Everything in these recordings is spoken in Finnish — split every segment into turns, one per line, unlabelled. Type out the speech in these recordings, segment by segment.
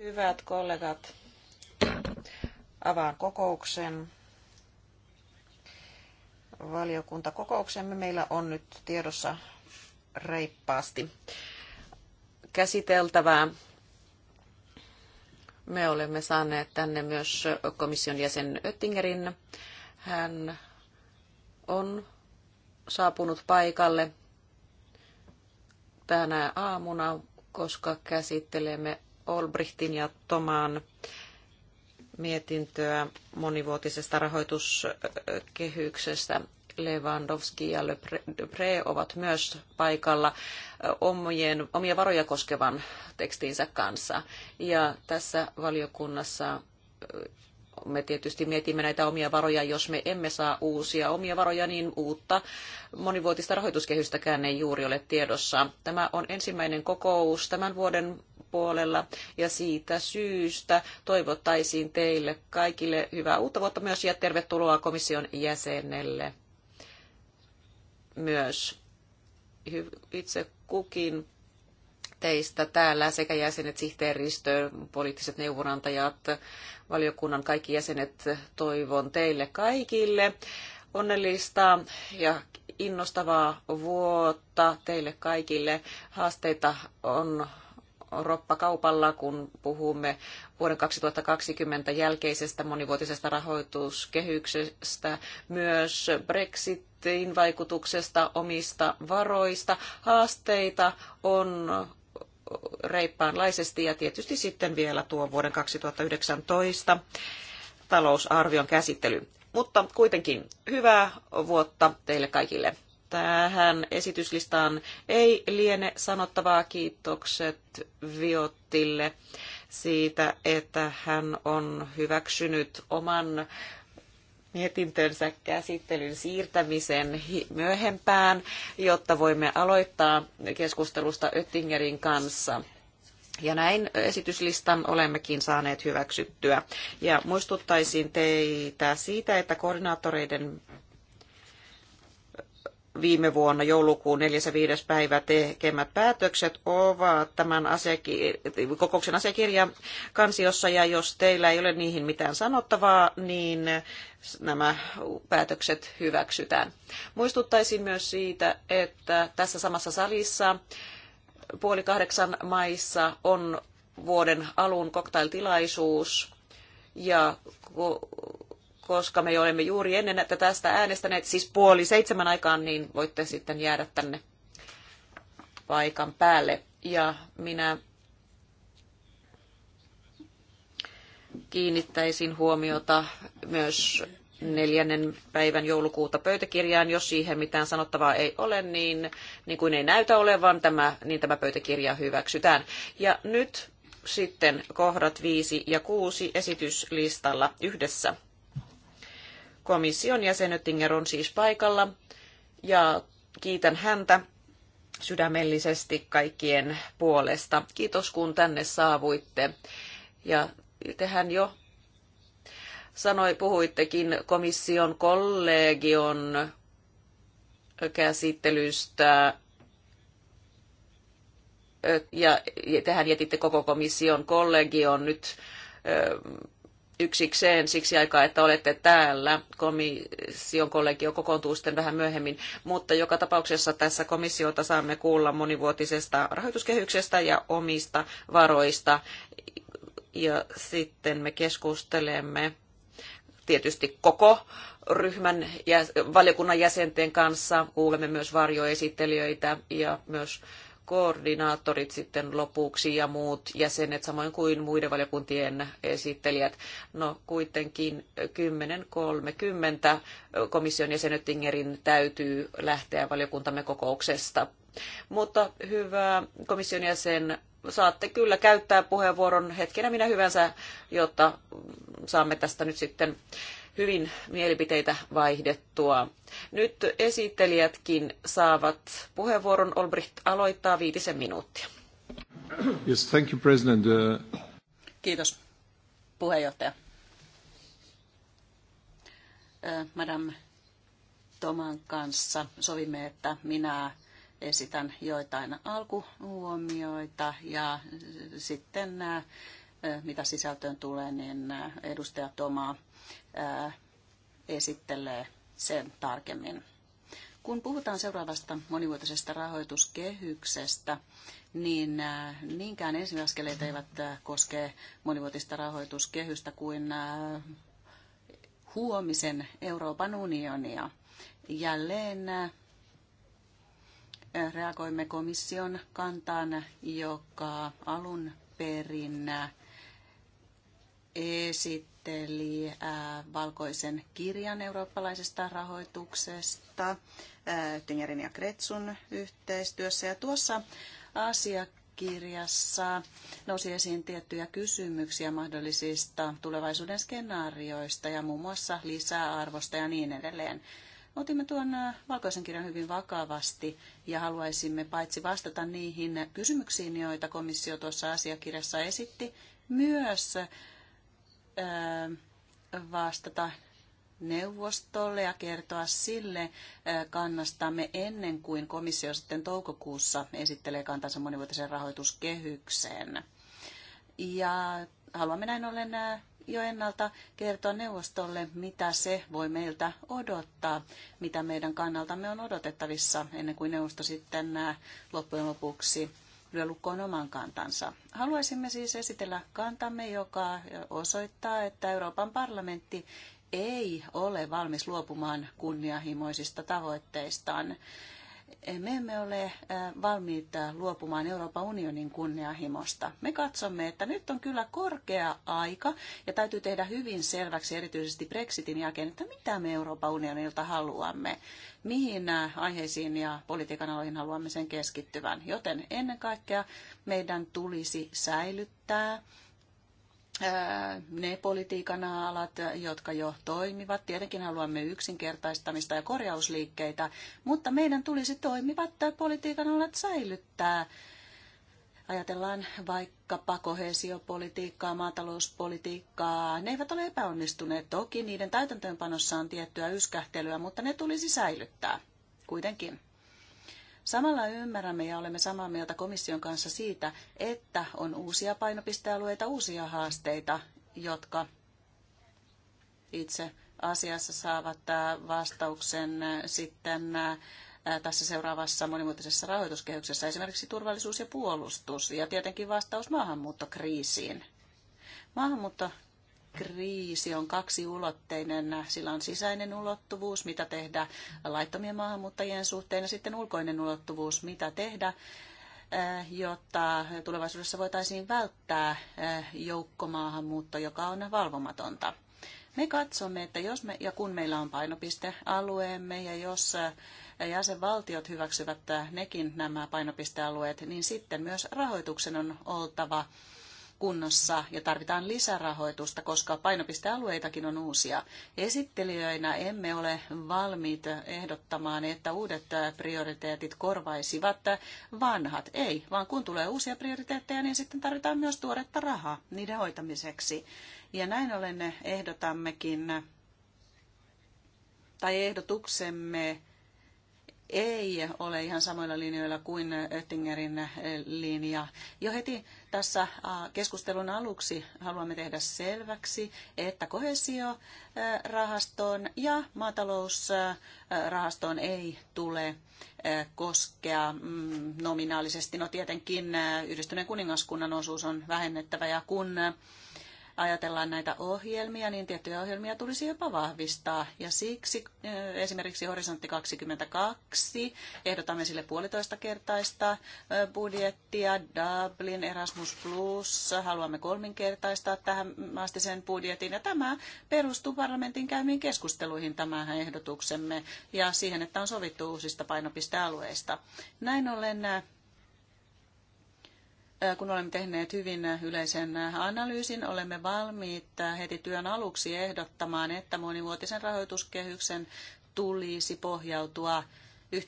Hyvät kollegat, avaan kokouksen. Valiokuntakokouksemme meillä on nyt tiedossa reippaasti käsiteltävää. Me olemme saaneet tänne myös komission jäsen Oettingerin. Hän on saapunut paikalle tänä aamuna koska käsittelemme Olbrichtin ja Tomaan mietintöä monivuotisesta rahoituskehyksestä. Lewandowski ja Le Pre ovat myös paikalla omien, omia varoja koskevan tekstinsä kanssa. Ja tässä valiokunnassa me tietysti mietimme näitä omia varoja. Jos me emme saa uusia omia varoja, niin uutta monivuotista rahoituskehystäkään ei juuri ole tiedossa. Tämä on ensimmäinen kokous tämän vuoden puolella ja siitä syystä toivottaisiin teille kaikille hyvää uutta vuotta myös ja tervetuloa komission jäsenelle myös itse kukin teistä täällä sekä jäsenet, sihteeristö, poliittiset neuvonantajat, valiokunnan kaikki jäsenet toivon teille kaikille onnellista ja innostavaa vuotta teille kaikille. Haasteita on roppakaupalla, kun puhumme vuoden 2020 jälkeisestä monivuotisesta rahoituskehyksestä, myös Brexitin vaikutuksesta omista varoista. Haasteita on reippaanlaisesti ja tietysti sitten vielä tuo vuoden 2019 talousarvion käsittely. Mutta kuitenkin hyvää vuotta teille kaikille. Tähän esityslistaan ei liene sanottavaa kiitokset Viottille siitä, että hän on hyväksynyt oman mietintönsä käsittelyn siirtämisen myöhempään, jotta voimme aloittaa keskustelusta Oettingerin kanssa. Ja näin esityslistan olemmekin saaneet hyväksyttyä. Ja muistuttaisin teitä siitä, että koordinaattoreiden viime vuonna joulukuun 4. ja 5. päivä tekemät päätökset ovat tämän asiakir- kokouksen asiakirjan kansiossa, ja jos teillä ei ole niihin mitään sanottavaa, niin nämä päätökset hyväksytään. Muistuttaisin myös siitä, että tässä samassa salissa puoli kahdeksan maissa on vuoden alun koktailtilaisuus, ja koska me olemme juuri ennen tästä äänestäneet, siis puoli seitsemän aikaan, niin voitte sitten jäädä tänne paikan päälle. Ja minä kiinnittäisin huomiota myös neljännen päivän joulukuuta pöytäkirjaan. Jos siihen mitään sanottavaa ei ole, niin, niin kuin ei näytä olevan, tämä, niin tämä pöytäkirja hyväksytään. Ja nyt sitten kohdat viisi ja kuusi esityslistalla yhdessä. Komission jäsen Oettinger on siis paikalla ja kiitän häntä sydämellisesti kaikkien puolesta. Kiitos kun tänne saavuitte. Ja tehän jo sanoi, puhuittekin komission kollegion käsittelystä ja tehän jätitte koko komission kollegion nyt yksikseen siksi aikaa, että olette täällä. Komission kollegio kokoontuu sitten vähän myöhemmin, mutta joka tapauksessa tässä komissiota saamme kuulla monivuotisesta rahoituskehyksestä ja omista varoista. Ja sitten me keskustelemme tietysti koko ryhmän ja valiokunnan jäsenten kanssa. Kuulemme myös varjoesittelijöitä ja myös koordinaattorit sitten lopuksi ja muut jäsenet, samoin kuin muiden valiokuntien esittelijät. No kuitenkin 10.30 komission jäsenet Tingerin täytyy lähteä valiokuntamme kokouksesta. Mutta hyvä komission jäsen, saatte kyllä käyttää puheenvuoron hetkenä minä hyvänsä, jotta saamme tästä nyt sitten hyvin mielipiteitä vaihdettua. Nyt esittelijätkin saavat puheenvuoron. Olbricht aloittaa viitisen minuuttia. Yes, thank you, President. Uh,
Kiitos, puheenjohtaja. Uh, Madame Toman kanssa sovimme, että minä esitän joitain alkuhuomioita ja sitten uh, mitä sisältöön tulee, niin edustaja Tomaa esittelee sen tarkemmin. Kun puhutaan seuraavasta monivuotisesta rahoituskehyksestä, niin niinkään ensiaskeleet eivät koske monivuotista rahoituskehystä kuin huomisen Euroopan unionia. Jälleen reagoimme komission kantaan, joka alun perin esitti esitteli äh, valkoisen kirjan eurooppalaisesta rahoituksesta äh, Tingerin ja Kretsun yhteistyössä. Ja tuossa asiakirjassa nousi esiin tiettyjä kysymyksiä mahdollisista tulevaisuuden skenaarioista ja muun muassa lisäarvosta ja niin edelleen. Otimme tuon äh, valkoisen kirjan hyvin vakavasti ja haluaisimme paitsi vastata niihin kysymyksiin, joita komissio tuossa asiakirjassa esitti, myös vastata neuvostolle ja kertoa sille kannastamme ennen kuin komissio sitten toukokuussa esittelee kantansa monivuotisen rahoituskehykseen. Ja haluamme näin ollen jo ennalta kertoa neuvostolle, mitä se voi meiltä odottaa, mitä meidän kannaltamme on odotettavissa ennen kuin neuvosto sitten loppujen lopuksi lyö lukkoon oman kantansa. Haluaisimme siis esitellä kantamme, joka osoittaa, että Euroopan parlamentti ei ole valmis luopumaan kunnianhimoisista tavoitteistaan me emme ole valmiita luopumaan Euroopan unionin kunnianhimosta. Me katsomme, että nyt on kyllä korkea aika ja täytyy tehdä hyvin selväksi erityisesti Brexitin jälkeen, että mitä me Euroopan unionilta haluamme, mihin aiheisiin ja politiikan aloihin haluamme sen keskittyvän. Joten ennen kaikkea meidän tulisi säilyttää ne politiikan alat, jotka jo toimivat. Tietenkin haluamme yksinkertaistamista ja korjausliikkeitä, mutta meidän tulisi toimivat politiikan alat säilyttää. Ajatellaan vaikkapa kohesiopolitiikkaa, maatalouspolitiikkaa. Ne eivät ole epäonnistuneet. Toki niiden täytäntöönpanossa on tiettyä yskähtelyä, mutta ne tulisi säilyttää kuitenkin. Samalla ymmärrämme ja olemme samaa mieltä komission kanssa siitä, että on uusia painopistealueita, uusia haasteita, jotka itse asiassa saavat äh, vastauksen äh, sitten äh, tässä seuraavassa monimuotoisessa rahoituskehyksessä, esimerkiksi turvallisuus ja puolustus ja tietenkin vastaus maahanmuuttokriisiin. Maahanmuutto kriisi on kaksiulotteinen. Sillä on sisäinen ulottuvuus, mitä tehdä laittomien maahanmuuttajien suhteen, ja sitten ulkoinen ulottuvuus, mitä tehdä eh, jotta tulevaisuudessa voitaisiin välttää eh, joukkomaahanmuutto, joka on valvomatonta. Me katsomme, että jos me, ja kun meillä on painopistealueemme ja jos eh, jäsenvaltiot hyväksyvät nekin nämä painopistealueet, niin sitten myös rahoituksen on oltava kunnossa ja tarvitaan lisärahoitusta, koska painopistealueitakin on uusia. Esittelijöinä emme ole valmiit ehdottamaan, että uudet prioriteetit korvaisivat vanhat. Ei, vaan kun tulee uusia prioriteetteja, niin sitten tarvitaan myös tuoretta rahaa niiden hoitamiseksi. Ja näin ollen ehdotammekin, tai ehdotuksemme ei ole ihan samoilla linjoilla kuin Oettingerin linja. Jo heti tässä äh, keskustelun aluksi haluamme tehdä selväksi, että kohesiorahastoon ja maatalousrahastoon ei tule äh, koskea mm, nominaalisesti. No tietenkin äh, yhdistyneen kuningaskunnan osuus on vähennettävä ja kun ajatellaan näitä ohjelmia, niin tiettyjä ohjelmia tulisi jopa vahvistaa. Ja siksi eh, esimerkiksi Horisontti 22, ehdotamme sille puolitoista kertaista eh, budjettia, Dublin, Erasmus Plus, haluamme kolminkertaistaa tähän asti sen budjetin. Ja tämä perustuu parlamentin käymiin keskusteluihin tämähän ehdotuksemme ja siihen, että on sovittu uusista painopistealueista. Näin ollen eh, Äh, kun olemme tehneet hyvin yleisen analyysin, olemme valmiit äh, heti työn aluksi ehdottamaan, että monivuotisen rahoituskehyksen tulisi pohjautua 1,3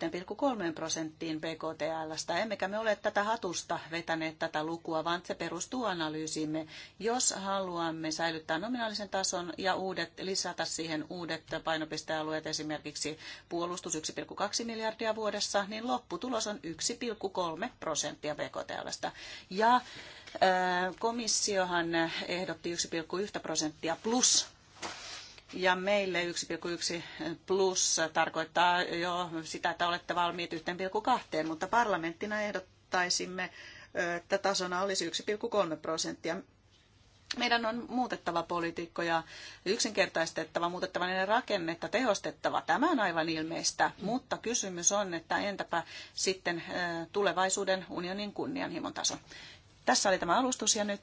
prosenttiin BKTLstä. Emmekä me ole tätä hatusta vetäneet tätä lukua, vaan se perustuu analyysiimme. Jos haluamme säilyttää nominaalisen tason ja uudet, lisätä siihen uudet painopistealueet, esimerkiksi puolustus 1,2 miljardia vuodessa, niin lopputulos on 1,3 prosenttia BKTLstä. Ja komissiohan ehdotti 1,1 prosenttia plus ja meille 1,1 plus tarkoittaa jo sitä, että olette valmiit 1,2, mutta parlamenttina ehdottaisimme, että tasona olisi 1,3 prosenttia. Meidän on muutettava poliitikkoja, yksinkertaistettava, muutettava niiden rakennetta, tehostettava. Tämä on aivan ilmeistä, mutta kysymys on, että entäpä sitten tulevaisuuden unionin kunnianhimon taso. Tässä oli tämä alustus ja nyt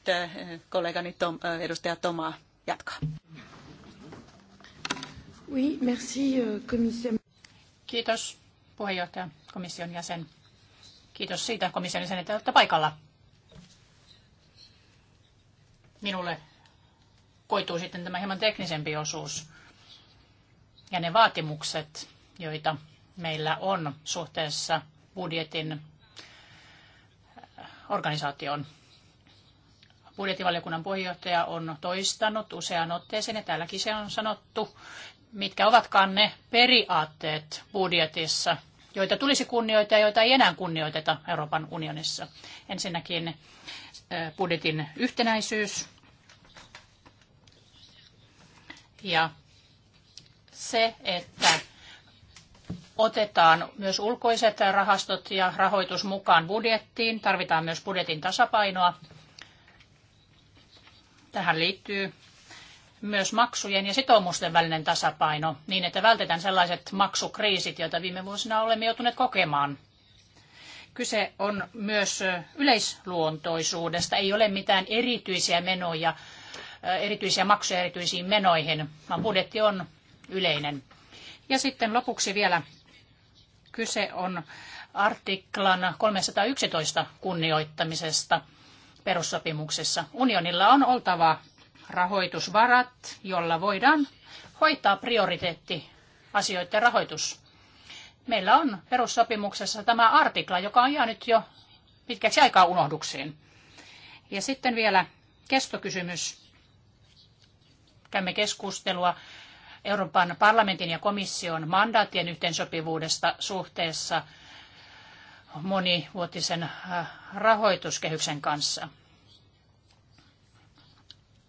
kollegani Tom, edustaja Toma jatkaa. Oui, merci, komission. Euh, Kiitos
puheenjohtaja, komission jäsen. Kiitos siitä komission jäsenet, että olette paikalla. Minulle koituu sitten tämä hieman teknisempi osuus ja ne vaatimukset, joita meillä on suhteessa budjetin äh, organisaation. Budjettivaliokunnan puheenjohtaja on toistanut useaan otteeseen, ja täälläkin se on sanottu, mitkä ovatkaan ne periaatteet budjetissa, joita tulisi kunnioittaa ja joita ei enää kunnioiteta Euroopan unionissa. Ensinnäkin budjetin yhtenäisyys ja se, että otetaan myös ulkoiset rahastot ja rahoitus mukaan budjettiin. Tarvitaan myös budjetin tasapainoa. Tähän liittyy myös maksujen ja sitoumusten välinen tasapaino niin, että vältetään sellaiset maksukriisit, joita viime vuosina olemme joutuneet kokemaan. Kyse on myös yleisluontoisuudesta. Ei ole mitään erityisiä menoja, erityisiä maksuja erityisiin menoihin, vaan budjetti on yleinen. Ja sitten lopuksi vielä kyse on artiklan 311 kunnioittamisesta perussopimuksessa. Unionilla on oltava rahoitusvarat, jolla voidaan hoitaa prioriteetti asioiden rahoitus. Meillä on perussopimuksessa tämä artikla, joka on jäänyt jo pitkäksi aikaa unohduksiin. Ja sitten vielä kestokysymys. Käymme keskustelua Euroopan parlamentin ja komission mandaattien yhteensopivuudesta suhteessa monivuotisen äh, rahoituskehyksen kanssa.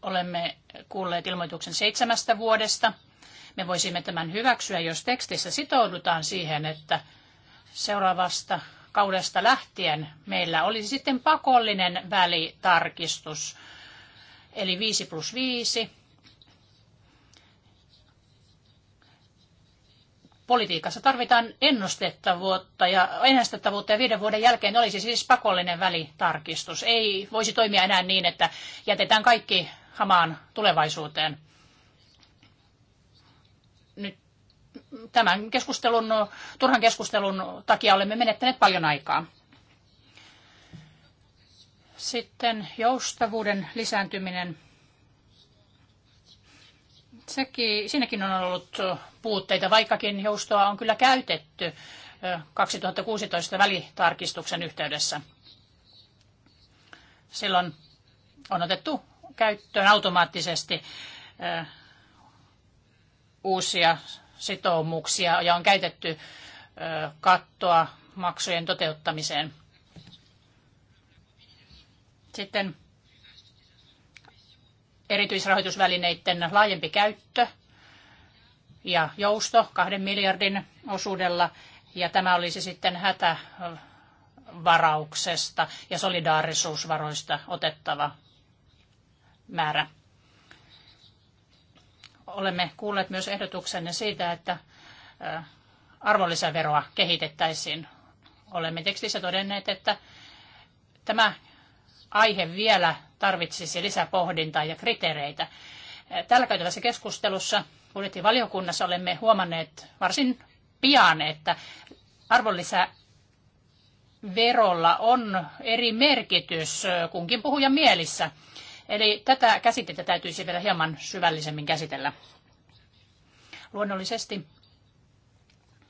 Olemme kuulleet ilmoituksen seitsemästä vuodesta. Me voisimme tämän hyväksyä, jos tekstissä sitoudutaan siihen, että seuraavasta kaudesta lähtien meillä olisi sitten pakollinen välitarkistus, eli 5 plus 5. Politiikassa tarvitaan ennustettavuutta ja, ennustettavuutta ja viiden vuoden jälkeen olisi siis pakollinen välitarkistus. Ei voisi toimia enää niin, että jätetään kaikki hamaan tulevaisuuteen. Nyt tämän keskustelun, turhan keskustelun takia olemme menettäneet paljon aikaa. Sitten joustavuuden lisääntyminen. Sekin, siinäkin on ollut puutteita, vaikkakin joustoa on kyllä käytetty 2016 välitarkistuksen yhteydessä. Silloin on otettu käyttöön automaattisesti uusia sitoumuksia ja on käytetty kattoa maksujen toteuttamiseen. Sitten erityisrahoitusvälineiden laajempi käyttö ja jousto kahden miljardin osuudella. Ja tämä olisi sitten hätävarauksesta ja solidaarisuusvaroista otettava määrä. Olemme kuulleet myös ehdotuksenne siitä, että arvonlisäveroa kehitettäisiin. Olemme tekstissä todenneet, että tämä aihe vielä tarvitsisi lisäpohdintaa ja kriteereitä. Tällä käytävässä keskustelussa budjettivaliokunnassa olemme huomanneet varsin pian, että arvonlisäverolla on eri merkitys kunkin puhujan mielissä. Eli tätä käsitettä täytyisi vielä hieman syvällisemmin käsitellä. Luonnollisesti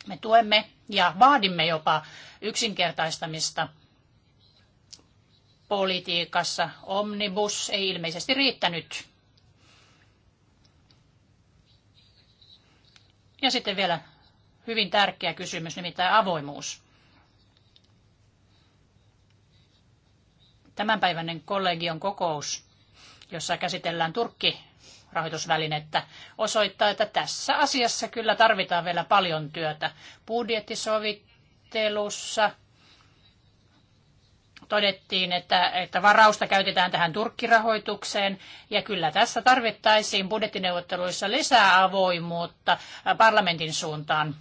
me tuemme ja vaadimme jopa yksinkertaistamista politiikassa. Omnibus ei ilmeisesti riittänyt. Ja sitten vielä hyvin tärkeä kysymys, nimittäin avoimuus. Tämänpäiväinen kollegion kokous jossa käsitellään Turkki rahoitusvälinettä osoittaa, että tässä asiassa kyllä tarvitaan vielä paljon työtä. Budjettisovittelussa todettiin, että, että varausta käytetään tähän turkkirahoitukseen. Ja kyllä tässä tarvittaisiin budjettineuvotteluissa lisää avoimuutta parlamentin suuntaan.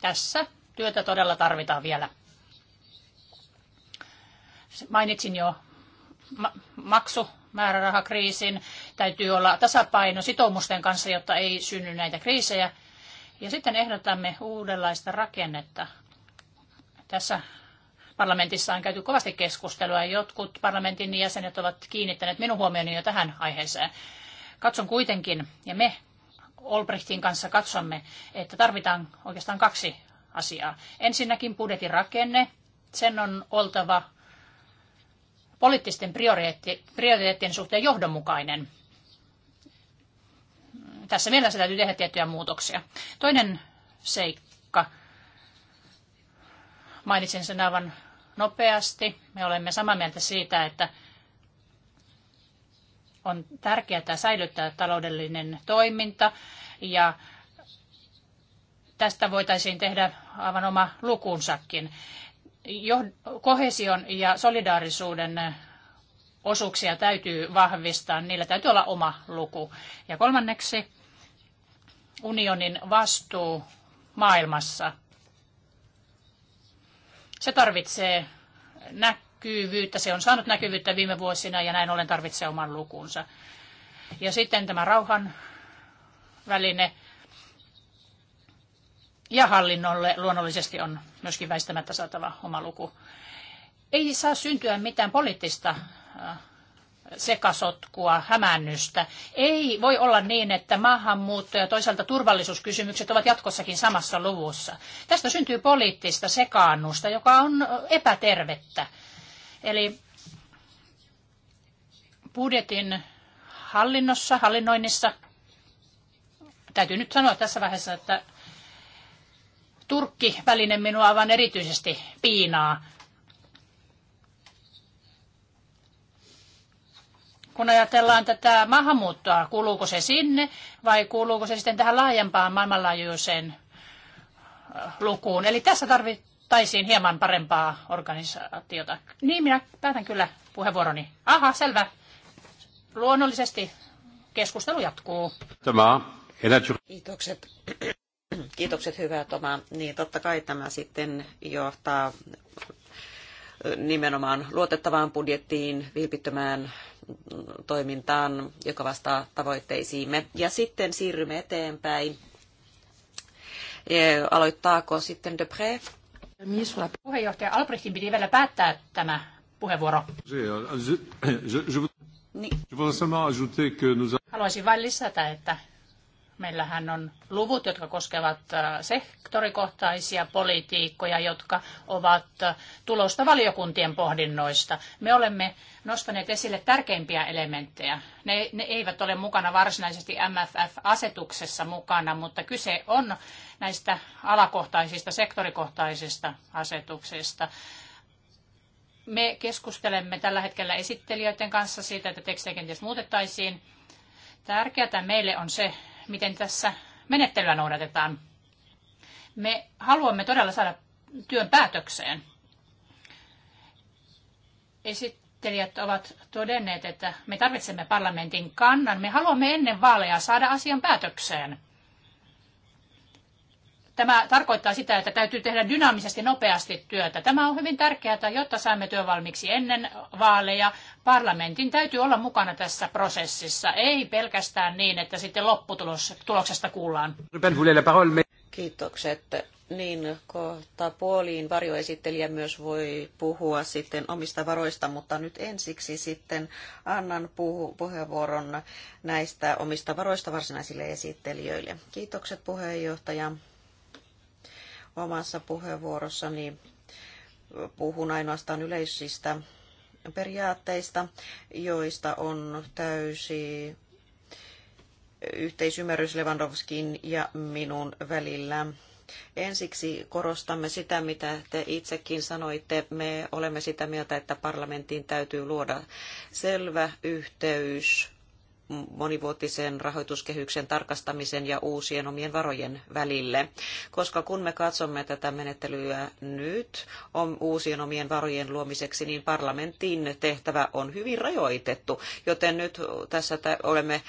Tässä työtä todella tarvitaan vielä. Mainitsin jo maksu määrärahakriisin. Täytyy olla tasapaino sitoumusten kanssa, jotta ei synny näitä kriisejä. Ja sitten ehdotamme uudenlaista rakennetta. Tässä parlamentissa on käyty kovasti keskustelua. Jotkut parlamentin jäsenet ovat kiinnittäneet minun huomioni jo tähän aiheeseen. Katson kuitenkin, ja me Olbrichtin kanssa katsomme, että tarvitaan oikeastaan kaksi asiaa. Ensinnäkin budjetin rakenne. Sen on oltava poliittisten prioriteettien suhteen johdonmukainen. Tässä mielessä täytyy tehdä tiettyjä muutoksia. Toinen seikka, mainitsin sen aivan nopeasti. Me olemme samaa mieltä siitä, että on tärkeää säilyttää taloudellinen toiminta ja tästä voitaisiin tehdä aivan oma lukunsakin kohesion ja solidaarisuuden osuuksia täytyy vahvistaa, niillä täytyy olla oma luku. Ja kolmanneksi unionin vastuu maailmassa. Se tarvitsee näkyvyyttä, se on saanut näkyvyyttä viime vuosina ja näin ollen tarvitsee oman lukunsa. Ja sitten tämä rauhan väline, ja hallinnolle luonnollisesti on myöskin väistämättä saatava oma luku. Ei saa syntyä mitään poliittista äh, sekasotkua, hämännystä. Ei voi olla niin, että maahanmuutto ja toisaalta turvallisuuskysymykset ovat jatkossakin samassa luvussa. Tästä syntyy poliittista sekaannusta, joka on epätervettä. Eli budjetin hallinnossa, hallinnoinnissa, täytyy nyt sanoa tässä vaiheessa, että Turkki-väline minua aivan erityisesti piinaa. kun ajatellaan tätä maahanmuuttoa, kuuluuko se sinne vai kuuluuko se sitten tähän laajempaan maailmanlaajuiseen äh, lukuun? Eli tässä tarvittaisiin hieman parempaa organisaatiota. Niin, minä päätän kyllä puheenvuoroni. Aha, selvä. Luonnollisesti keskustelu jatkuu.
Tämä
Kiitokset Kiitokset hyvää Toma. Niin totta kai tämä sitten johtaa nimenomaan luotettavaan budjettiin, vilpittömään toimintaan, joka vastaa tavoitteisiimme. Ja sitten siirrymme
eteenpäin. E, aloittaako sitten Pré? Puheenjohtaja Albrechtin piti vielä päättää tämä puheenvuoro. Niin. Haluaisin vain lisätä, että Meillähän on luvut, jotka koskevat äh, sektorikohtaisia politiikkoja, jotka ovat äh, tulosta valiokuntien pohdinnoista. Me olemme nostaneet esille tärkeimpiä elementtejä. Ne, ne eivät ole mukana varsinaisesti MFF-asetuksessa mukana, mutta kyse on näistä alakohtaisista, sektorikohtaisista asetuksista. Me keskustelemme tällä hetkellä esittelijöiden kanssa siitä, että tekstejä kenties muutettaisiin. Tärkeää meille on se, miten tässä menettelyä noudatetaan. Me haluamme todella saada työn päätökseen. Esittelijät ovat todenneet, että me tarvitsemme parlamentin kannan. Me haluamme ennen vaaleja saada asian päätökseen. Tämä tarkoittaa sitä, että täytyy tehdä dynaamisesti nopeasti työtä. Tämä on hyvin tärkeää, jotta saamme työvalmiiksi ennen vaaleja. Parlamentin täytyy olla mukana tässä prosessissa, ei pelkästään niin, että sitten lopputuloksesta kuullaan. Kiitokset. Niin, kohta
puoliin varjoesittelijä myös voi puhua sitten omista varoista, mutta nyt ensiksi sitten annan puhu, puheenvuoron näistä omista varoista varsinaisille esittelijöille. Kiitokset puheenjohtaja omassa puheenvuorossani puhun ainoastaan yleisistä periaatteista, joista on täysi yhteisymmärrys Lewandowskin ja minun välillä. Ensiksi korostamme sitä, mitä te itsekin sanoitte. Me olemme sitä mieltä, että parlamentin täytyy luoda selvä yhteys monivuotisen rahoituskehyksen tarkastamisen ja uusien omien varojen välille. Koska kun me katsomme tätä menettelyä nyt uusien omien varojen luomiseksi, niin parlamentin tehtävä on hyvin rajoitettu, joten nyt tässä olemme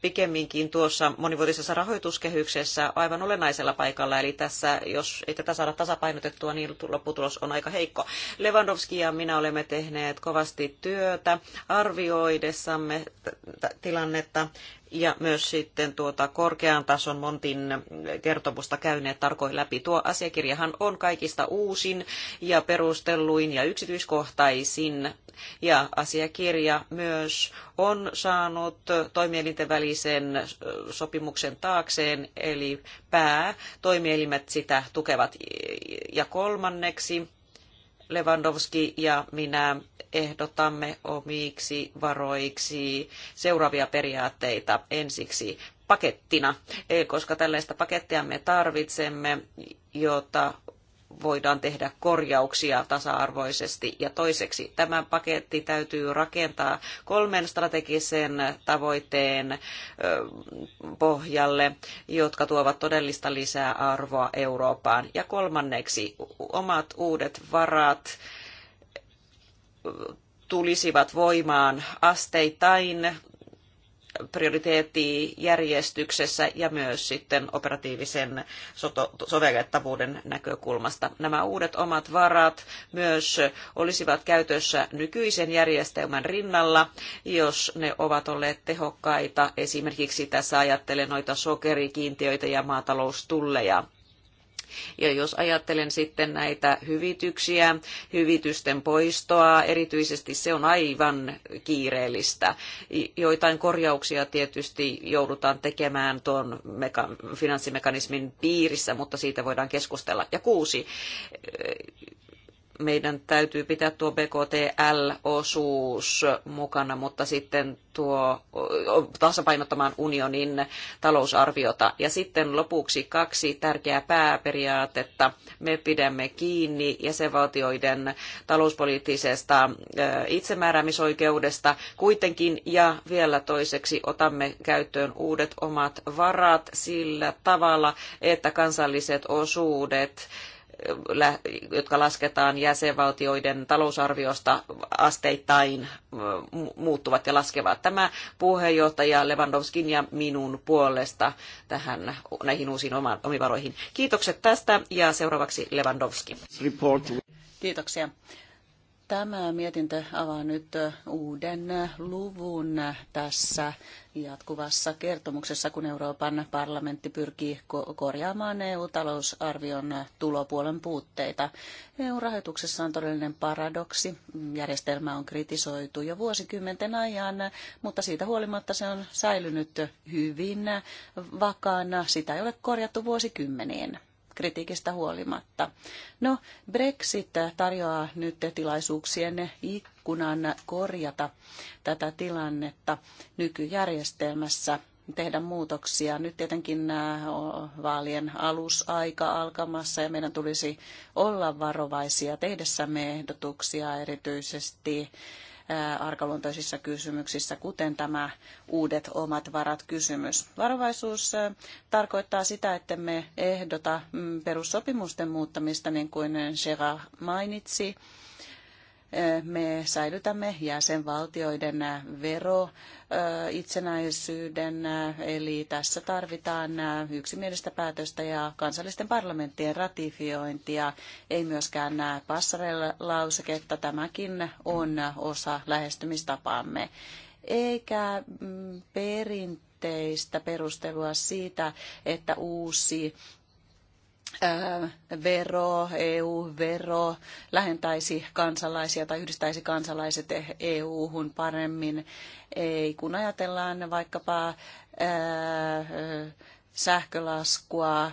pikemminkin tuossa monivuotisessa rahoituskehyksessä aivan olennaisella paikalla, eli tässä, jos ei tätä saada tasapainotettua, niin lopputulos on aika heikko. Lewandowski ja minä olemme tehneet kovasti työtä arvioidessamme tilannetta ja myös sitten tuota korkean tason Montin kertomusta käyneet tarkoin läpi. Tuo asiakirjahan on kaikista uusin ja perustelluin ja yksityiskohtaisin ja asiakirja myös on saanut toimielinten välisen sopimuksen taakseen, eli päätoimielimet sitä tukevat. Ja kolmanneksi Lewandowski ja minä ehdotamme omiksi varoiksi seuraavia periaatteita ensiksi pakettina, eh, koska tällaista pakettia me tarvitsemme, jota voidaan tehdä korjauksia tasa-arvoisesti. Ja toiseksi tämä paketti täytyy rakentaa kolmen strategisen tavoitteen pohjalle, jotka tuovat todellista lisää arvoa Eurooppaan. Ja kolmanneksi omat uudet varat tulisivat voimaan asteittain prioriteettijärjestyksessä ja myös sitten operatiivisen sovellettavuuden näkökulmasta. Nämä uudet omat varat myös olisivat käytössä nykyisen järjestelmän rinnalla, jos ne ovat olleet tehokkaita. Esimerkiksi tässä ajattelen noita sokerikiintiöitä ja maataloustulleja ja jos ajattelen sitten näitä hyvityksiä, hyvitysten poistoa, erityisesti se on aivan kiireellistä. Joitain korjauksia tietysti joudutaan tekemään tuon finanssimekanismin piirissä, mutta siitä voidaan keskustella. Ja kuusi, meidän täytyy pitää tuo BKTL-osuus mukana, mutta sitten tuo tasapainottamaan unionin talousarviota. Ja sitten lopuksi kaksi tärkeää pääperiaatetta. Me pidämme kiinni jäsenvaltioiden talouspoliittisesta itsemääräämisoikeudesta kuitenkin ja vielä toiseksi otamme käyttöön uudet omat varat sillä tavalla, että kansalliset osuudet jotka lasketaan jäsenvaltioiden talousarviosta asteittain muuttuvat ja laskevat. Tämä puheenjohtaja Lewandowskin ja minun puolesta tähän näihin uusiin omivaroihin. Kiitokset tästä ja seuraavaksi Lewandowski.
Kiitoksia. Tämä mietintö avaa nyt uuden luvun tässä jatkuvassa kertomuksessa, kun Euroopan parlamentti pyrkii korjaamaan EU-talousarvion tulopuolen puutteita. EU-rahoituksessa on todellinen paradoksi. Järjestelmä on kritisoitu jo vuosikymmenten ajan, mutta siitä huolimatta se on säilynyt hyvin vakaana. Sitä ei ole korjattu vuosikymmeniin kritiikistä huolimatta. No, Brexit tarjoaa nyt tilaisuuksien ikkunan korjata tätä tilannetta nykyjärjestelmässä tehdä muutoksia. Nyt tietenkin nämä äh, vaalien alusaika alkamassa ja meidän tulisi olla varovaisia tehdessämme ehdotuksia erityisesti arkaluontoisissa kysymyksissä, kuten tämä uudet omat varat kysymys. Varovaisuus tarkoittaa sitä, että me ehdota mm, perussopimusten muuttamista, niin kuin Gerard mainitsi, me säilytämme jäsenvaltioiden veroitsenäisyyden, eli tässä tarvitaan yksimielistä päätöstä ja kansallisten parlamenttien ratifiointia, ei myöskään passerelauseketta, tämäkin on osa lähestymistapaamme, eikä mm, perinteistä perustelua siitä, että uusi vero, EU-vero lähentäisi kansalaisia tai yhdistäisi kansalaiset EU-hun paremmin. Ei, kun ajatellaan vaikkapa sähkölaskua,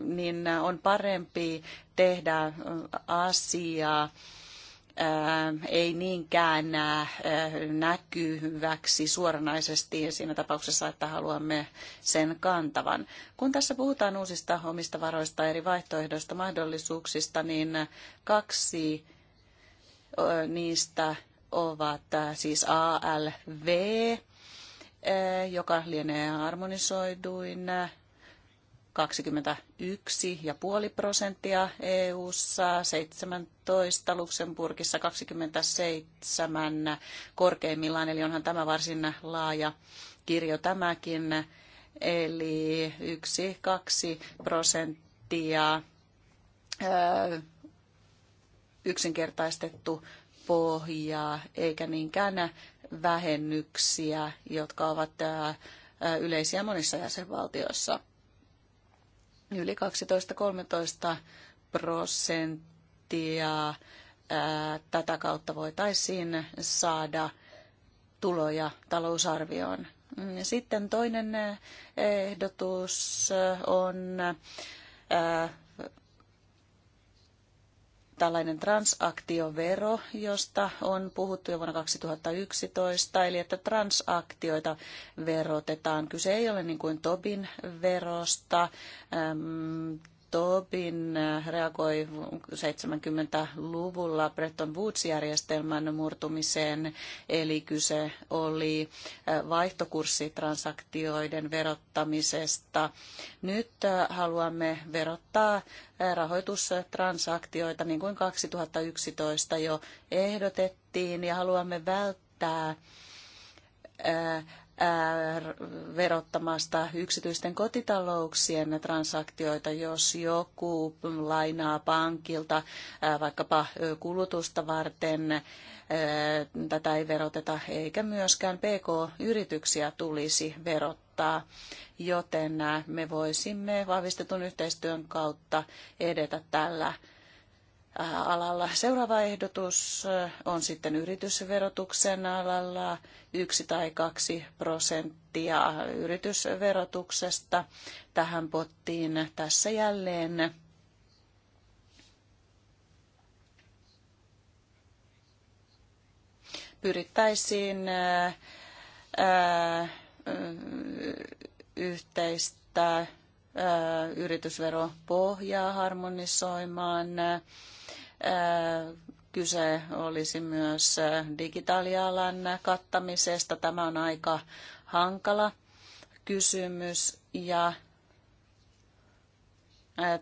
niin on parempi tehdä asiaa Äh, ei niinkään äh, näkyväksi suoranaisesti siinä tapauksessa, että haluamme sen kantavan. Kun tässä puhutaan uusista omista varoista, eri vaihtoehdoista, mahdollisuuksista, niin kaksi niistä ovat äh, siis ALV, joka lienee harmonisoiduin 21,5 prosenttia EU-ssa, 17 Luxemburgissa 27 korkeimmillaan, eli onhan tämä varsin laaja kirjo tämäkin, eli 12 prosenttia yksinkertaistettu pohjaa, eikä niinkään vähennyksiä, jotka ovat yleisiä monissa jäsenvaltioissa yli 12-13 prosenttia tätä kautta voitaisiin saada tuloja talousarvioon. Sitten toinen ehdotus on tällainen transaktiovero, josta on puhuttu jo vuonna 2011, eli että transaktioita verotetaan. Kyse ei ole niin kuin Tobin verosta, Tobin reagoi 70-luvulla Bretton Woods-järjestelmän murtumiseen, eli kyse oli äh, vaihtokurssitransaktioiden verottamisesta. Nyt äh, haluamme verottaa äh, rahoitustransaktioita, niin kuin 2011 jo ehdotettiin, ja haluamme välttää Äh, verottamasta yksityisten kotitalouksien transaktioita, jos joku lainaa pankilta äh, vaikkapa kulutusta varten. Äh, tätä ei veroteta eikä myöskään PK-yrityksiä tulisi verottaa, joten me voisimme vahvistetun yhteistyön kautta edetä tällä Äh, alalla. Seuraava ehdotus äh, on sitten yritysverotuksen alalla yksi tai kaksi prosenttia yritysverotuksesta tähän pottiin tässä jälleen. Pyrittäisiin äh, yhteistä yritysveropohjaa harmonisoimaan kyse olisi myös digitaalialan kattamisesta. Tämä on aika hankala kysymys ja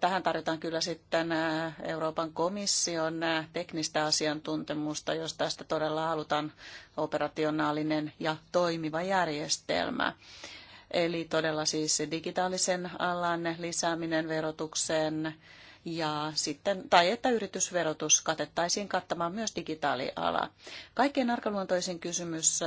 Tähän tarjotaan kyllä sitten Euroopan komission teknistä asiantuntemusta, jos tästä todella halutaan operationaalinen ja toimiva järjestelmä. Eli todella siis digitaalisen alan lisääminen verotukseen ja sitten, tai että yritysverotus katettaisiin kattamaan myös digitaaliala. Kaikkein arkaluontoisin kysymys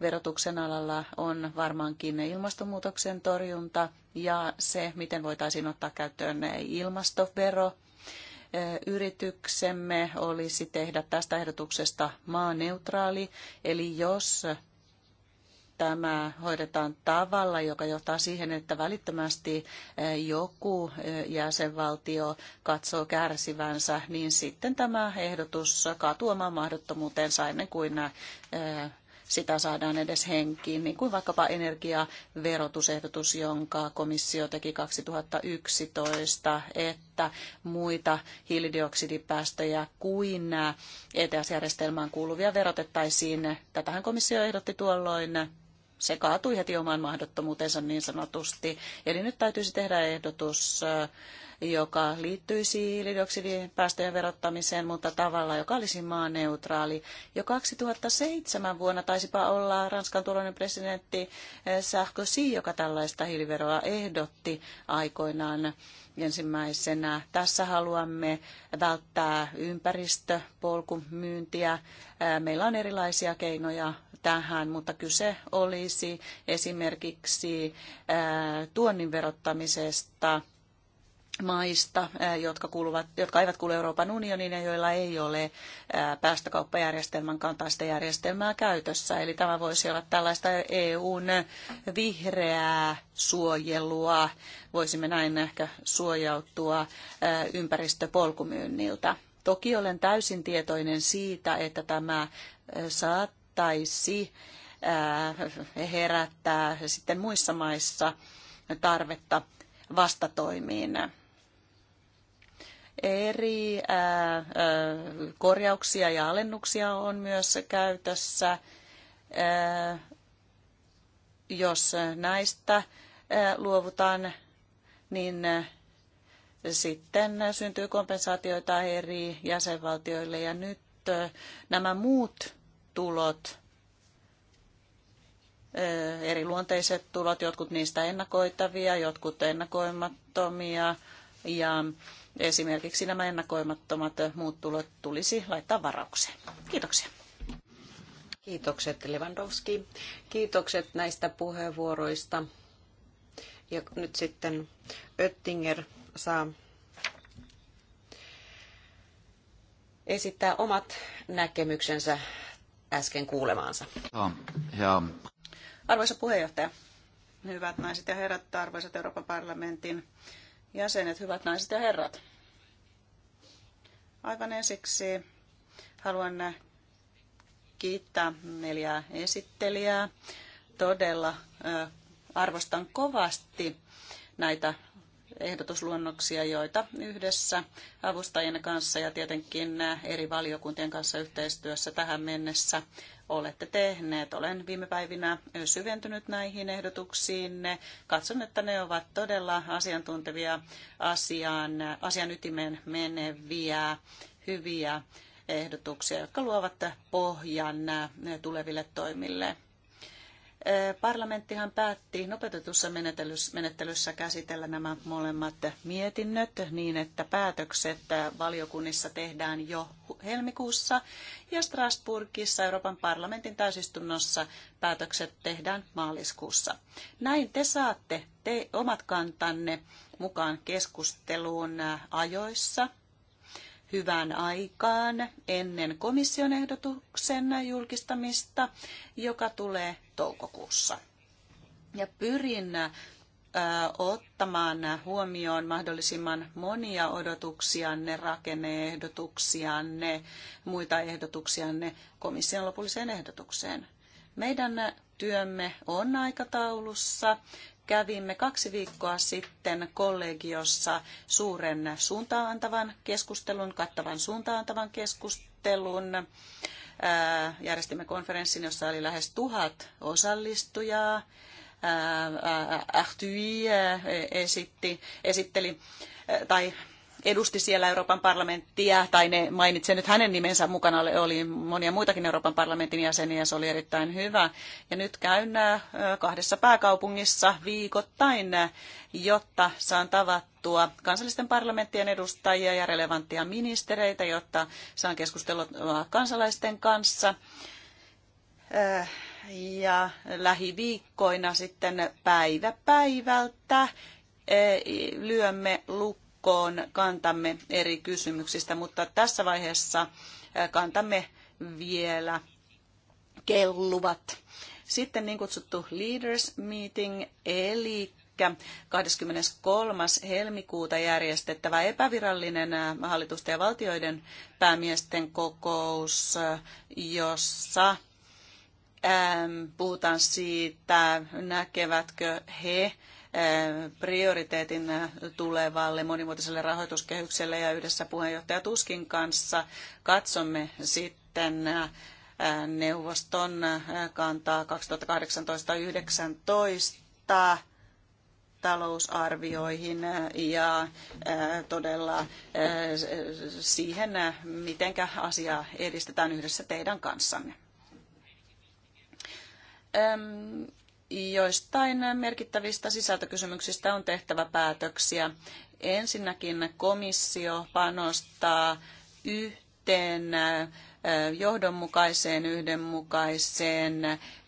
verotuksen alalla on varmaankin ilmastonmuutoksen torjunta ja se, miten voitaisiin ottaa käyttöön ilmastovero. Yrityksemme olisi tehdä tästä ehdotuksesta maaneutraali, eli jos tämä hoidetaan tavalla, joka johtaa siihen, että välittömästi eh, joku eh, jäsenvaltio katsoo kärsivänsä, niin sitten tämä ehdotus kaatuu omaan mahdottomuuteensa ennen kuin eh, sitä saadaan edes henkiin, niin kuin vaikkapa energiaverotusehdotus, jonka komissio teki 2011, että muita hiilidioksidipäästöjä kuin ETS-järjestelmään kuuluvia verotettaisiin. Tätähän komissio ehdotti tuolloin se kaatui heti omaan mahdottomuutensa niin sanotusti. Eli nyt täytyisi tehdä ehdotus, joka liittyisi päästöjen verottamiseen, mutta tavalla, joka olisi maaneutraali. Jo 2007 vuonna taisipa olla Ranskan tuolloinen presidentti Sarkozy, joka tällaista hiiliveroa ehdotti aikoinaan ensimmäisenä. Tässä haluamme välttää ympäristöpolkumyyntiä. Meillä on erilaisia keinoja tähän, mutta kyse olisi esimerkiksi tuonnin verottamisesta maista, jotka, kuuluvat, jotka eivät kuulu Euroopan unioniin ja joilla ei ole päästökauppajärjestelmän kaltaista järjestelmää käytössä. Eli tämä voisi olla tällaista EUn vihreää suojelua. Voisimme näin ehkä suojautua ympäristöpolkumyynniltä. Toki olen täysin tietoinen siitä, että tämä saattaisi herättää sitten muissa maissa tarvetta vastatoimiin Eri korjauksia ja alennuksia on myös käytössä. Jos näistä luovutaan, niin sitten syntyy kompensaatioita eri jäsenvaltioille ja nyt nämä muut tulot, eri luonteiset tulot, jotkut niistä ennakoitavia, jotkut ennakoimattomia ja esimerkiksi nämä ennakoimattomat muut tulot tulisi laittaa varaukseen. Kiitoksia. Kiitokset
Lewandowski. Kiitokset näistä puheenvuoroista. Ja nyt sitten Öttinger saa esittää omat näkemyksensä äsken kuulemaansa.
Arvoisa puheenjohtaja, hyvät naiset ja herrat, arvoisat Euroopan parlamentin jäsenet, hyvät naiset ja herrat. Aivan ensiksi haluan kiittää neljää esittelijää. Todella arvostan kovasti näitä ehdotusluonnoksia, joita yhdessä avustajien kanssa ja tietenkin eri valiokuntien kanssa yhteistyössä tähän mennessä olette tehneet. Olen viime päivinä syventynyt näihin ehdotuksiin. Katson, että ne ovat todella asiantuntevia asian, asian ytimeen meneviä, hyviä ehdotuksia, jotka luovat pohjan tuleville toimille. Parlamenttihan päätti nopeutetussa menettelyssä käsitellä nämä molemmat mietinnöt niin, että päätökset valiokunnissa tehdään jo helmikuussa ja Strasbourgissa Euroopan parlamentin täysistunnossa päätökset tehdään maaliskuussa. Näin te saatte te omat kantanne mukaan keskusteluun ajoissa hyvään aikaan ennen komission ehdotuksen julkistamista, joka tulee toukokuussa. Ja pyrin ottamaan huomioon mahdollisimman monia odotuksianne, rakenneehdotuksianne, muita ehdotuksianne komission lopulliseen ehdotukseen. Meidän työmme on aikataulussa kävimme kaksi viikkoa sitten kollegiossa suuren suuntaantavan keskustelun, kattavan suuntaantavan keskustelun. Äh, järjestimme konferenssin, jossa oli lähes tuhat osallistujaa. Äh, äh, Ahtui esitti, esitteli tai edusti siellä Euroopan parlamenttia, tai ne mainitsi nyt hänen nimensä mukana, oli monia muitakin Euroopan parlamentin jäseniä, se oli erittäin hyvä. Ja nyt käyn äh, kahdessa pääkaupungissa viikoittain, äh, jotta saan tavattua kansallisten parlamenttien edustajia ja relevanttia ministereitä, jotta saan keskustella kansalaisten kanssa. Äh, ja lähiviikkoina sitten päivä päivältä lyömme lukkoon joukkoon kantamme eri kysymyksistä, mutta tässä vaiheessa kantamme vielä kelluvat. Sitten niin kutsuttu Leaders Meeting, eli 23. helmikuuta järjestettävä epävirallinen hallitusten ja valtioiden päämiesten kokous, jossa puhutaan siitä, näkevätkö he prioriteetin tulevalle monimuotoiselle rahoituskehykselle ja yhdessä puheenjohtaja Tuskin kanssa katsomme sitten neuvoston kantaa 2018-2019 talousarvioihin ja todella siihen, miten asiaa edistetään yhdessä teidän kanssanne joistain merkittävistä sisältökysymyksistä on tehtävä päätöksiä. Ensinnäkin komissio panostaa yhteen johdonmukaiseen, yhdenmukaiseen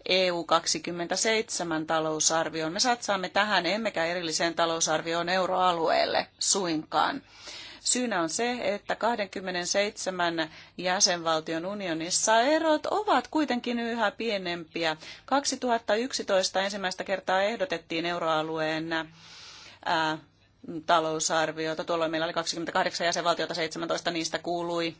EU 27 talousarvioon. Me satsaamme tähän, emmekä erilliseen talousarvioon euroalueelle suinkaan. Syynä on se, että 27 jäsenvaltion unionissa erot ovat kuitenkin yhä pienempiä. 2011 ensimmäistä kertaa ehdotettiin euroalueen ää, talousarviota. Tuolloin meillä oli 28 jäsenvaltiota, 17 niistä kuului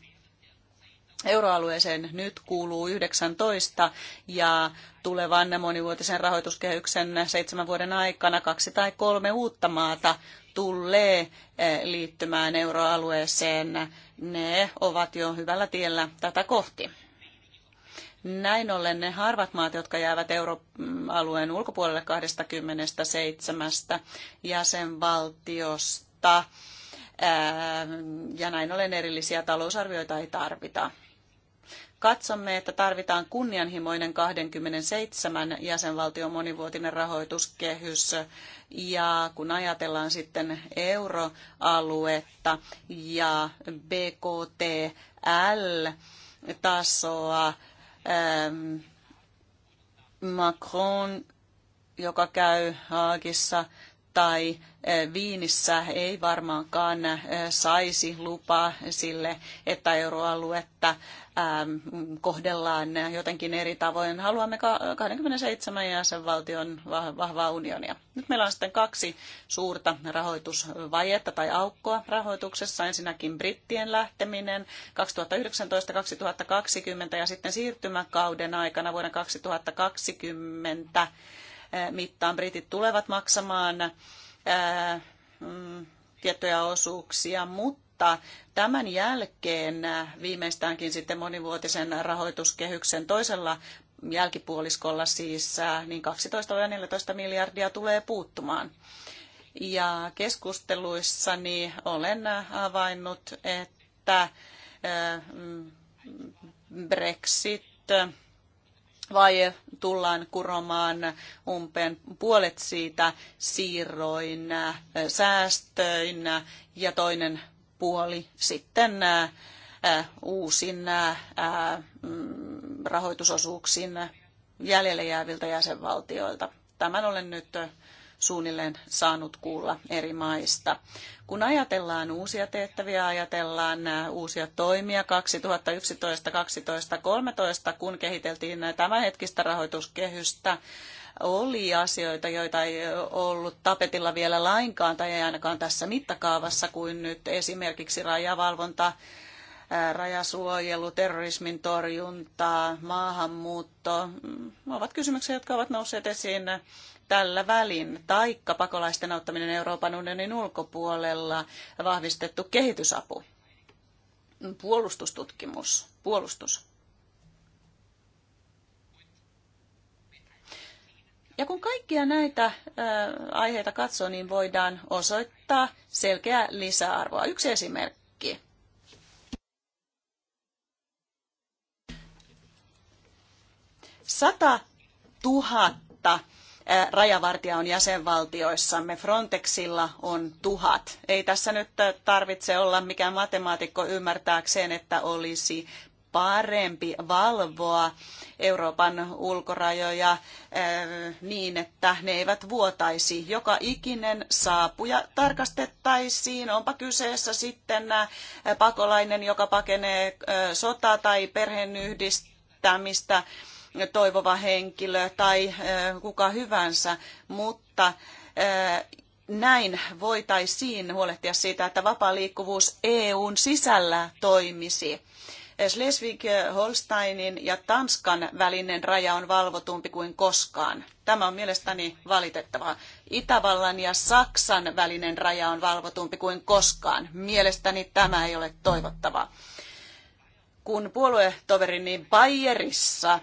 euroalueeseen nyt kuuluu 19 ja tulevan monivuotisen rahoituskehyksen seitsemän vuoden aikana kaksi tai kolme uutta maata tulee eh, liittymään euroalueeseen. Ne ovat jo hyvällä tiellä tätä kohti. Näin ollen ne harvat maat, jotka jäävät euroalueen ulkopuolelle 27 jäsenvaltiosta, eh, ja näin ollen erillisiä talousarvioita ei tarvita. Katsomme, että tarvitaan kunnianhimoinen 27 jäsenvaltion monivuotinen rahoituskehys ja kun ajatellaan sitten euroaluetta ja BKTL-tasoa, ähm, Macron, joka käy Haagissa tai e, Viinissä ei varmaankaan e, saisi lupaa sille, että euroaluetta kohdellaan jotenkin eri tavoin. Haluamme 27 jäsenvaltion vahvaa unionia. Nyt meillä on sitten kaksi suurta rahoitusvajetta tai aukkoa rahoituksessa. Ensinnäkin brittien lähteminen 2019-2020 ja sitten siirtymäkauden aikana vuoden 2020 mittaan. Britit tulevat maksamaan mm, tiettyjä osuuksia, mutta tämän jälkeen viimeistäänkin sitten monivuotisen rahoituskehyksen toisella jälkipuoliskolla siis niin 12-14 miljardia tulee puuttumaan. Ja keskusteluissani olen havainnut, että mm, Brexit vai tullaan kuromaan umpeen puolet siitä siirroin, äh, säästöinä äh, ja toinen puoli sitten äh, uusin rahoitusosuuksin jäljelle jääviltä jäsenvaltioilta. Tämän olen nyt suunnilleen saanut kuulla eri maista. Kun ajatellaan uusia tehtäviä, ajatellaan uusia toimia 2011, 2013 kun kehiteltiin tämänhetkistä rahoituskehystä, oli asioita, joita ei ollut tapetilla vielä lainkaan tai ei ainakaan tässä mittakaavassa kuin nyt esimerkiksi rajavalvonta, rajasuojelu, terrorismin torjunta, maahanmuutto mm, ovat kysymyksiä, jotka ovat nousseet esiin tällä välin, taikka pakolaisten auttaminen Euroopan unionin ulkopuolella, vahvistettu kehitysapu, puolustustutkimus, puolustus. Ja kun kaikkia näitä aiheita katsoo, niin voidaan osoittaa selkeää lisäarvoa. Yksi esimerkki. Sata tuhatta rajavartija on jäsenvaltioissamme. Frontexilla on tuhat. Ei tässä nyt tarvitse olla mikään matemaatikko ymmärtääkseen, että olisi parempi valvoa Euroopan ulkorajoja niin, että ne eivät vuotaisi. Joka ikinen saapuja tarkastettaisiin, onpa kyseessä sitten pakolainen, joka pakenee sotaa tai perheenyhdistämistä toivova henkilö tai kuka hyvänsä, mutta näin voitaisiin huolehtia siitä, että vapaa liikkuvuus EUn sisällä toimisi. Schleswig-Holsteinin ja Tanskan välinen raja on valvotumpi kuin koskaan. Tämä on mielestäni valitettavaa. Itävallan ja Saksan välinen raja on valvotumpi kuin koskaan. Mielestäni tämä ei ole toivottavaa. Kun puoluetoverini Bayerissa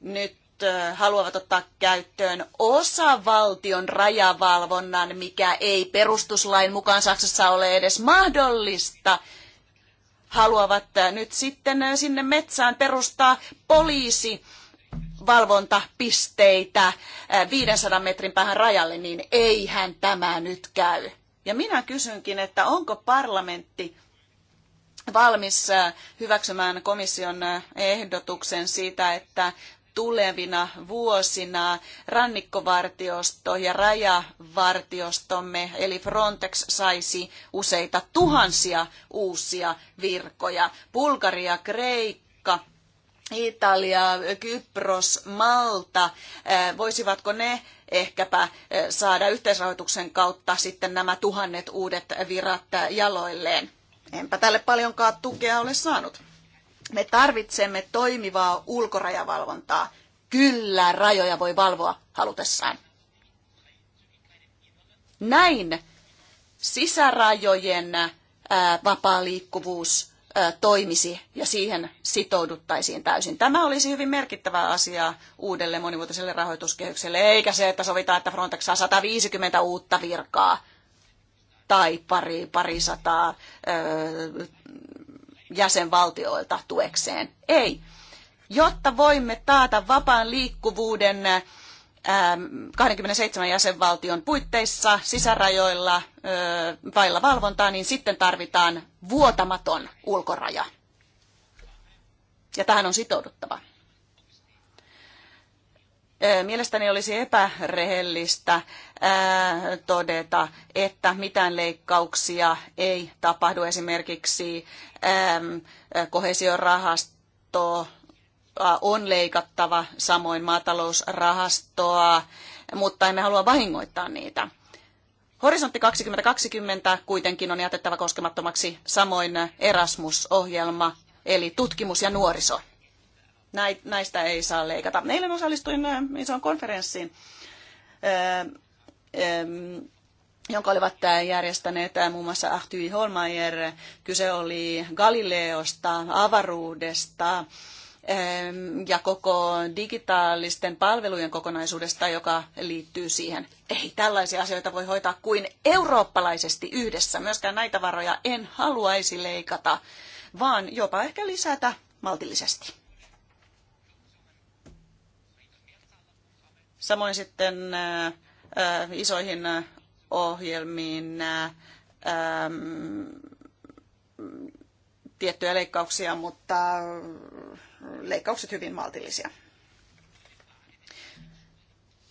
nyt äh, haluavat ottaa käyttöön osavaltion rajavalvonnan, mikä ei perustuslain mukaan Saksassa ole edes mahdollista, haluavat äh, nyt sitten äh, sinne metsään perustaa poliisi valvontapisteitä 500 metrin päähän rajalle, niin eihän tämä nyt käy. Ja minä kysynkin, että onko parlamentti valmis hyväksymään komission ehdotuksen siitä, että tulevina vuosina rannikkovartiosto ja rajavartiostomme eli Frontex saisi useita tuhansia uusia virkoja. Bulgaria, Kreikka, Italia, Kypros, Malta, eh, voisivatko ne ehkäpä eh, saada yhteisrahoituksen kautta sitten nämä tuhannet uudet virat eh, jaloilleen? Enpä tälle paljonkaan tukea ole saanut. Me tarvitsemme toimivaa ulkorajavalvontaa. Kyllä, rajoja voi valvoa halutessaan. Näin sisärajojen vapaa liikkuvuus toimisi ja siihen sitouduttaisiin täysin. Tämä olisi hyvin merkittävä asia uudelle monivuotiselle rahoituskehykselle, eikä se, että sovitaan, että Frontex saa 150 uutta virkaa tai pari, pari sataa jäsenvaltioilta tuekseen. Ei. Jotta voimme taata vapaan liikkuvuuden 27 ähm, jäsenvaltion puitteissa, sisärajoilla, äh, vailla valvontaa, niin sitten tarvitaan vuotamaton ulkoraja. Ja tähän on sitouduttava. Mielestäni olisi epärehellistä todeta, että mitään leikkauksia ei tapahdu esimerkiksi kohesiorahastoa on leikattava, samoin maatalousrahastoa, mutta emme halua vahingoittaa niitä. Horisontti 2020 kuitenkin on jätettävä koskemattomaksi samoin Erasmus-ohjelma, eli tutkimus ja nuoriso näistä ei saa leikata. Eilen osallistuin isoon konferenssiin, jonka olivat järjestäneet muun muassa Ahtyi Holmeier. Kyse oli Galileosta, avaruudesta ja koko digitaalisten palvelujen kokonaisuudesta, joka liittyy siihen. Ei tällaisia asioita voi hoitaa kuin eurooppalaisesti yhdessä. Myöskään näitä varoja en haluaisi leikata, vaan jopa ehkä lisätä maltillisesti. Samoin sitten äh, isoihin äh, ohjelmiin äh, ähm, tiettyjä leikkauksia, mutta leikkaukset hyvin maltillisia.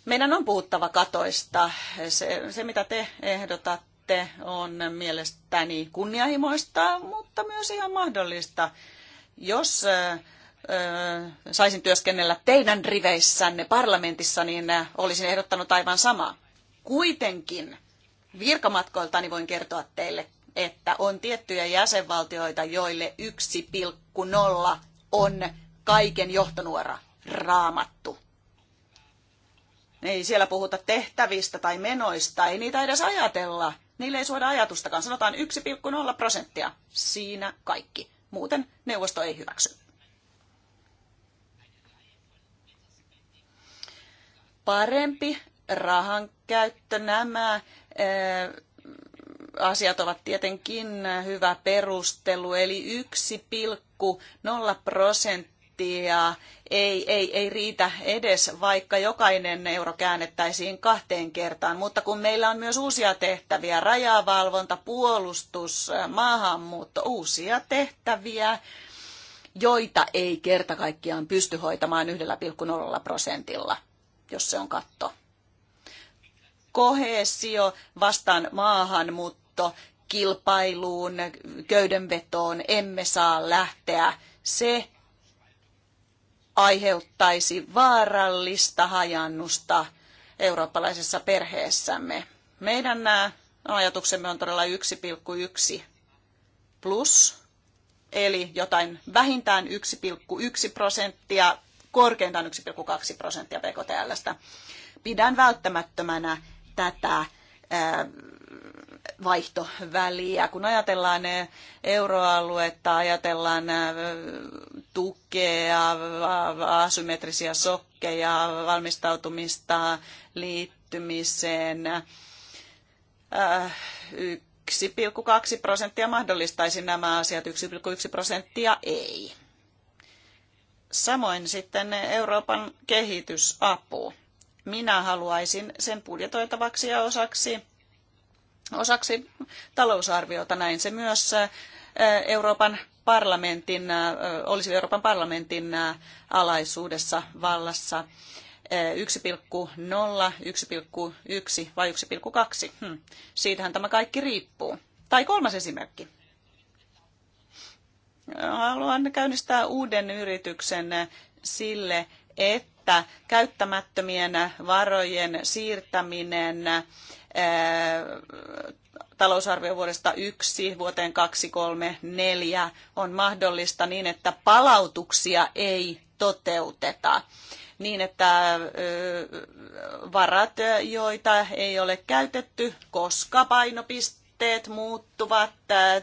Meidän on puhuttava katoista. Se, se mitä te ehdotatte, on mielestäni kunnianhimoista, mutta myös ihan mahdollista. Jos saisin työskennellä teidän riveissänne parlamentissa, niin olisin ehdottanut aivan samaa. Kuitenkin virkamatkoiltani voin kertoa teille, että on tiettyjä jäsenvaltioita, joille 1,0 on kaiken johtonuora raamattu. Ei siellä puhuta tehtävistä tai menoista, ei niitä edes ajatella. Niille ei suoda ajatustakaan, sanotaan 1,0 prosenttia. Siinä kaikki. Muuten neuvosto ei hyväksy. parempi rahan käyttö. Nämä eh, asiat ovat tietenkin hyvä perustelu, eli 1,0 prosenttia ei, ei, ei riitä edes, vaikka jokainen euro käännettäisiin kahteen kertaan. Mutta kun meillä on myös uusia tehtäviä, rajavalvonta, puolustus, maahanmuutto, uusia tehtäviä, joita ei kerta kaikkiaan pysty hoitamaan 1,0 prosentilla jos se on katto. Kohesio vastaan maahanmuutto kilpailuun, köydenvetoon emme saa lähteä. Se aiheuttaisi vaarallista hajannusta eurooppalaisessa perheessämme. Meidän nämä ajatuksemme on todella 1,1 plus, eli jotain vähintään 1,1 prosenttia korkeintaan 1,2 prosenttia PKTLstä. Pidän välttämättömänä tätä vaihtoväliä. Kun ajatellaan euroaluetta, ajatellaan tukea, asymmetrisiä sokkeja, valmistautumista liittymiseen, 1,2 prosenttia mahdollistaisi nämä asiat, 1,1 prosenttia ei. Samoin sitten Euroopan kehitysapu. Minä haluaisin sen budjetoitavaksi ja osaksi, osaksi talousarviota. Näin se myös Euroopan parlamentin, olisi Euroopan parlamentin alaisuudessa vallassa 1,0, 1,1 vai 1,2. Hmm. Siitähän tämä kaikki riippuu. Tai kolmas esimerkki haluan käynnistää uuden yrityksen sille, että käyttämättömien varojen siirtäminen talousarvio vuodesta 1 vuoteen 2034 on mahdollista niin, että palautuksia ei toteuteta niin, että varat, joita ei ole käytetty, koska painopiste jännitteet muuttuvat,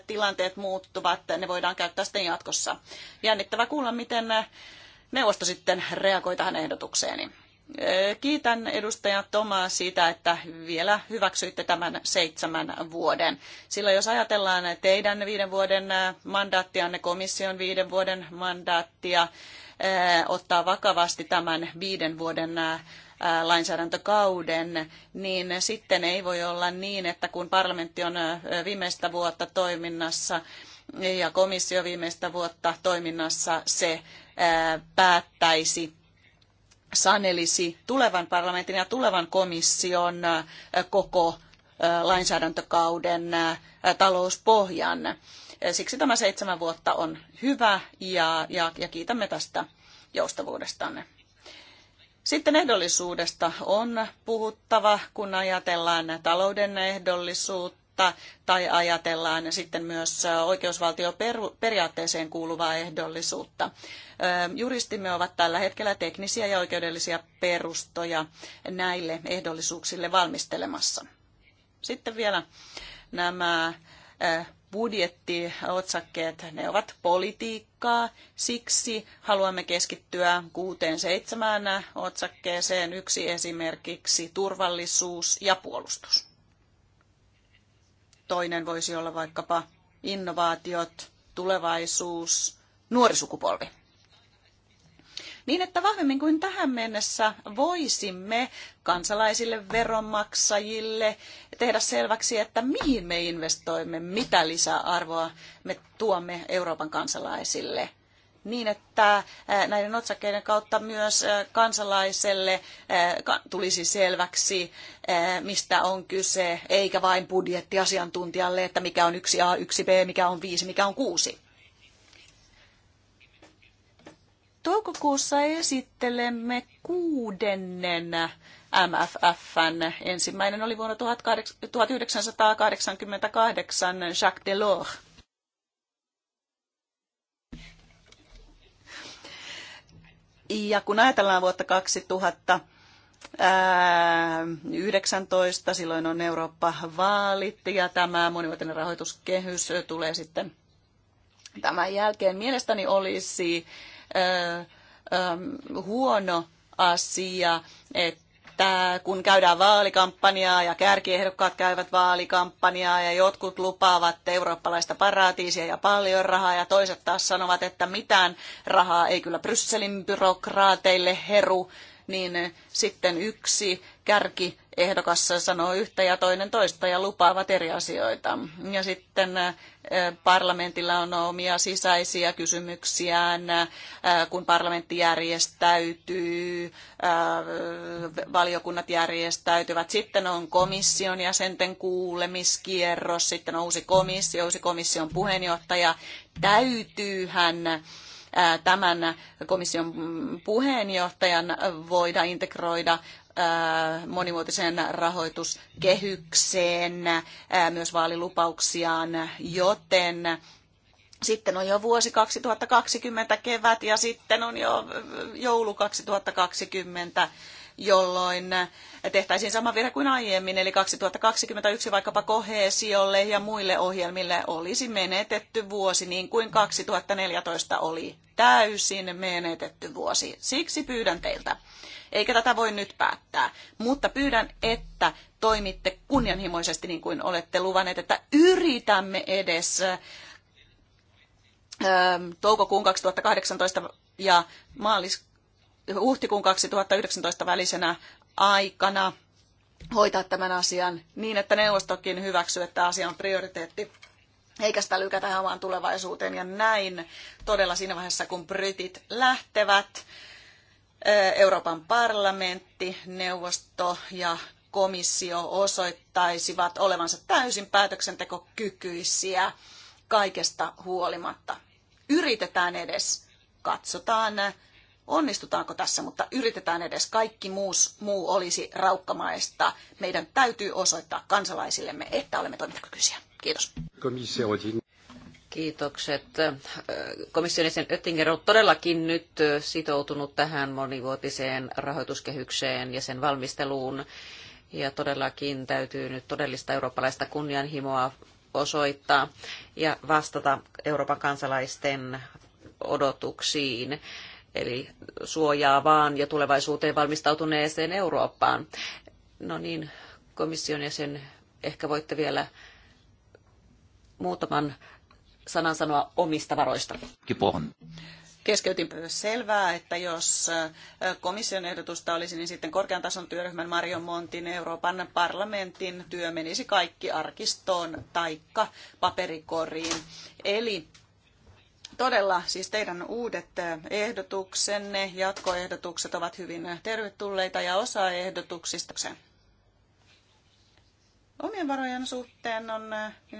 tilanteet muuttuvat, ne voidaan käyttää sitten jatkossa. Jännittävä kuulla, miten neuvosto sitten reagoi tähän ehdotukseeni. Kiitän edustaja Tomaa siitä, että vielä hyväksyitte tämän seitsemän vuoden. Sillä jos ajatellaan teidän viiden vuoden ne komission viiden vuoden mandaattia, eh, ottaa vakavasti tämän viiden vuoden eh, lainsäädäntökauden, niin sitten ei voi olla niin, että kun parlamentti on viimeistä vuotta toiminnassa ja komissio viimeistä vuotta toiminnassa, se päättäisi sanelisi tulevan parlamentin ja tulevan komission koko lainsäädäntökauden talouspohjan. Siksi tämä seitsemän vuotta on hyvä ja, ja, ja kiitämme tästä joustavuudestanne. Sitten ehdollisuudesta on puhuttava, kun ajatellaan talouden ehdollisuutta tai ajatellaan sitten myös oikeusvaltioperiaatteeseen kuuluvaa ehdollisuutta. Juristimme ovat tällä hetkellä teknisiä ja oikeudellisia perustoja näille ehdollisuuksille valmistelemassa. Sitten vielä nämä budjettiotsakkeet, ne ovat politiikkaa. Siksi haluamme keskittyä kuuteen seitsemään otsakkeeseen, yksi esimerkiksi turvallisuus ja puolustus. Toinen voisi olla vaikkapa innovaatiot, tulevaisuus, nuorisukupolvi. sukupolvi niin että vahvemmin kuin tähän mennessä voisimme kansalaisille, veronmaksajille tehdä selväksi, että mihin me investoimme, mitä lisäarvoa me tuomme Euroopan kansalaisille niin, että näiden otsakkeiden kautta myös kansalaiselle tulisi selväksi, mistä on kyse, eikä vain budjettiasiantuntijalle, että mikä on yksi a yksi b mikä on viisi mikä on kuusi Toukokuussa esittelemme kuudennen MFFn. Ensimmäinen oli vuonna 1988 Jacques Delors. Ja kun ajatellaan vuotta 2000, 19. Silloin on Eurooppa-vaalit ja tämä monivuotinen rahoituskehys tulee sitten tämän jälkeen. Mielestäni olisi huono asia, että kun käydään vaalikampanjaa ja kärkiehdokkaat käyvät vaalikampanjaa ja jotkut lupaavat eurooppalaista paratiisia ja paljon rahaa ja toiset taas sanovat, että mitään rahaa ei kyllä Brysselin byrokraateille heru, niin sitten yksi kärki ehdokas sanoo yhtä ja toinen toista ja lupaavat eri asioita. Ja sitten parlamentilla on omia sisäisiä kysymyksiään, kun parlamentti järjestäytyy, valiokunnat järjestäytyvät. Sitten on komission jäsenten kuulemiskierros, sitten on uusi komissio, uusi komission puheenjohtaja. Täytyyhän tämän komission puheenjohtajan voida integroida Äh, monimuotoiseen rahoituskehykseen, äh, myös vaalilupauksiaan, joten sitten on jo vuosi 2020 kevät ja sitten on jo äh, joulu 2020 jolloin tehtäisiin sama virhe kuin aiemmin, eli 2021 vaikkapa koheesiolle ja muille ohjelmille olisi menetetty vuosi, niin kuin 2014 oli täysin menetetty vuosi. Siksi pyydän teiltä, eikä tätä voi nyt päättää, mutta pyydän, että toimitte kunnianhimoisesti niin kuin olette luvanneet, että yritämme edes ähm, toukokuun 2018 ja maaliskuun huhtikuun 2019 välisenä aikana hoitaa tämän asian niin, että neuvostokin hyväksyy, että asia on prioriteetti, eikä sitä lykätä omaan tulevaisuuteen. Ja näin todella siinä vaiheessa, kun britit lähtevät, eh, Euroopan parlamentti, neuvosto ja komissio osoittaisivat olevansa täysin päätöksentekokykyisiä kaikesta huolimatta. Yritetään edes. Katsotaan onnistutaanko tässä, mutta yritetään edes kaikki muus, muu olisi raukkamaista. Meidän täytyy osoittaa kansalaisillemme, että olemme toimintakykyisiä. Kiitos. Kiitokset.
Komission jäsen Oettinger on todellakin nyt sitoutunut tähän monivuotiseen rahoituskehykseen ja sen valmisteluun. Ja todellakin täytyy nyt todellista eurooppalaista kunnianhimoa osoittaa ja vastata Euroopan kansalaisten odotuksiin eli suojaavaan ja tulevaisuuteen valmistautuneeseen Eurooppaan. No niin, komission jäsen, ehkä voitte vielä muutaman
sanan sanoa omista varoista. Kipohon. Keskeytin. Selvää, että jos komission ehdotusta olisi, niin sitten korkean tason työryhmän Mario Montin Euroopan parlamentin työ menisi kaikki arkistoon taikka paperikoriin. Eli todella siis teidän uudet ehdotuksenne, jatkoehdotukset ovat hyvin tervetulleita ja osa ehdotuksista. Omien varojen suhteen on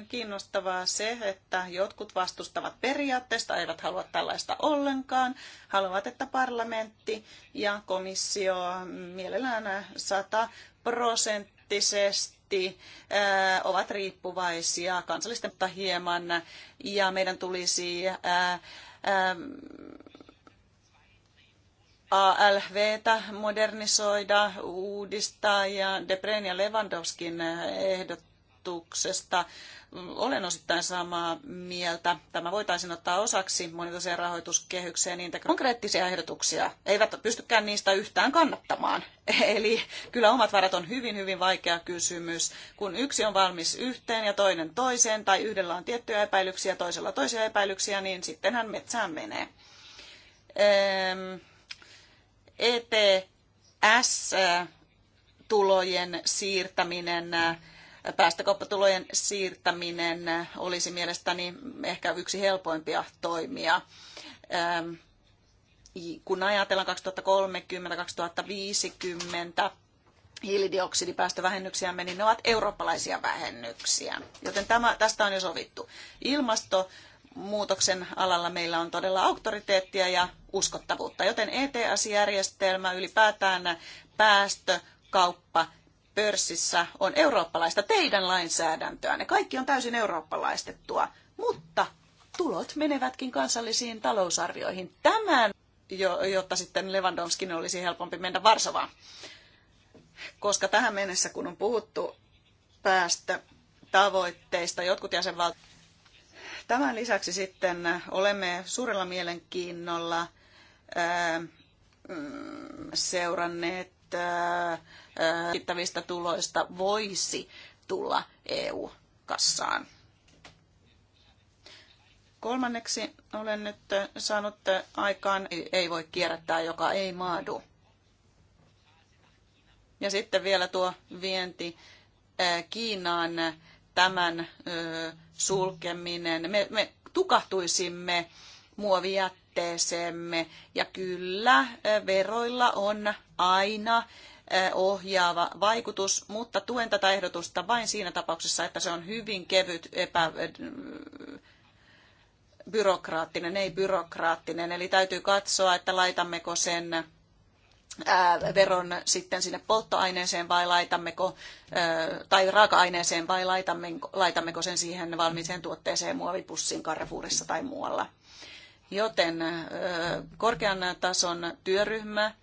kiinnostavaa se, että jotkut vastustavat periaatteesta, eivät halua tällaista ollenkaan, haluavat, että parlamentti ja komissio mm, mielellään 100 prosenttia poliittisesti ovat riippuvaisia kansallisten hieman ja meidän tulisi ALVtä modernisoida, uudistaa ja Debren ja Lewandowskin ehdotuksesta olen osittain samaa mieltä. Tämä voitaisiin ottaa osaksi monitoiseen rahoituskehykseen niitä konkreettisia ehdotuksia. Eivät pystykään niistä yhtään kannattamaan. Eli kyllä omat varat on hyvin, hyvin vaikea kysymys, kun yksi on valmis yhteen ja toinen toiseen, tai yhdellä on tiettyjä epäilyksiä, toisella toisia epäilyksiä, niin sittenhän metsään menee. ETS-tulojen e siirtäminen päästökauppatulojen siirtäminen olisi mielestäni ehkä yksi helpoimpia toimia. Ehm, kun ajatellaan 2030-2050 hiilidioksidipäästövähennyksiä niin ne ovat eurooppalaisia vähennyksiä. Joten tämä, tästä on jo sovittu. Ilmastonmuutoksen alalla meillä on todella auktoriteettia ja uskottavuutta, joten ETS-järjestelmä ylipäätään päästökauppa pörssissä on eurooppalaista teidän lainsäädäntöänne. Kaikki on täysin eurooppalaistettua, mutta tulot menevätkin kansallisiin talousarvioihin. Tämän, jotta sitten Lewandowskin olisi helpompi mennä Varsovaan. Koska tähän mennessä, kun on puhuttu päästä tavoitteista, jotkut jäsenvaltiot Tämän lisäksi sitten olemme suurella mielenkiinnolla mm, seuranneet merkittävistä tuloista voisi tulla EU-kassaan. Kolmanneksi olen nyt saanut aikaan, ei voi kierrättää, joka ei maadu. Ja sitten vielä tuo vienti Kiinaan tämän sulkeminen. Me, me tukahtuisimme muovijättä tavoitteeseemme. Ja kyllä, veroilla on aina ohjaava vaikutus, mutta tuen tätä ehdotusta vain siinä tapauksessa, että se on hyvin kevyt, epä, byrokraattinen, ei byrokraattinen. Eli täytyy katsoa, että laitammeko sen veron sitten sinne polttoaineeseen vai laitammeko, tai raaka-aineeseen vai laitammeko, laitammeko sen siihen valmiiseen tuotteeseen muovipussiin Carrefourissa tai muualla. Joten korkean tason työryhmä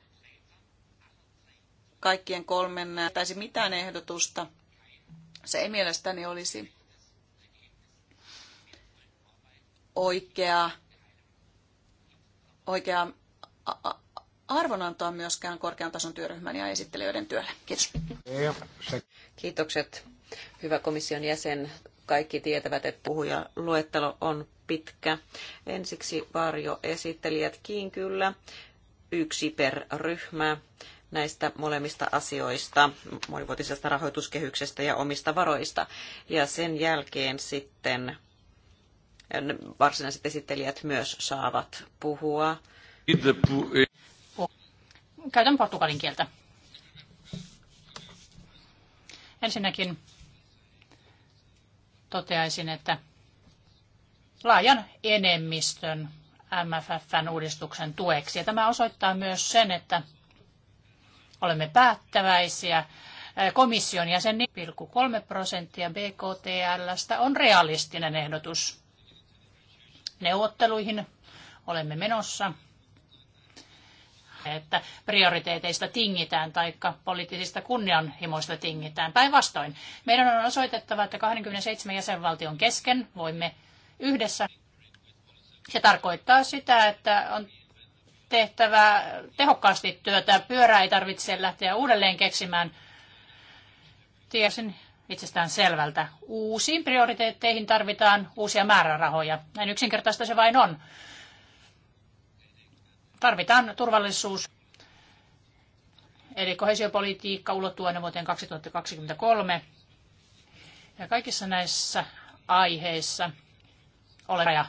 kaikkien kolmen taisi mitään ehdotusta. Se ei mielestäni olisi oikea, oikea arvonantoa myöskään korkean tason työryhmän ja esittelijöiden työlle. Kiitos. Kiitokset. Hyvä komission
jäsen kaikki tietävät, että puhuja luettelo on pitkä. Ensiksi varjoesittelijätkin kyllä, yksi per ryhmä näistä molemmista asioista, monivuotisesta rahoituskehyksestä ja omista varoista. Ja sen jälkeen sitten varsinaiset esittelijät myös saavat puhua.
Käytän portugalin kieltä. Ensinnäkin toteaisin, että laajan enemmistön MFFn uudistuksen tueksi. Ja tämä osoittaa myös sen, että olemme päättäväisiä. Komission jäsen 0,3 prosenttia BKTLstä on realistinen ehdotus. Neuvotteluihin olemme menossa että prioriteeteista tingitään tai poliittisista kunnianhimoista tingitään. Päinvastoin, meidän on osoitettava, että 27 jäsenvaltion kesken voimme yhdessä. Se tarkoittaa sitä, että on tehtävä tehokkaasti työtä. Pyörää ei tarvitse lähteä uudelleen keksimään. Tiesin itsestään selvältä. Uusiin prioriteetteihin tarvitaan uusia määrärahoja. Näin yksinkertaista se vain on. Tarvitaan turvallisuus. Eli kohesiopolitiikka ulottuu aina vuoteen 2023. Ja kaikissa näissä aiheissa ole raja.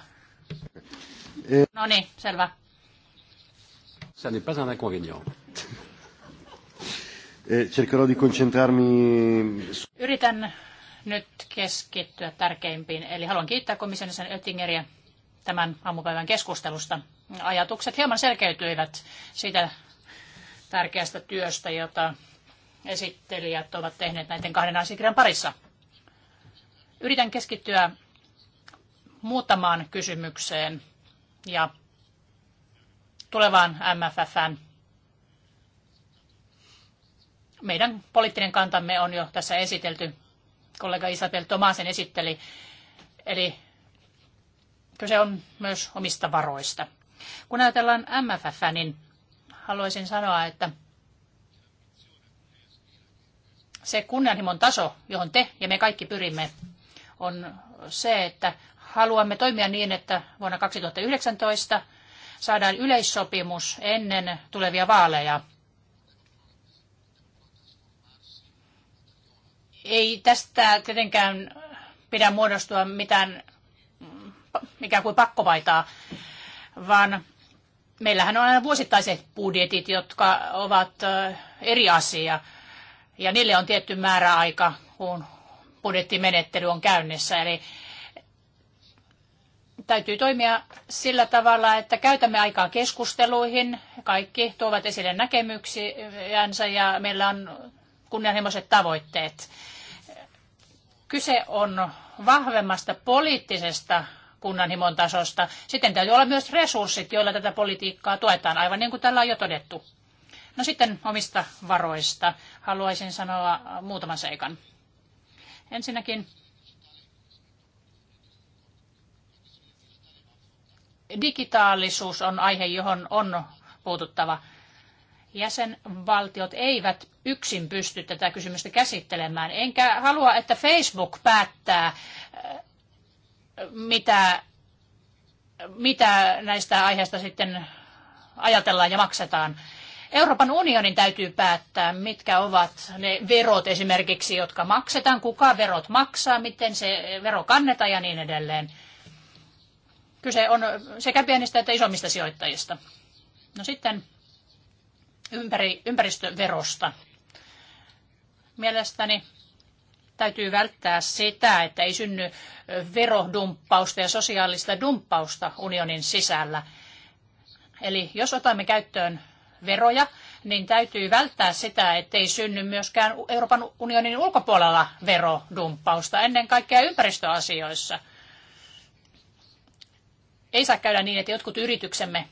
No niin, selvä.
Ça n'est pas un inconvénient.
Eh, cercherò di concentrarmi...
Yritän nyt keskittyä tärkeimpiin. Eli haluan kiittää komission Oettingeriä tämän aamupäivän keskustelusta ajatukset hieman selkeytyivät siitä tärkeästä työstä, jota esittelijät ovat tehneet näiden kahden asiakirjan parissa. Yritän keskittyä muutamaan kysymykseen ja tulevaan MFFään. Meidän poliittinen kantamme on jo tässä esitelty. Kollega Isabel Tomasen esitteli. Eli kyse on myös omista varoista. Kun ajatellaan MFF, niin haluaisin sanoa, että se kunnianhimon taso, johon te ja me kaikki pyrimme, on se, että haluamme toimia niin, että vuonna 2019 saadaan yleissopimus ennen tulevia vaaleja. Ei tästä tietenkään pidä muodostua mitään mm, ikään kuin pakkovaitaa vaan meillähän on aina vuosittaiset budjetit, jotka ovat eri asia. Ja niille on tietty määräaika, kun budjettimenettely on käynnissä. Eli täytyy toimia sillä tavalla, että käytämme aikaa keskusteluihin. Kaikki tuovat esille näkemyksiänsä ja meillä on kunnianhimoiset tavoitteet. Kyse on vahvemmasta poliittisesta kunnianhimon tasosta. Sitten täytyy olla myös resurssit, joilla tätä politiikkaa tuetaan, aivan niin kuin täällä on jo todettu. No sitten omista varoista haluaisin sanoa muutaman seikan. Ensinnäkin digitaalisuus on aihe, johon on puututtava. Jäsenvaltiot eivät yksin pysty tätä kysymystä käsittelemään. Enkä halua, että Facebook päättää mitä, mitä näistä aiheista sitten ajatellaan ja maksetaan. Euroopan unionin täytyy päättää, mitkä ovat ne verot esimerkiksi, jotka maksetaan, kuka verot maksaa, miten se vero kannetaan ja niin edelleen. Kyse on sekä pienistä että isommista sijoittajista. No sitten ympäri, ympäristöverosta. Mielestäni täytyy välttää sitä, että ei synny verodumppausta ja sosiaalista dumppausta unionin sisällä. Eli jos otamme käyttöön veroja, niin täytyy välttää sitä, ettei synny myöskään Euroopan unionin ulkopuolella verodumppausta, ennen kaikkea ympäristöasioissa. Ei saa käydä niin, että jotkut yrityksemme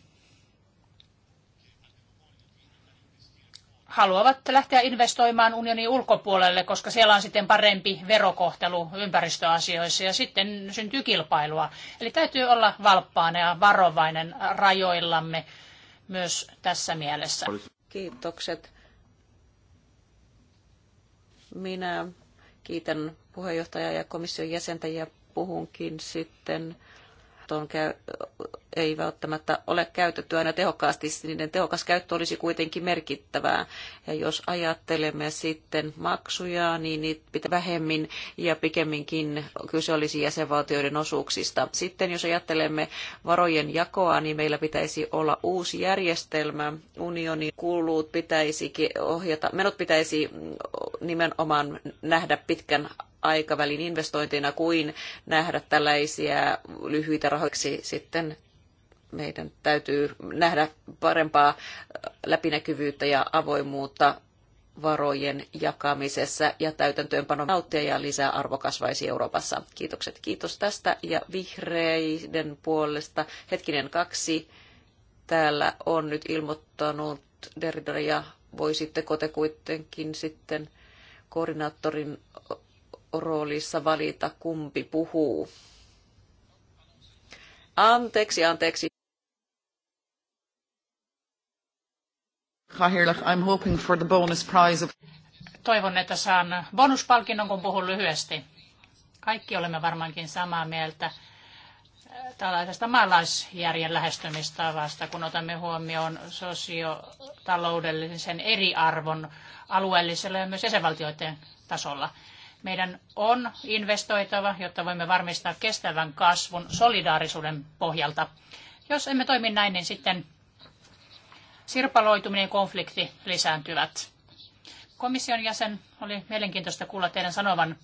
haluavat lähteä investoimaan unionin ulkopuolelle, koska siellä on sitten parempi verokohtelu ympäristöasioissa ja sitten syntyy kilpailua. Eli täytyy olla valppaana ja varovainen rajoillamme myös tässä mielessä. Kiitokset.
Minä kiitän puheenjohtajaa ja komission jäsentä ja puhunkin sitten käyttöönottoon käy, ei välttämättä ole käytetty aina tehokkaasti, niiden tehokas käyttö olisi kuitenkin merkittävää. Ja jos ajattelemme sitten maksuja, niin niitä pitää vähemmin ja pikemminkin kyse olisi jäsenvaltioiden osuuksista. Sitten jos ajattelemme varojen jakoa, niin meillä pitäisi olla uusi järjestelmä. Unionin kulut pitäisikin ohjata, menot pitäisi nimenomaan nähdä pitkän aikavälin investointina kuin nähdä tällaisia lyhyitä rahoiksi sitten meidän täytyy nähdä parempaa läpinäkyvyyttä ja avoimuutta varojen jakamisessa ja täytäntöönpanon nauttia ja lisää arvo kasvaisi Euroopassa. Kiitokset. Kiitos tästä ja vihreiden puolesta. Hetkinen kaksi. Täällä on nyt ilmoittanut Derrida ja voisitteko te kuitenkin sitten koordinaattorin roolissa valita,
kumpi puhuu.
Anteeksi, anteeksi.
I'm hoping for the bonus prize of...
Toivon, että saan bonuspalkinnon, kun puhun lyhyesti. Kaikki olemme varmaankin samaa mieltä äh, tällaisesta maalaisjärjen lähestymistavasta, kun otamme huomioon sosiotaloudellisen eriarvon alueellisella ja myös jäsenvaltioiden tasolla. Meidän on investoitava, jotta voimme varmistaa kestävän kasvun solidaarisuuden pohjalta. Jos emme toimi näin, niin sitten sirpaloituminen ja konflikti lisääntyvät. Komission jäsen oli mielenkiintoista kuulla teidän sanovan,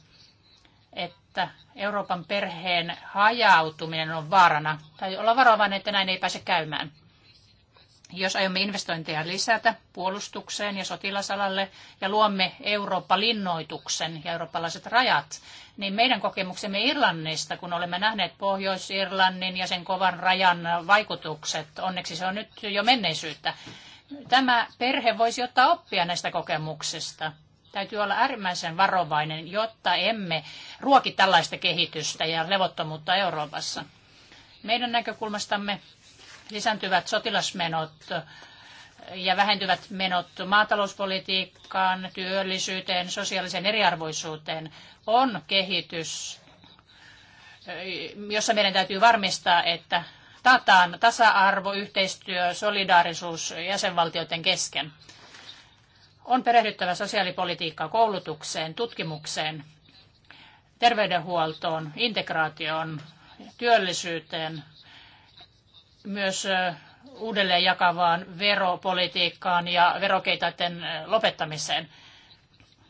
että Euroopan perheen hajautuminen on vaarana. Tai olla varovainen, että näin ei pääse käymään. Jos aiomme investointeja lisätä puolustukseen ja sotilasalalle ja luomme Eurooppa-linnoituksen ja eurooppalaiset rajat, niin meidän kokemuksemme Irlannista, kun olemme nähneet Pohjois-Irlannin ja sen kovan rajan vaikutukset, onneksi se on nyt jo menneisyyttä, tämä perhe voisi ottaa oppia näistä kokemuksista. Täytyy olla äärimmäisen varovainen, jotta emme ruoki tällaista kehitystä ja levottomuutta Euroopassa. Meidän näkökulmastamme lisääntyvät sotilasmenot ja vähentyvät menot maatalouspolitiikkaan, työllisyyteen, sosiaaliseen eriarvoisuuteen on kehitys, jossa meidän täytyy varmistaa, että taataan tasa-arvo, yhteistyö, solidaarisuus jäsenvaltioiden kesken. On perehdyttävä sosiaalipolitiikkaa koulutukseen, tutkimukseen, terveydenhuoltoon, integraatioon, työllisyyteen, myös uudelleen jakavaan veropolitiikkaan ja verokeitaiden lopettamiseen.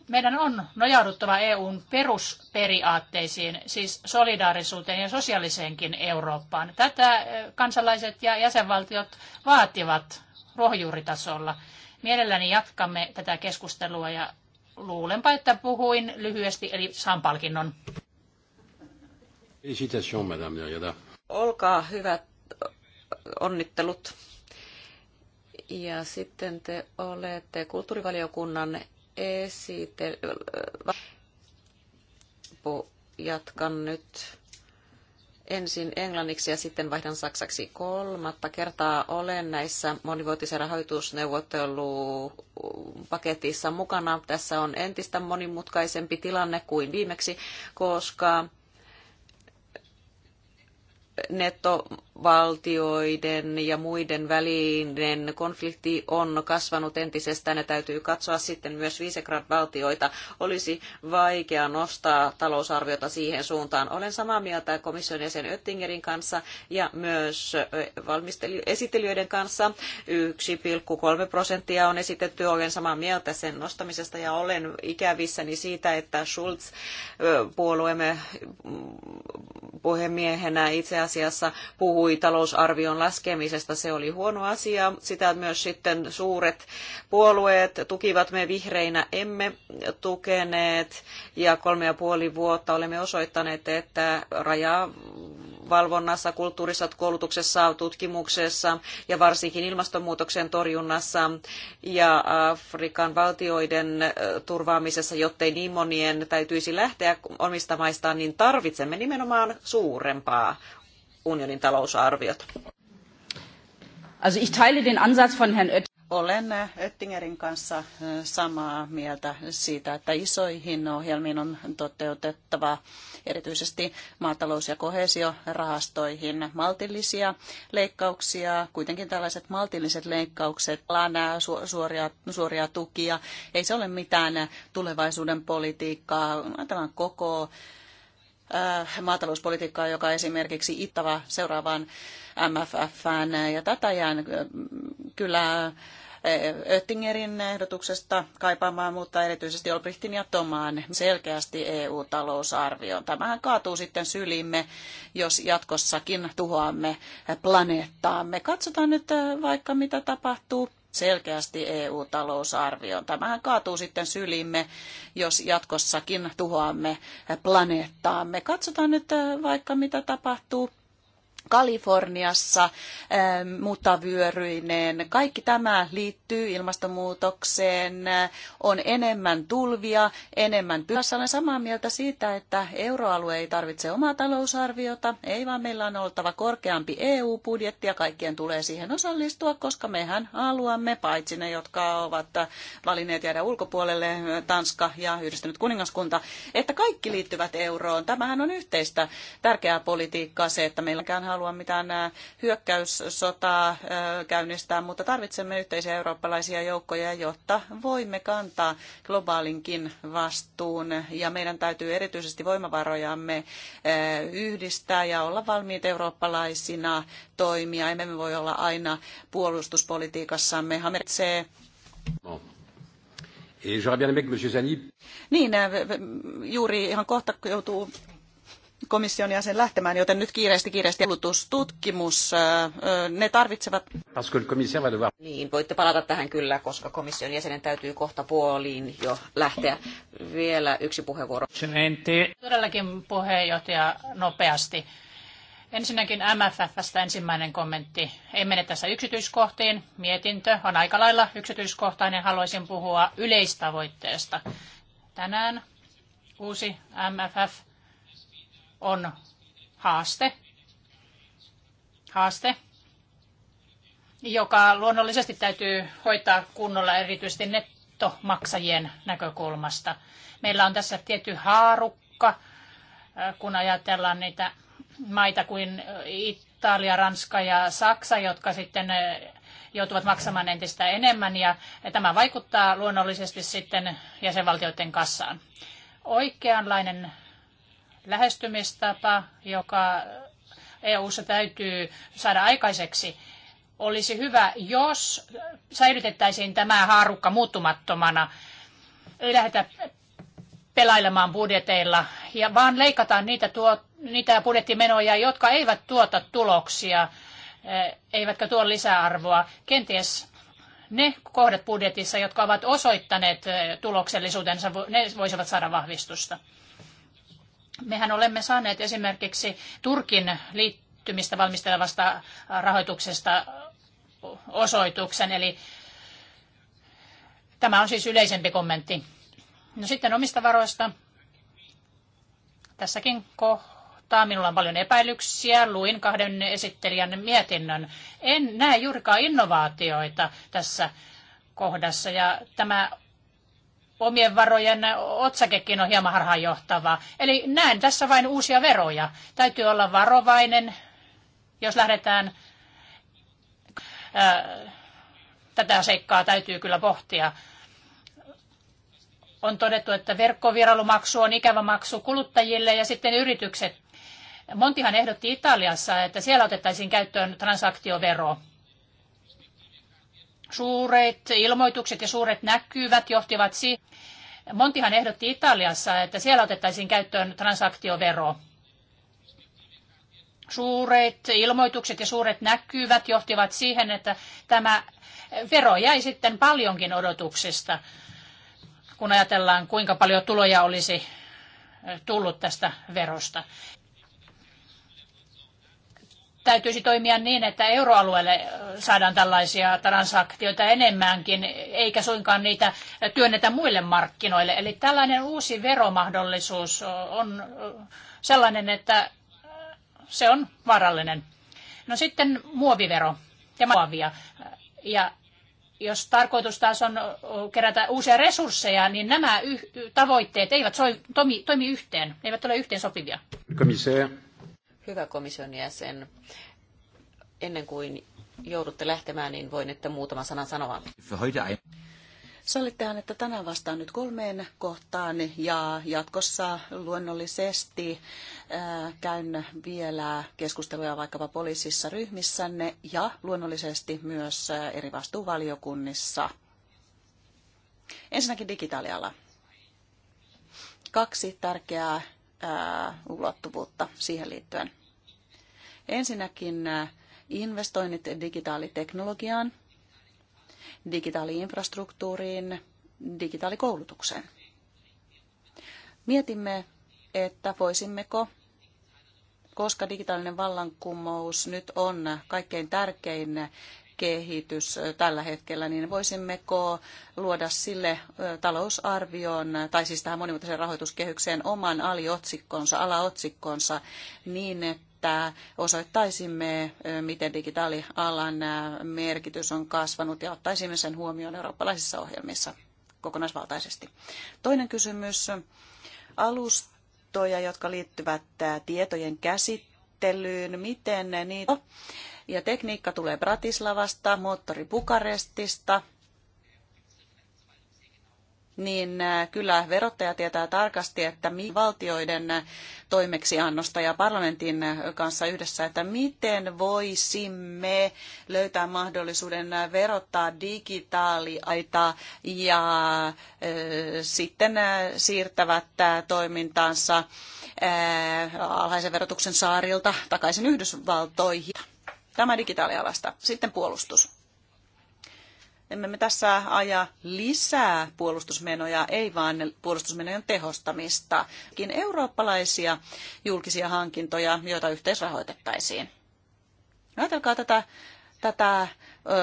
Meidän on nojauduttava EUn perusperiaatteisiin, siis solidaarisuuteen ja sosiaaliseenkin Eurooppaan. Tätä kansalaiset ja jäsenvaltiot vaativat ruohonjuuritasolla. Mielelläni jatkamme tätä keskustelua ja luulenpa, että puhuin lyhyesti, eli saan palkinnon. Olkaa hyvät
onnittelut. Ja sitten te olette kulttuurivaliokunnan esite... Jatkan nyt ensin englanniksi ja sitten vaihdan saksaksi kolmatta kertaa. Olen näissä monivuotisen rahoitusneuvottelupaketissa mukana. Tässä on entistä monimutkaisempi tilanne kuin viimeksi, koska netto valtioiden ja muiden välinen konflikti on kasvanut entisestään ja täytyy katsoa sitten myös Visegrad-valtioita. Olisi vaikea nostaa talousarviota siihen suuntaan. Olen samaa mieltä komission jäsen Oettingerin kanssa ja myös esittelijöiden kanssa. 1,3 prosenttia on esitetty. Olen samaa mieltä sen nostamisesta ja olen ikävissäni siitä, että Schulz puolueemme mm, puhemiehenä itse asiassa puhuu puhui talousarvion laskemisesta. Se oli huono asia. Sitä myös sitten suuret puolueet tukivat. Me vihreinä emme tukeneet ja kolme ja puoli vuotta olemme osoittaneet, että rajavalvonnassa valvonnassa, kulttuurissa, koulutuksessa, tutkimuksessa ja varsinkin ilmastonmuutoksen torjunnassa ja Afrikan valtioiden turvaamisessa, jottei niin monien täytyisi lähteä omista maistaan, niin tarvitsemme nimenomaan suurempaa unionin talousarviot.
Also ich teile den Ansatz von Herrn Oettinger. Olen äh, Oettingerin kanssa äh, samaa mieltä siitä, että isoihin ohjelmiin on toteutettava erityisesti maatalous- ja kohesiorahastoihin maltillisia leikkauksia. Kuitenkin tällaiset maltilliset leikkaukset, lana, äh, su- suoria, suoria tukia, ei se ole mitään tulevaisuuden politiikkaa. Ajatellaan koko Äh, maatalouspolitiikkaa, joka esimerkiksi ittava seuraavaan MFFään. Ja tätä jään äh, kyllä äh, Oettingerin ehdotuksesta kaipaamaan, mutta erityisesti Olbrichtin ja Tomaan selkeästi EU-talousarvioon. Tämähän kaatuu sitten sylimme, jos jatkossakin tuhoamme planeettaamme. Katsotaan nyt vaikka mitä tapahtuu selkeästi EU-talousarvioon. Tämähän kaatuu sitten sylimme, jos jatkossakin tuhoamme planeettaamme. Katsotaan nyt äh, vaikka mitä tapahtuu Kaliforniassa ähm, mutavyöryinen. Kaikki tämä liittyy ilmastonmuutokseen. On enemmän tulvia, enemmän pyhässä. Olen samaa mieltä siitä, että euroalue ei tarvitse omaa talousarviota. Ei vaan meillä on oltava korkeampi EU-budjetti ja kaikkien tulee siihen osallistua, koska mehän haluamme, paitsi ne, jotka ovat valinneet jäädä ulkopuolelle, Tanska ja yhdistynyt kuningaskunta, että kaikki liittyvät euroon. Tämähän on yhteistä tärkeää politiikkaa se, että meilläkään halua mitään äh, hyökkäyssotaa äh, käynnistää, mutta tarvitsemme yhteisiä eurooppalaisia joukkoja, jotta voimme kantaa globaalinkin vastuun. Ja meidän täytyy erityisesti voimavarojamme äh, yhdistää ja olla valmiit eurooppalaisina toimia. Emme me voi olla aina puolustuspolitiikassamme hameritsee.
Et j'aurais bien aimé que M. Zani...
Niin, juuri ihan kohta joutuu komission jäsen lähtemään, joten nyt kiireesti kiireesti tutkimus, ne tarvitsevat... Niin, voitte palata tähän kyllä, koska komission jäsenen täytyy kohta puoliin
jo lähteä. Vielä yksi puheenvuoro.
Todellakin puheenjohtaja nopeasti. Ensinnäkin MFFstä ensimmäinen kommentti. Ei mene tässä yksityiskohtiin. Mietintö on aika lailla yksityiskohtainen. Haluaisin puhua yleistavoitteesta. Tänään uusi MFF on haaste, haaste, joka luonnollisesti täytyy hoitaa kunnolla erityisesti nettomaksajien näkökulmasta. Meillä on tässä tietty haarukka, äh, kun ajatellaan niitä maita kuin äh, Italia, Ranska ja Saksa, jotka sitten äh, joutuvat maksamaan entistä enemmän ja tämä vaikuttaa luonnollisesti sitten jäsenvaltioiden kassaan. Oikeanlainen lähestymistapa, joka EU-ssa täytyy saada aikaiseksi, olisi hyvä, jos säilytettäisiin tämä haarukka muuttumattomana. Ei lähdetä pelailemaan budjeteilla, ja vaan leikataan niitä, tuo, niitä budjettimenoja, jotka eivät tuota tuloksia, eh, eivätkä tuo lisäarvoa. Kenties ne kohdat budjetissa, jotka ovat osoittaneet eh, tuloksellisuutensa, ne voisivat saada vahvistusta. Mehän olemme saaneet esimerkiksi Turkin liittymistä valmistelevasta rahoituksesta osoituksen, eli tämä on siis yleisempi kommentti. No sitten omista varoista. Tässäkin kohtaa minulla on paljon epäilyksiä. Luin kahden esittelijän mietinnön. En näe juurikaan innovaatioita tässä kohdassa ja tämä omien varojen otsakekin on hieman harhaanjohtava. Eli näen tässä vain uusia veroja. Täytyy olla varovainen, jos lähdetään. Tätä seikkaa täytyy kyllä pohtia. On todettu, että verkkovierailumaksu on ikävä maksu kuluttajille ja sitten yritykset. Montihan ehdotti Italiassa, että siellä otettaisiin käyttöön transaktiovero. Suuret ilmoitukset ja suuret näkyvät johtivat siihen. Montihan ehdotti Italiassa, että siellä otettaisiin käyttöön transaktiovero. Suuret ilmoitukset ja suuret näkyvät johtivat siihen, että tämä vero jäi sitten paljonkin odotuksista, kun ajatellaan kuinka paljon tuloja olisi tullut tästä verosta täytyisi toimia niin, että euroalueelle saadaan tällaisia transaktioita enemmänkin, eikä suinkaan niitä työnnetä muille markkinoille. Eli tällainen uusi veromahdollisuus on sellainen, että se on vaarallinen. No sitten muovivero ja muovia. Ja jos tarkoitus taas on kerätä uusia resursseja, niin nämä tavoitteet eivät soi, toimi, toimi yhteen, ne eivät ole yhteen sopivia. Hyvä komission jäsen,
ennen kuin joudutte
lähtemään, niin voin että muutama sana sanoa. Sallittehan, että tänään vastaan nyt kolmeen kohtaan ja jatkossa luonnollisesti käyn vielä keskusteluja vaikkapa poliisissa ryhmissänne ja luonnollisesti myös eri vastuuvaliokunnissa. Ensinnäkin digitaaliala. Kaksi tärkeää ulottuvuutta siihen liittyen. Ensinnäkin investoinnit digitaaliteknologiaan, digitaaliinfrastruktuuriin, digitaalikoulutukseen. Mietimme, että voisimmeko, koska digitaalinen vallankumous nyt on kaikkein tärkein kehitys tällä hetkellä, niin voisimmeko luoda sille talousarvioon, tai siis tähän monimuotoiseen rahoituskehykseen oman aliotsikkonsa, alaotsikkonsa, niin että osoittaisimme, miten digitaalialan merkitys on kasvanut ja ottaisimme sen huomioon eurooppalaisissa ohjelmissa kokonaisvaltaisesti. Toinen kysymys. Alustoja, jotka liittyvät tietojen käsittelyyn, miten niitä ja tekniikka tulee Bratislavasta, moottori Bukarestista. Niin äh, kyllä verottaja tietää tarkasti, että valtioiden äh, toimeksiannosta ja parlamentin äh, kanssa yhdessä, että miten voisimme löytää mahdollisuuden verottaa digitaaliaita ja sitten siirtävät toimintaansa alhaisen verotuksen saarilta takaisin Yhdysvaltoihin. Tämä digitaalialasta. Sitten puolustus. Emme me tässä aja lisää puolustusmenoja, ei vaan puolustusmenojen tehostamista, eurooppalaisia julkisia hankintoja, joita yhteisrahoitettaisiin. Ajatelkaa tätä, tätä ö,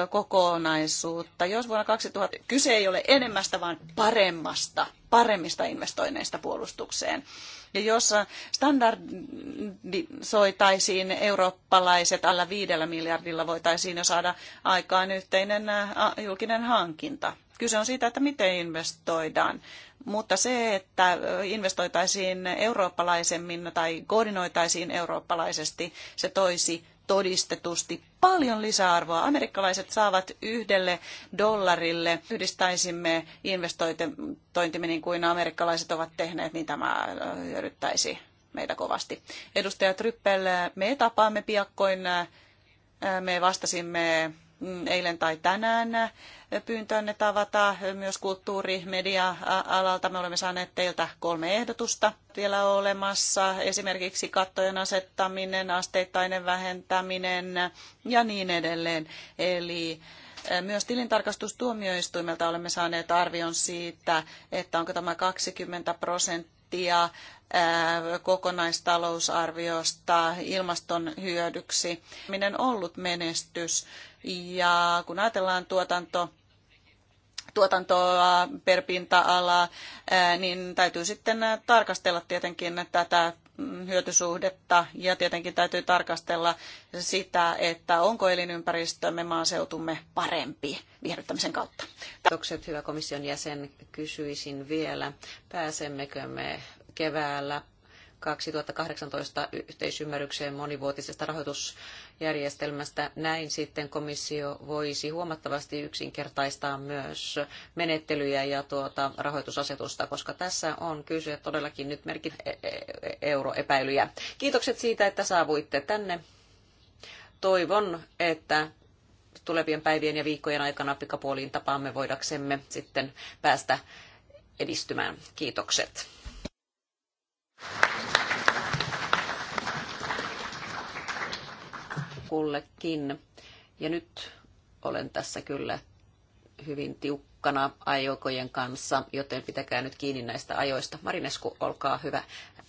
kokonaisuutta. Jos vuonna 2000 kyse ei ole enemmästä, vaan paremmasta, paremmista investoinneista puolustukseen ja jossa standardisoitaisiin eurooppalaiset alla viidellä miljardilla voitaisiin jo saada aikaan yhteinen äh, julkinen hankinta. Kyse on siitä, että miten investoidaan. Mutta se, että investoitaisiin eurooppalaisemmin tai koordinoitaisiin eurooppalaisesti, se toisi todistetusti paljon lisäarvoa. Amerikkalaiset saavat yhdelle dollarille. Yhdistäisimme investointimme niin kuin amerikkalaiset ovat tehneet, niin tämä äh, hyödyttäisi meitä kovasti. Edustaja Tryppel, me tapaamme piakkoin. Äh, me vastasimme Mm, eilen tai tänään pyyntöönne tavata myös kulttuuri- media-alalta. Me olemme saaneet teiltä kolme ehdotusta vielä olemassa, esimerkiksi kattojen asettaminen, asteittainen vähentäminen ja niin edelleen. Eli myös tilintarkastustuomioistuimelta olemme saaneet arvion siitä, että onko tämä 20 prosenttia prosenttia kokonaistalousarviosta ilmaston hyödyksi. Minen ollut menestys ja kun ajatellaan tuotanto tuotantoa per pinta alaa niin täytyy sitten tarkastella tietenkin tätä hyötysuhdetta ja tietenkin täytyy tarkastella sitä, että onko elinympäristömme maaseutumme parempi viherryttämisen kautta.
Kiitokset hyvä komission jäsen. Kysyisin vielä, pääsemmekö me keväällä 2018 yhteisymmärrykseen monivuotisesta rahoitusjärjestelmästä. Näin sitten komissio voisi huomattavasti yksinkertaistaa myös menettelyjä ja tuota rahoitusasetusta, koska tässä on kyse todellakin nyt merkit e- e- e- euroepäilyjä. Kiitokset siitä, että saavuitte tänne. Toivon, että tulevien päivien ja viikkojen aikana pikapuoliin tapaamme voidaksemme sitten päästä edistymään. Kiitokset. Kullekin. Ja nyt olen tässä kyllä hyvin tiukkana ajokojen kanssa, joten pitäkää nyt kiinni näistä ajoista. Marinesku, olkaa hyvä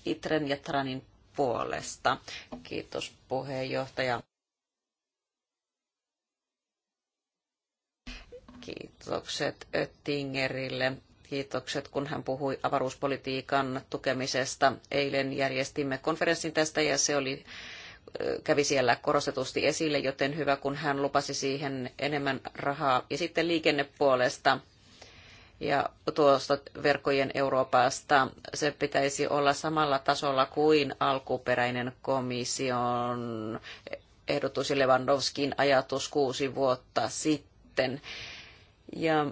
Itren ja Tranin puolesta. Kiitos puheenjohtaja. Kiitokset Öttingerille Kiitokset, kun hän puhui avaruuspolitiikan tukemisesta. Eilen järjestimme konferenssin tästä ja se oli kävi siellä korostetusti esille, joten hyvä, kun hän lupasi siihen enemmän rahaa. Ja sitten liikennepuolesta ja tuosta verkkojen Euroopasta, se pitäisi olla samalla tasolla kuin alkuperäinen komission ehdotus Lewandowskin ajatus kuusi vuotta sitten. Ja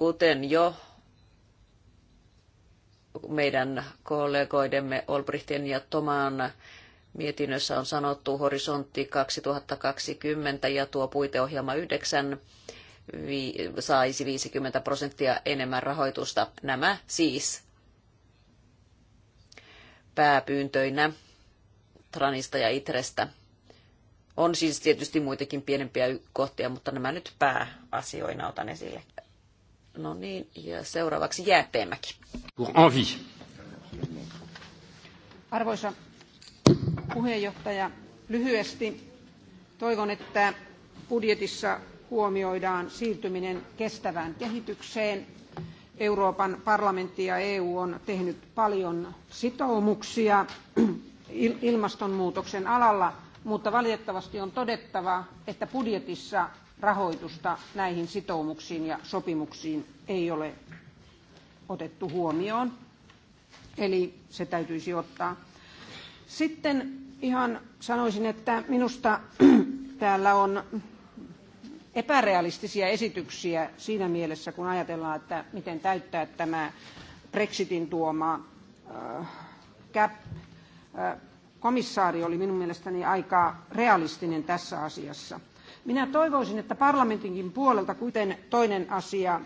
Kuten jo meidän kollegoidemme Olbrichtin ja Tomaan mietinnössä on sanottu horisontti 2020 ja tuo puiteohjelma 9 saisi 50 prosenttia enemmän rahoitusta. Nämä siis pääpyyntöinä Tranista ja Itrestä. On siis tietysti muitakin pienempiä kohtia, mutta nämä nyt pääasioina otan esille. No niin, ja seuraavaksi
Jäätteenmäki. Arvoisa puheenjohtaja, lyhyesti toivon, että budjetissa huomioidaan siirtyminen kestävään kehitykseen. Euroopan parlamentti ja EU on tehnyt paljon sitoumuksia ilmastonmuutoksen alalla, mutta valitettavasti on todettava, että budjetissa rahoitusta näihin sitoumuksiin ja sopimuksiin ei ole otettu huomioon. Eli se täytyisi ottaa. Sitten ihan sanoisin, että minusta täällä on epärealistisia esityksiä siinä mielessä, kun ajatellaan, että miten täyttää tämä Brexitin tuoma äh, gap. Äh, komissaari oli minun mielestäni aika realistinen tässä asiassa. Minä toivoisin, että parlamentinkin puolelta, kuten toinen asia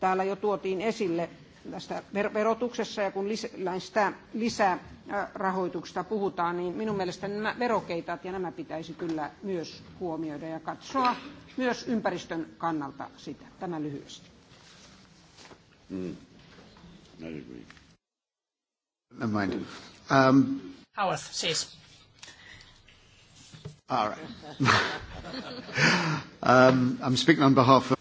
täällä jo tuotiin esille tästä verotuksessa ja kun näistä lisärahoituksista puhutaan, niin minun mielestäni nämä verokeitat ja nämä pitäisi kyllä myös huomioida ja katsoa myös ympäristön kannalta sitä. Tämä lyhyesti. Mm. Um... Howard,
siis. All
right. um, I'm speaking on behalf of...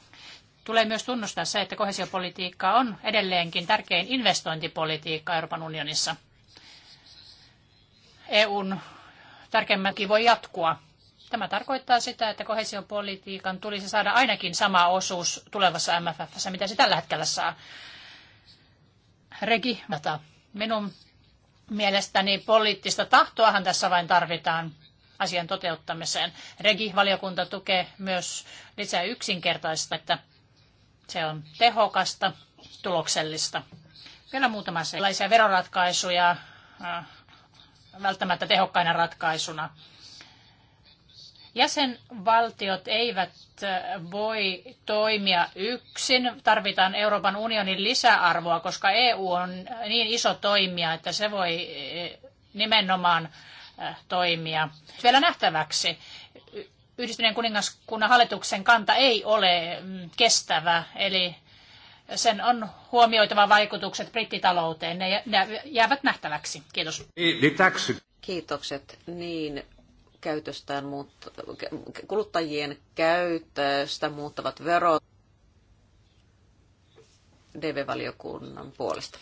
Tulee myös tunnustaa se, että kohesiopolitiikka on edelleenkin tärkein investointipolitiikka Euroopan unionissa. EUn tärkeimmäkin voi jatkua. Tämä tarkoittaa sitä, että kohesiopolitiikan tulisi saada ainakin sama osuus tulevassa MFFssä, mitä se tällä hetkellä saa. Regi, minun mielestäni poliittista tahtoahan tässä vain tarvitaan asian toteuttamiseen. Regi-valiokunta tukee myös lisää yksinkertaista, että se on tehokasta, tuloksellista. Vielä muutama sellaisia veroratkaisuja välttämättä tehokkaina ratkaisuna. Jäsenvaltiot eivät voi toimia yksin. Tarvitaan Euroopan unionin lisäarvoa, koska EU on niin iso toimija, että se voi nimenomaan Äh, toimia. Vielä nähtäväksi. Yhdistyneen kuningaskunnan hallituksen kanta ei ole mm, kestävä, eli sen on huomioitava vaikutukset brittitalouteen. Ne jäävät nähtäväksi. Kiitos.
Kiitokset. Niin, käytöstään muut, kuluttajien käytöstä muuttavat verot DV-valiokunnan puolesta.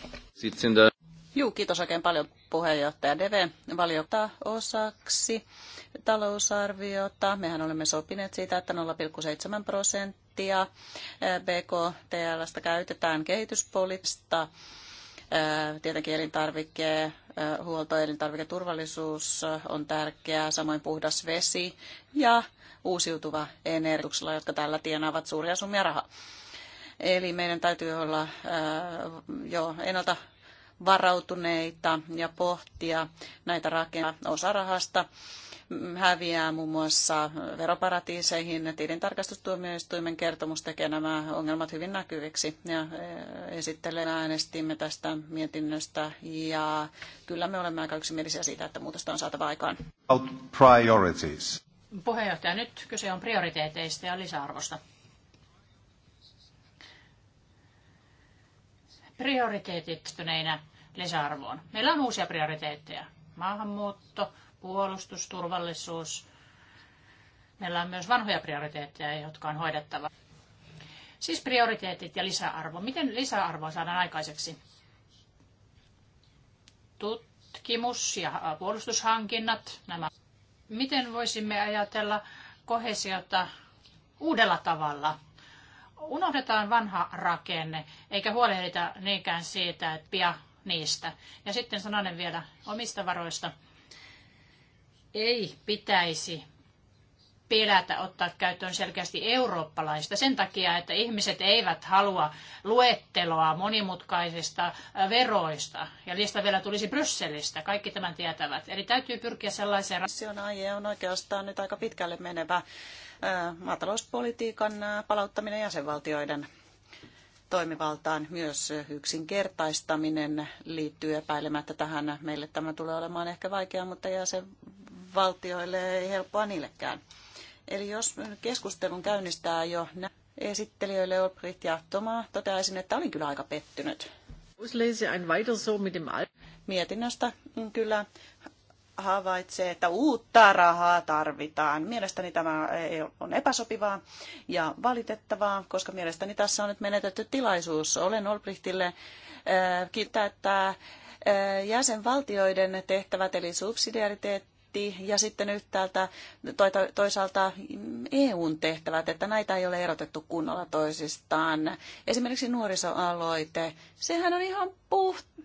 Juu, kiitos oikein paljon puheenjohtaja Deve valiota osaksi talousarviota. Mehän olemme sopineet siitä, että 0,7 prosenttia eh, BKTLstä käytetään kehityspoliittista eh, tietenkin elintarvike, eh, huolto, elintarviketurvallisuus on tärkeää, samoin puhdas vesi ja uusiutuva energia, jotka tällä tienaavat suuria summia rahaa. Eli meidän täytyy olla jo ennalta varautuneita ja pohtia näitä rakenteita. Osa rahasta häviää muun muassa veroparatiiseihin. Tilintarkastustuomioistuimen kertomus tekee nämä ongelmat hyvin näkyviksi ja e, esittelen äänestimme tästä mietinnöstä ja kyllä me olemme aika yksimielisiä siitä, että muutosta on saatava aikaan.
Priorities.
Puheenjohtaja,
nyt kyse on prioriteeteista ja lisäarvosta. prioriteetittyneinä lisäarvoon. Meillä on uusia prioriteetteja. Maahanmuutto, puolustus, turvallisuus. Meillä on myös vanhoja prioriteetteja, jotka on hoidettava. Siis prioriteetit ja lisäarvo. Miten lisäarvoa saadaan aikaiseksi? Tutkimus ja puolustushankinnat, nämä. Miten voisimme ajatella kohesiota uudella tavalla? unohdetaan vanha rakenne, eikä huolehdita niinkään siitä, että pia niistä. Ja sitten sananen vielä omista varoista. Ei pitäisi pelätä ottaa käyttöön selkeästi eurooppalaista sen takia, että ihmiset eivät halua luetteloa monimutkaisista äh, veroista. Ja lista vielä tulisi Brysselistä, kaikki tämän tietävät. Eli täytyy
pyrkiä sellaiseen... Se on aie, on oikeastaan nyt aika pitkälle menevä maatalouspolitiikan palauttaminen jäsenvaltioiden toimivaltaan myös yksinkertaistaminen liittyy epäilemättä tähän. Meille tämä tulee olemaan ehkä vaikeaa, mutta jäsenvaltioille ei helppoa niillekään. Eli jos keskustelun käynnistää jo esittelijöille Olbricht ja Toma, toteaisin, että olin kyllä aika pettynyt. Mietinnöstä mm, kyllä havaitsee, että uutta rahaa tarvitaan. Mielestäni tämä on epäsopivaa ja valitettavaa, koska mielestäni tässä on nyt menetetty tilaisuus. Olen Olbrichtille äh, kiittää, että äh, jäsenvaltioiden tehtävät eli subsidiariteetti paketti ja sitten yhtäältä toisaalta EUn tehtävät, että näitä ei ole erotettu kunnolla toisistaan. Esimerkiksi nuorisoaloite, sehän on ihan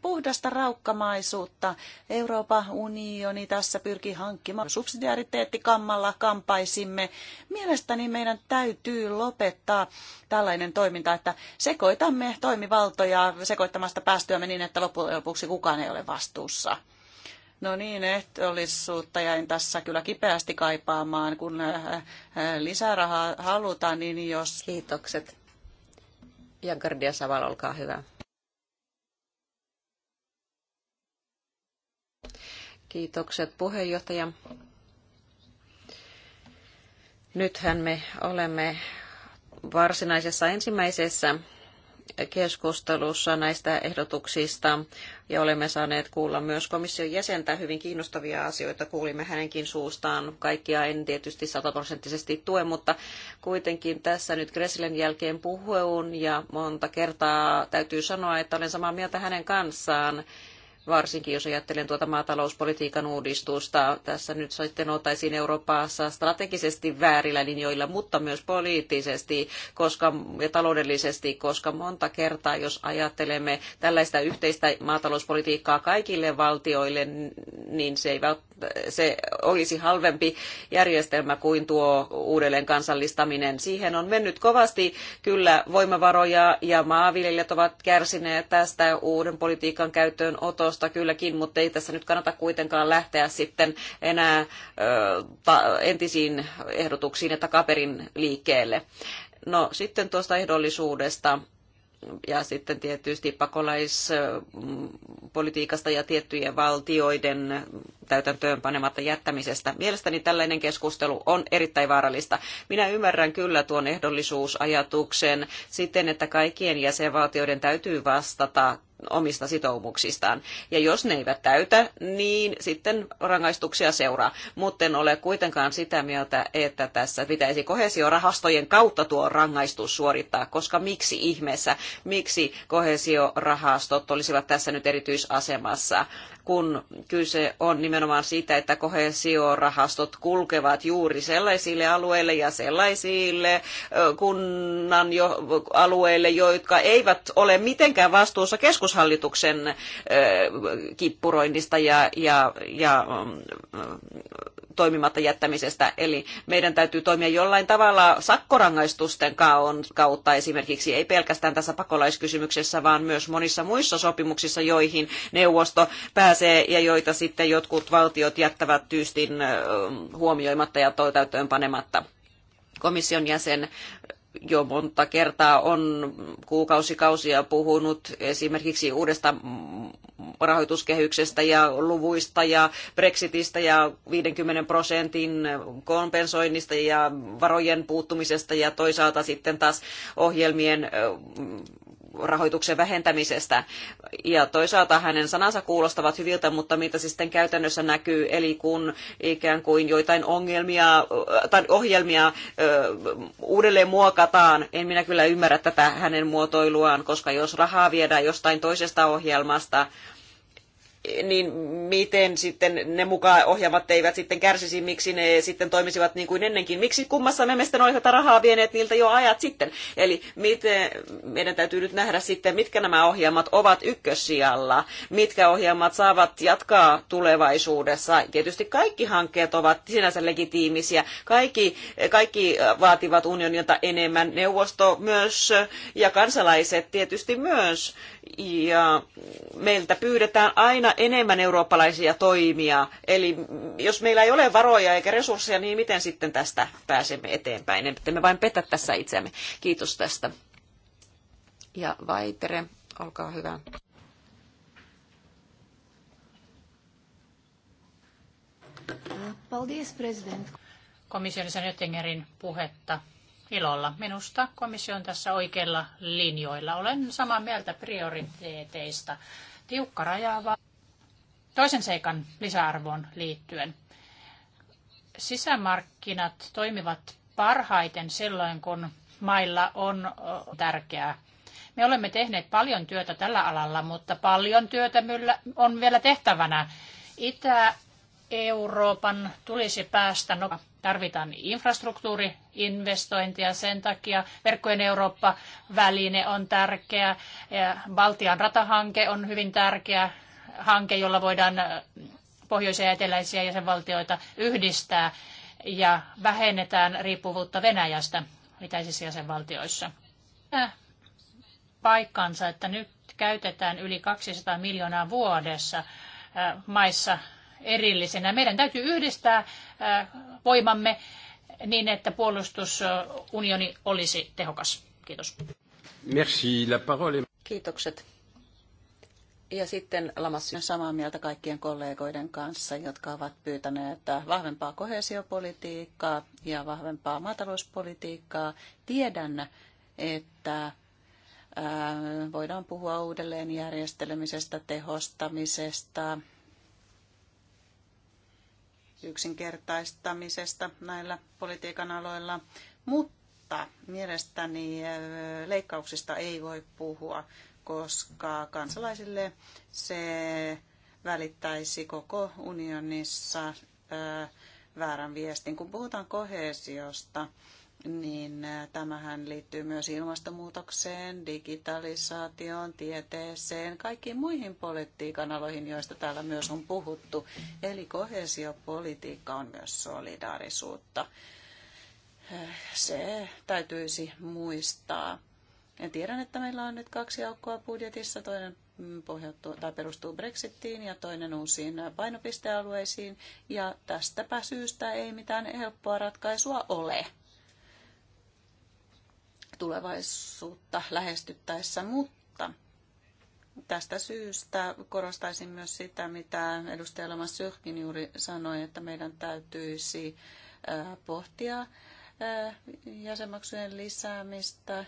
puhdasta raukkamaisuutta. Euroopan unioni tässä pyrkii hankkimaan subsidiariteettikammalla kampaisimme. Mielestäni meidän täytyy lopettaa tällainen toiminta, että sekoitamme toimivaltoja sekoittamasta päästyämme niin, että loppujen lopuksi kukaan ei ole vastuussa. No niin, ehdollisuutta jäin tässä kyllä kipeästi kaipaamaan. Kun äh, äh, lisärahaa halutaan, niin jos... Kiitokset. Ja Gardia Saval, olkaa hyvä. Kiitokset
puheenjohtaja. Nythän me olemme varsinaisessa ensimmäisessä keskustelussa näistä ehdotuksista ja olemme saaneet kuulla myös komission jäsentä hyvin kiinnostavia asioita. Kuulimme hänenkin suustaan. Kaikkia en tietysti sataprosenttisesti tue, mutta kuitenkin tässä nyt Gresselen jälkeen puhun ja monta kertaa täytyy sanoa, että olen samaa mieltä hänen kanssaan varsinkin jos ajattelen tuota maatalouspolitiikan uudistusta. Tässä nyt sitten oltaisiin Euroopassa strategisesti väärillä linjoilla, mutta myös poliittisesti koska, ja taloudellisesti, koska monta kertaa, jos ajattelemme tällaista yhteistä maatalouspolitiikkaa kaikille valtioille, niin se, ei se olisi halvempi järjestelmä kuin tuo uudelleen kansallistaminen. Siihen on mennyt kovasti kyllä voimavaroja ja maanviljelijät ovat kärsineet tästä uuden politiikan käyttöönotosta kiinnosta kylläkin, mutta ei tässä nyt kannata kuitenkaan lähteä sitten enää entisiin ehdotuksiin ja takaperin liikkeelle. No sitten tuosta ehdollisuudesta ja sitten tietysti pakolaispolitiikasta ja tiettyjen valtioiden täytäntöön panematta jättämisestä. Mielestäni tällainen keskustelu on erittäin vaarallista. Minä ymmärrän kyllä tuon ehdollisuusajatuksen siten, että kaikkien jäsenvaltioiden täytyy vastata omista sitoumuksistaan. Ja jos ne eivät täytä, niin sitten rangaistuksia seuraa. Mutta en ole kuitenkaan sitä mieltä, että tässä pitäisi kohesiorahastojen kautta tuo rangaistus suorittaa, koska miksi ihmeessä, miksi kohesiorahastot olisivat tässä nyt erityisasemassa? kun kyse on nimenomaan siitä, että kohesiorahastot kulkevat juuri sellaisille alueille ja sellaisille kunnan jo, alueille, jotka eivät ole mitenkään vastuussa keskushallituksen kippuroinnista ja, ja, ja mm, toimimatta jättämisestä. Eli meidän täytyy toimia jollain tavalla sakkorangaistusten kautta esimerkiksi, ei pelkästään tässä pakolaiskysymyksessä, vaan myös monissa muissa sopimuksissa, joihin neuvosto pääsee ja joita sitten jotkut valtiot jättävät tyystin huomioimatta ja täyttöön panematta komission jäsen jo monta kertaa on kuukausikausia puhunut esimerkiksi uudesta rahoituskehyksestä ja luvuista ja Brexitistä ja 50 prosentin kompensoinnista ja varojen puuttumisesta ja toisaalta sitten taas ohjelmien rahoituksen vähentämisestä. Ja toisaalta hänen sanansa kuulostavat hyviltä, mutta mitä se sitten käytännössä näkyy, eli kun ikään kuin joitain ongelmia tai ohjelmia ö, uudelleen muokataan, en minä kyllä ymmärrä tätä hänen muotoiluaan, koska jos rahaa viedään jostain toisesta ohjelmasta, niin miten sitten ne mukaan ohjaamat eivät sitten kärsisi, miksi ne sitten toimisivat niin kuin ennenkin. Miksi kummassa me emme sitten ole tätä rahaa vieneet niiltä jo ajat sitten? Eli miten, meidän täytyy nyt nähdä sitten, mitkä nämä ohjelmat ovat ykkössijalla, mitkä ohjelmat saavat jatkaa tulevaisuudessa. Tietysti kaikki hankkeet ovat sinänsä legitiimisiä, kaikki, kaikki vaativat unionilta enemmän, neuvosto myös ja kansalaiset tietysti myös ja meiltä pyydetään aina enemmän eurooppalaisia toimia. Eli jos meillä ei ole varoja eikä resursseja, niin miten sitten tästä pääsemme eteenpäin? Että vain petä tässä itseämme. Kiitos tästä. Ja Vaitere, olkaa hyvä.
Paldies, president. Komission Oettingerin puhetta ilolla. Minusta komissio on tässä oikeilla linjoilla. Olen samaa mieltä prioriteeteista. Tiukka rajaava toisen seikan lisäarvoon liittyen. Sisämarkkinat toimivat parhaiten silloin, kun mailla on tärkeää. Me olemme tehneet paljon työtä tällä alalla, mutta paljon työtä on vielä tehtävänä. Itä-Euroopan tulisi päästä nopeasti Tarvitaan infrastruktuuriinvestointia sen takia. Verkkojen Eurooppa-väline on tärkeä. Baltian ratahanke on hyvin tärkeä hanke, jolla voidaan pohjoisia ja eteläisiä jäsenvaltioita yhdistää ja vähennetään riippuvuutta Venäjästä itäisissä jäsenvaltioissa. Paikkansa, että nyt käytetään yli 200 miljoonaa vuodessa maissa erillisenä. Meidän täytyy yhdistää voimamme niin, että puolustusunioni
olisi tehokas. Kiitos.
Merci. La parole.
Kiitokset. Ja sitten Lamassi on samaa mieltä kaikkien kollegoiden kanssa, jotka ovat pyytäneet vahvempaa kohesiopolitiikkaa ja vahvempaa maatalouspolitiikkaa. Tiedän, että voidaan puhua uudelleen tehostamisesta, yksinkertaistamisesta näillä politiikan aloilla, mutta mielestäni leikkauksista ei voi puhua, koska kansalaisille se välittäisi koko unionissa väärän viestin. Kun puhutaan kohesiosta, niin tämähän liittyy myös ilmastonmuutokseen, digitalisaatioon, tieteeseen, kaikkiin muihin politiikan aloihin, joista täällä myös on puhuttu. Eli kohesiopolitiikka on myös solidaarisuutta. Se täytyisi muistaa. Ja tiedän, että meillä on nyt kaksi aukkoa budjetissa, toinen pohjautuu, tai perustuu Brexittiin ja toinen uusiin painopistealueisiin. Ja tästäpä syystä ei mitään helppoa ratkaisua ole tulevaisuutta lähestyttäessä, mutta tästä syystä korostaisin myös sitä, mitä edustaja Lama Syrkin juuri sanoi, että meidän täytyisi pohtia jäsenmaksujen lisäämistä,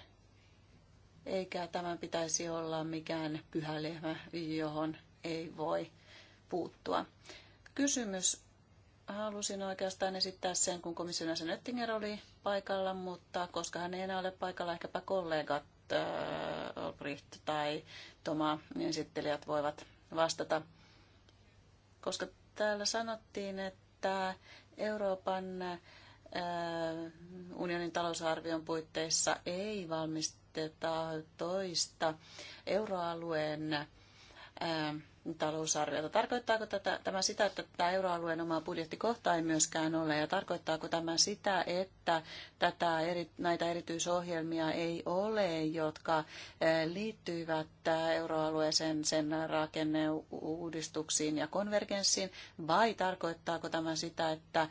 eikä tämän pitäisi olla mikään pyhä lehmä, johon ei voi puuttua. Kysymys halusin oikeastaan esittää sen, kun komission jäsen oli paikalla, mutta koska hän ei enää ole paikalla, ehkäpä kollegat äh, Olbricht tai Toma esittelijät voivat vastata. Koska täällä sanottiin, että Euroopan äh, unionin talousarvion puitteissa ei valmisteta toista euroalueen äh, talousarviota. Tarkoittaako tätä, tämä sitä, että tämä euroalueen omaa budjettikohtaa ei myöskään ole, ja tarkoittaako tämä sitä, että tätä eri, näitä erityisohjelmia ei ole, jotka eh, liittyvät eh, euroalueeseen, sen rakenneuudistuksiin ja konvergenssiin, vai tarkoittaako tämä sitä, että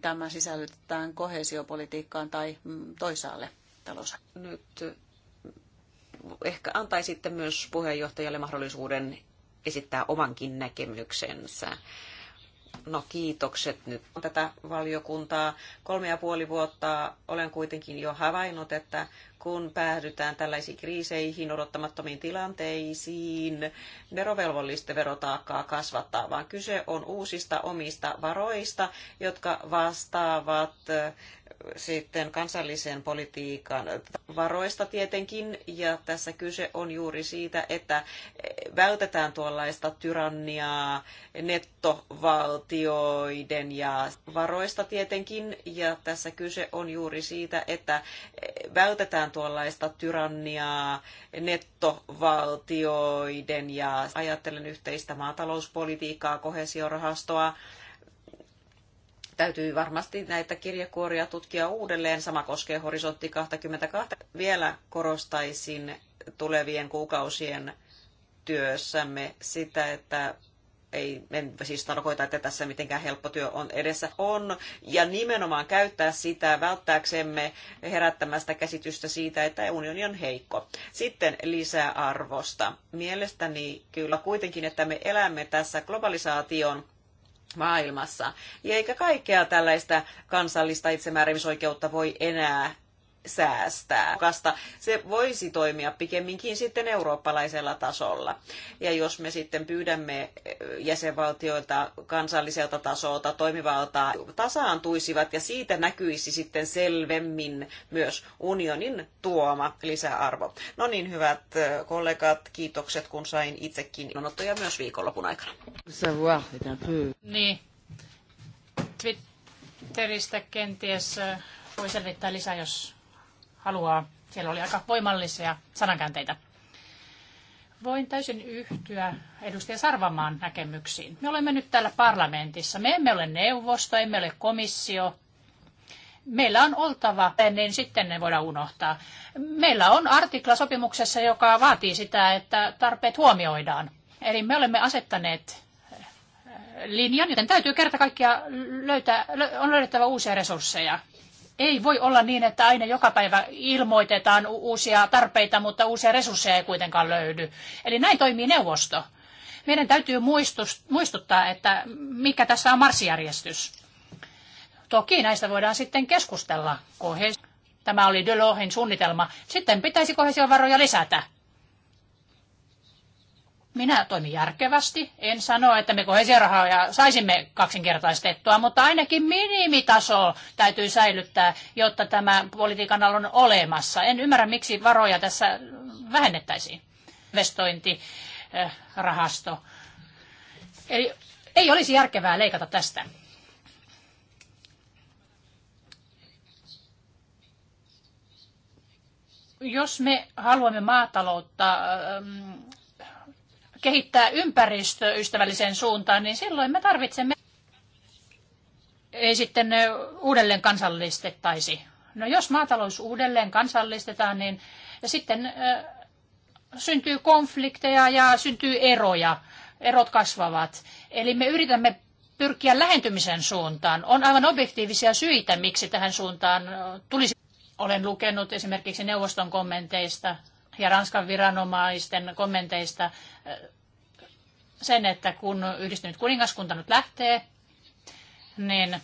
tämä sisällytetään kohesiopolitiikkaan tai mm, toisaalle talousarvioon? Nyt eh, ehkä antaisitte myös puheenjohtajalle
mahdollisuuden esittää omankin näkemyksensä. No kiitokset nyt tätä valiokuntaa. Kolme ja puoli vuotta olen kuitenkin jo havainnut, että kun päädytään tällaisiin kriiseihin, odottamattomiin tilanteisiin, verovelvollisten verotaakkaa kasvattaa, vaan kyse on uusista omista varoista, jotka vastaavat sitten kansallisen politiikan varoista tietenkin, ja tässä kyse on juuri siitä, että vältetään tuollaista tyranniaa nettovaltioiden ja varoista tietenkin, ja tässä kyse on juuri siitä, että vältetään tuollaista tyranniaa nettovaltioiden ja ajattelen yhteistä maatalouspolitiikkaa, kohesiorahastoa, täytyy varmasti näitä kirjekuoria tutkia uudelleen. Sama koskee horisontti 22. Vielä korostaisin tulevien kuukausien työssämme sitä, että ei, en siis tarkoita, että tässä mitenkään helppo työ on edessä on, ja nimenomaan käyttää sitä välttääksemme herättämästä käsitystä siitä, että unioni on heikko. Sitten lisäarvosta. Mielestäni kyllä kuitenkin, että me elämme tässä globalisaation maailmassa. Ja eikä kaikkea tällaista kansallista itsemääräämisoikeutta voi enää säästää. Se voisi toimia pikemminkin sitten eurooppalaisella tasolla. Ja jos me sitten pyydämme jäsenvaltioilta kansalliselta tasolta toimivaltaa tasaantuisivat ja siitä näkyisi sitten selvemmin myös unionin tuoma lisäarvo. No niin, hyvät kollegat, kiitokset kun sain itsekin ilonottoja myös viikonlopun aikana.
Niin. Twitteristä kenties voi selvittää lisää, jos haluaa. Siellä oli aika voimallisia sanankäänteitä. Voin täysin yhtyä edustaja Sarvamaan näkemyksiin. Me olemme nyt täällä parlamentissa. Me emme ole neuvosto, emme ole komissio. Meillä on oltava, niin sitten ne voidaan unohtaa. Meillä on artikla sopimuksessa, joka vaatii sitä, että tarpeet huomioidaan. Eli me olemme asettaneet eh, linjan, joten täytyy kerta kaikkiaan löytää, on löydettävä uusia resursseja. Ei voi olla niin, että aina joka päivä ilmoitetaan uusia tarpeita, mutta uusia resursseja ei kuitenkaan löydy. Eli näin toimii neuvosto. Meidän täytyy muistuttaa, että mikä tässä on marssijärjestys. Toki näistä voidaan sitten keskustella. Tämä oli Delohin suunnitelma. Sitten pitäisi kohesiovaroja lisätä. Minä toimin järkevästi. En sano, että me kohesiorahoja saisimme kaksinkertaistettua, mutta ainakin minimitaso täytyy säilyttää, jotta tämä politiikan ala on olemassa. En ymmärrä, miksi varoja tässä vähennettäisiin. Investointirahasto. Eh, Eli ei olisi järkevää leikata tästä. jos me haluamme maataloutta ehm, kehittää ympäristöystävälliseen suuntaan, niin silloin me tarvitsemme ei sitten uudelleen kansallistettaisi. No jos maatalous uudelleen kansallistetaan, niin sitten syntyy konflikteja ja syntyy eroja. Erot kasvavat. Eli me yritämme pyrkiä lähentymisen suuntaan. On aivan objektiivisia syitä, miksi tähän suuntaan tulisi. Olen lukenut esimerkiksi neuvoston kommenteista ja Ranskan viranomaisten kommenteista äh, sen, että kun yhdistynyt kuningaskunta nyt lähtee, niin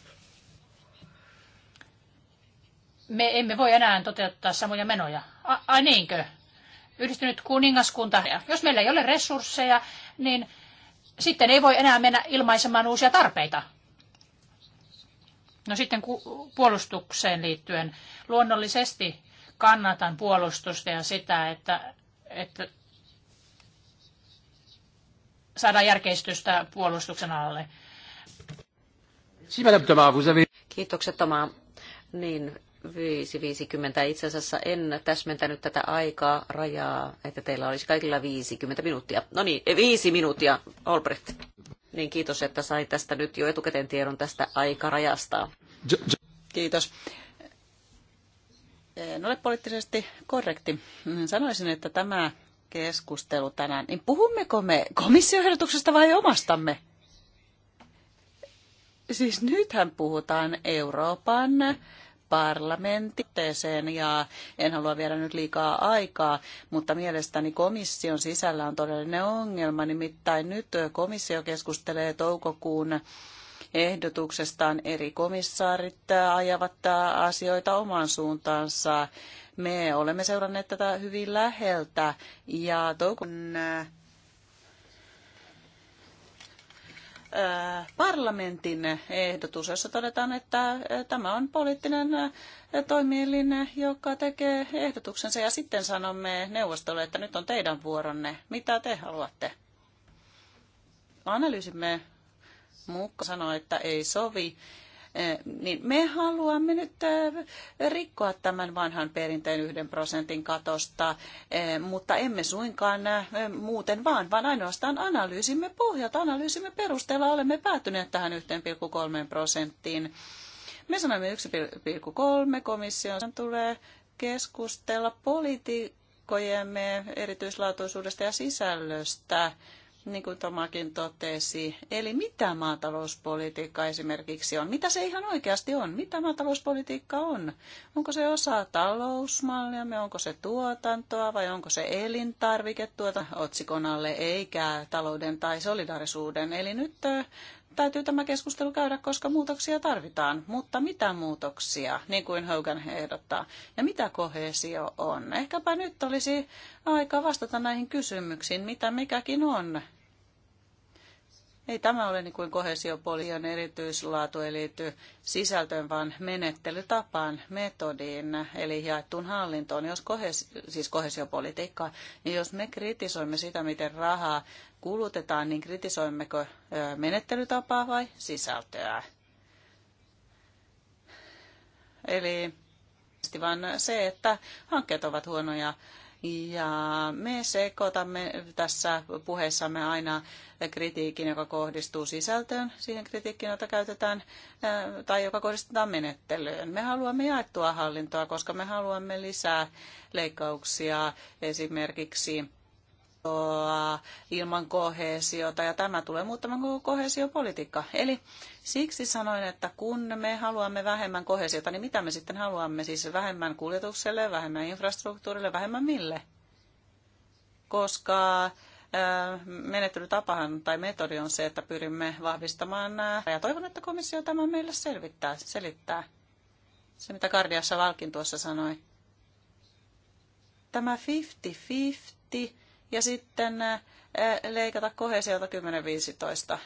me emme voi enää toteuttaa samoja menoja. ai niinkö? Yhdistynyt kuningaskunta. Jos meillä ei ole resursseja, niin sitten ei voi enää mennä ilmaisemaan uusia tarpeita. No sitten puolustukseen liittyen. Luonnollisesti kannatan puolustusta ja sitä, että, että saadaan järkeistystä puolustuksen alle.
Kiitokset Tomaa. Niin, 5.50. Itse asiassa en täsmentänyt tätä aikaa rajaa, että teillä olisi kaikilla 50 minuuttia. No niin, 5 eh, minuuttia, Olbrecht. Niin kiitos, että sai tästä nyt jo etukäteen tiedon tästä
aikarajasta. Kiitos en ole poliittisesti korrekti. Sanoisin, että tämä keskustelu tänään, niin puhummeko me komissioehdotuksesta vai omastamme? Siis nythän puhutaan Euroopan parlamenttiteeseen ja en halua viedä nyt liikaa aikaa, mutta mielestäni komission sisällä on todellinen ongelma, nimittäin nyt komissio keskustelee toukokuun ehdotuksestaan eri komissaarit ajavat asioita omaan suuntaansa. Me olemme seuranneet tätä hyvin läheltä ja toukun äh, parlamentin ehdotus, jossa todetaan, että äh, tämä on poliittinen äh, toimielin, joka tekee ehdotuksensa ja sitten sanomme neuvostolle, että nyt on teidän vuoronne. Mitä te haluatte? Analyysimme mukka sanoi, että ei sovi, eh, niin me haluamme nyt eh, rikkoa tämän vanhan perinteen yhden prosentin katosta, eh, mutta emme suinkaan muuten vaan, vaan ainoastaan analyysimme pohjat, analyysimme perusteella olemme päätyneet tähän 1,3 prosenttiin. Me sanomme 1,3, komission tulee keskustella politiikkojemme erityislaatuisuudesta ja sisällöstä niin kuin Tomakin totesi. Eli mitä maatalouspolitiikka esimerkiksi on? Mitä se ihan oikeasti on? Mitä maatalouspolitiikka on? Onko se osa talousmallia, onko se tuotantoa vai onko se elintarviketuota otsikon alle, eikä talouden tai solidaarisuuden? Eli nyt täytyy tämä keskustelu käydä, koska muutoksia tarvitaan. Mutta mitä muutoksia, niin kuin Hogan ehdottaa, ja mitä kohesio on? Ehkäpä nyt olisi aika vastata näihin kysymyksiin, mitä mikäkin on. Ei tämä ole niin kuin kohesiopolion erityislaatu, eli sisältöön, vaan menettelytapaan, metodiin, eli jaettuun hallintoon, jos kohes, siis kohesiopolitiikkaa. Niin jos me kritisoimme sitä, miten rahaa kulutetaan, niin kritisoimmeko menettelytapaa vai sisältöä? Eli vaan se, että hankkeet ovat huonoja ja me sekoitamme tässä puheessamme aina kritiikin, joka kohdistuu sisältöön, siihen kritiikkiin, jota käytetään, tai joka kohdistetaan menettelyyn. Me haluamme jaettua hallintoa, koska me haluamme lisää leikkauksia esimerkiksi kohesioa ilman kohesiota ja tämä tulee muuttamaan koko kohesiopolitiikka. Eli siksi sanoin, että kun me haluamme vähemmän kohesiota, niin mitä me sitten haluamme? Siis vähemmän kuljetukselle, vähemmän infrastruktuurille, vähemmän mille? Koska menettelytapahan tai metodi on se, että pyrimme vahvistamaan nämä. Ja toivon, että komissio tämän meille selvittää, selittää. Se, mitä Kardiassa Valkin tuossa sanoi. Tämä 50-50 ja sitten leikata kohesiota 10-15.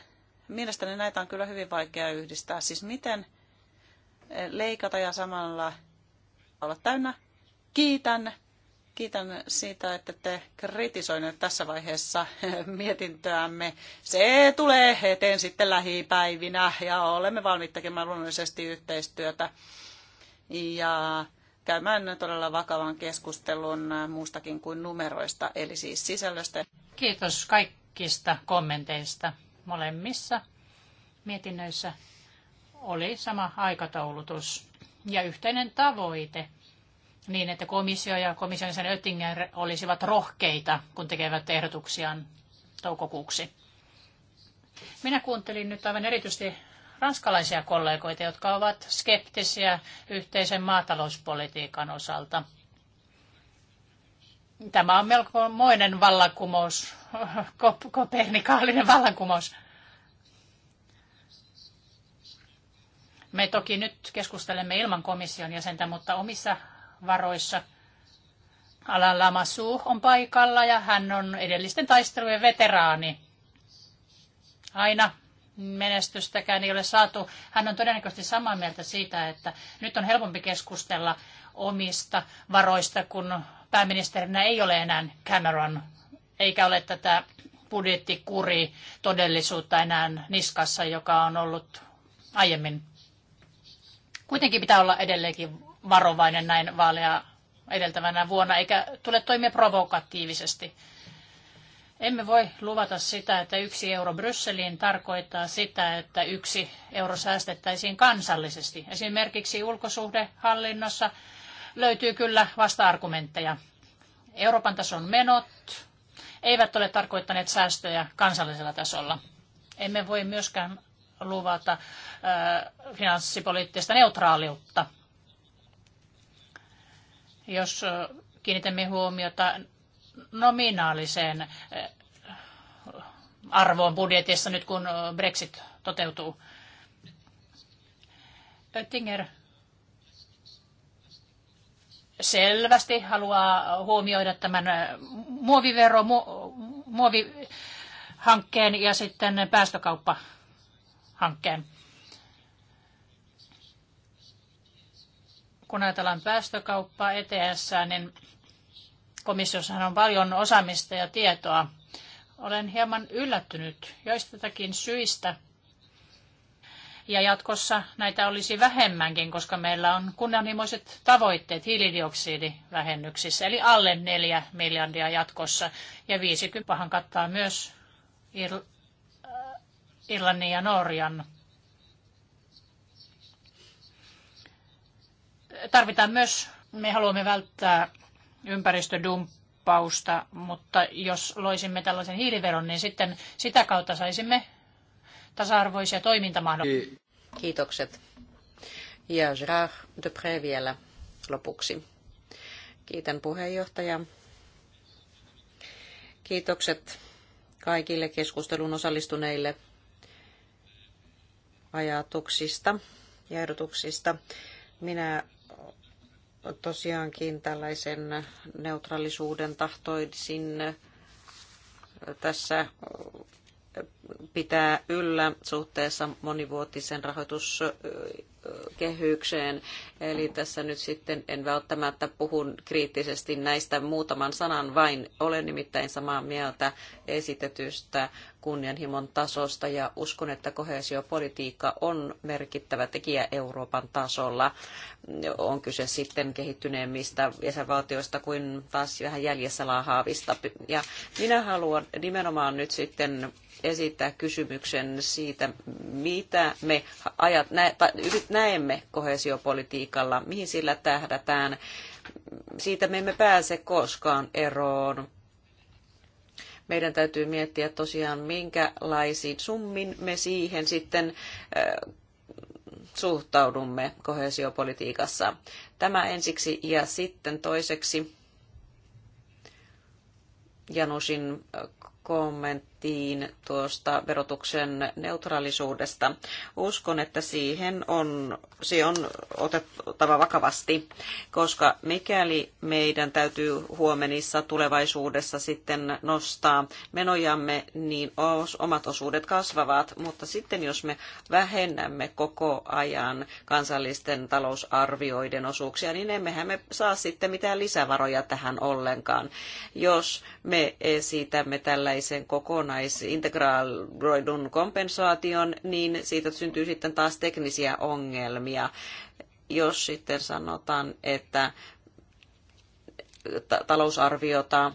Mielestäni näitä on kyllä hyvin vaikea yhdistää. Siis miten leikata ja samalla olla täynnä. Kiitän kiitän siitä, että te kritisoineet tässä vaiheessa mietintöämme. Se tulee eteen sitten lähipäivinä ja olemme valmiit tekemään luonnollisesti yhteistyötä. Ja käymään todella vakavan keskustelun äh, muustakin kuin numeroista, eli siis sisällöstä. Kiitos
kaikista kommenteista molemmissa mietinnöissä oli sama aikataulutus ja yhteinen tavoite niin, että komissio ja komission sen Oettinger olisivat rohkeita, kun tekevät ehdotuksiaan toukokuuksi. Minä kuuntelin nyt aivan erityisesti ranskalaisia kollegoita, jotka ovat skeptisiä yhteisen maatalouspolitiikan osalta. Tämä on melko moinen vallankumous, kopernikaalinen vallankumous. Me toki nyt keskustelemme ilman komission jäsentä, mutta omissa varoissa Alan Lamassu on paikalla ja hän on edellisten taistelujen veteraani. Aina menestystäkään ei ole saatu. Hän on todennäköisesti samaa mieltä siitä, että nyt on helpompi keskustella omista varoista, kun pääministerinä ei ole enää Cameron, eikä ole tätä budjettikuri todellisuutta enää niskassa, joka on ollut aiemmin. Kuitenkin pitää olla edelleenkin varovainen näin vaaleja edeltävänä vuonna, eikä tule toimia provokatiivisesti. Emme voi luvata sitä, että yksi euro Brysseliin tarkoittaa sitä, että yksi euro säästettäisiin kansallisesti. Esimerkiksi ulkosuhdehallinnossa löytyy kyllä vasta-argumentteja. Euroopan tason menot eivät ole tarkoittaneet säästöjä kansallisella tasolla. Emme voi myöskään luvata finanssipoliittista neutraaliutta. Jos kiinnitämme huomiota nominaaliseen eh, arvoon budjetissa nyt kun eh, Brexit toteutuu. Oettinger selvästi haluaa huomioida tämän eh, muovivero, muovihankkeen ja sitten päästökauppahankkeen. Kun ajatellaan päästökauppaa ETS, niin Komissiossahan on paljon osaamista ja tietoa. Olen hieman yllättynyt joistakin syistä. Ja jatkossa näitä olisi vähemmänkin, koska meillä on kunnianhimoiset tavoitteet hiilidioksidivähennyksissä, eli alle 4 miljardia jatkossa. Ja 50 kattaa myös Ir- äh, Irlannin ja Norjan tarvitaan myös, me haluamme välttää ympäristödumppausta, mutta jos loisimme tällaisen hiiliveron, niin sitten sitä kautta saisimme tasa-arvoisia toimintamahdollisuuksia. Kiitokset.
Ja Gérard Dupré vielä lopuksi. Kiitän puheenjohtaja. Kiitokset kaikille keskustelun osallistuneille ajatuksista ja ehdotuksista. Minä tosiaankin tällaisen neutraalisuuden tahtoisin tässä pitää yllä suhteessa monivuotisen rahoituskehykseen. Eli tässä nyt sitten en välttämättä puhun kriittisesti näistä muutaman sanan, vain olen nimittäin samaa mieltä esitetystä kunnianhimon tasosta ja uskon, että koheesiopolitiikka on merkittävä tekijä Euroopan tasolla. On kyse sitten kehittyneemmistä jäsenvaltioista kuin taas vähän jäljessä laahaavista. Ja minä haluan nimenomaan nyt sitten esittää kysymyksen siitä, mitä me ajat, nä, ta, näemme kohesiopolitiikalla, mihin sillä tähdätään. Siitä me emme pääse koskaan eroon. Meidän täytyy miettiä tosiaan, minkälaisiin summin me siihen sitten suhtaudumme kohesiopolitiikassa. Tämä ensiksi ja sitten toiseksi Janusin kommentti puhuttiin tuosta verotuksen neutraalisuudesta. Uskon, että siihen on, siihen on otettava vakavasti, koska mikäli meidän täytyy huomenissa tulevaisuudessa sitten nostaa menojamme, niin os omat osuudet kasvavat, mutta sitten jos me vähennämme koko ajan kansallisten talousarvioiden osuuksia, niin emmehän me saa sitten mitään lisävaroja tähän ollenkaan. Jos me esitämme tällaisen kokonaisuuden, kokonaisintegraaloidun kompensaation, niin siitä syntyy sitten taas teknisiä ongelmia. Jos sitten sanotaan, että talousarviota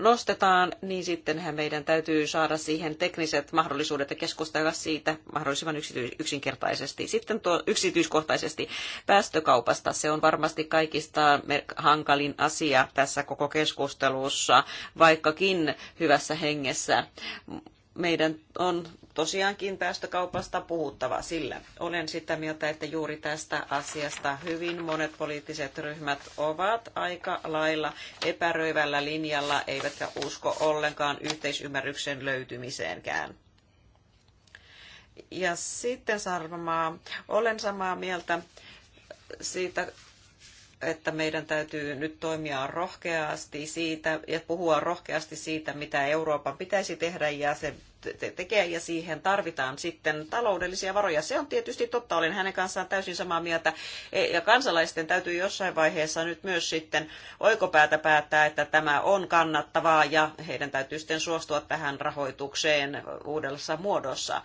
nostetaan, niin sittenhän meidän täytyy saada siihen tekniset mahdollisuudet ja keskustella siitä mahdollisimman yksity- yksinkertaisesti. Sitten tuo yksityiskohtaisesti päästökaupasta. Se on varmasti kaikista hankalin asia tässä koko keskustelussa, vaikkakin hyvässä hengessä meidän on tosiaankin päästökaupasta puhuttava sillä. Olen sitä mieltä, että juuri tästä asiasta hyvin monet poliittiset ryhmät ovat aika lailla epäröivällä linjalla, eivätkä usko ollenkaan yhteisymmärryksen löytymiseenkään. Ja sitten Sarvamaa, olen samaa mieltä siitä että meidän täytyy nyt toimia rohkeasti siitä ja puhua rohkeasti siitä, mitä Euroopan pitäisi tehdä ja se tekee ja siihen tarvitaan sitten taloudellisia varoja. Se on tietysti totta, olen hänen kanssaan täysin samaa mieltä e, ja kansalaisten täytyy jossain vaiheessa nyt myös sitten oikopäätä päättää, että tämä on kannattavaa ja heidän täytyy sitten suostua tähän rahoitukseen uudessa muodossa.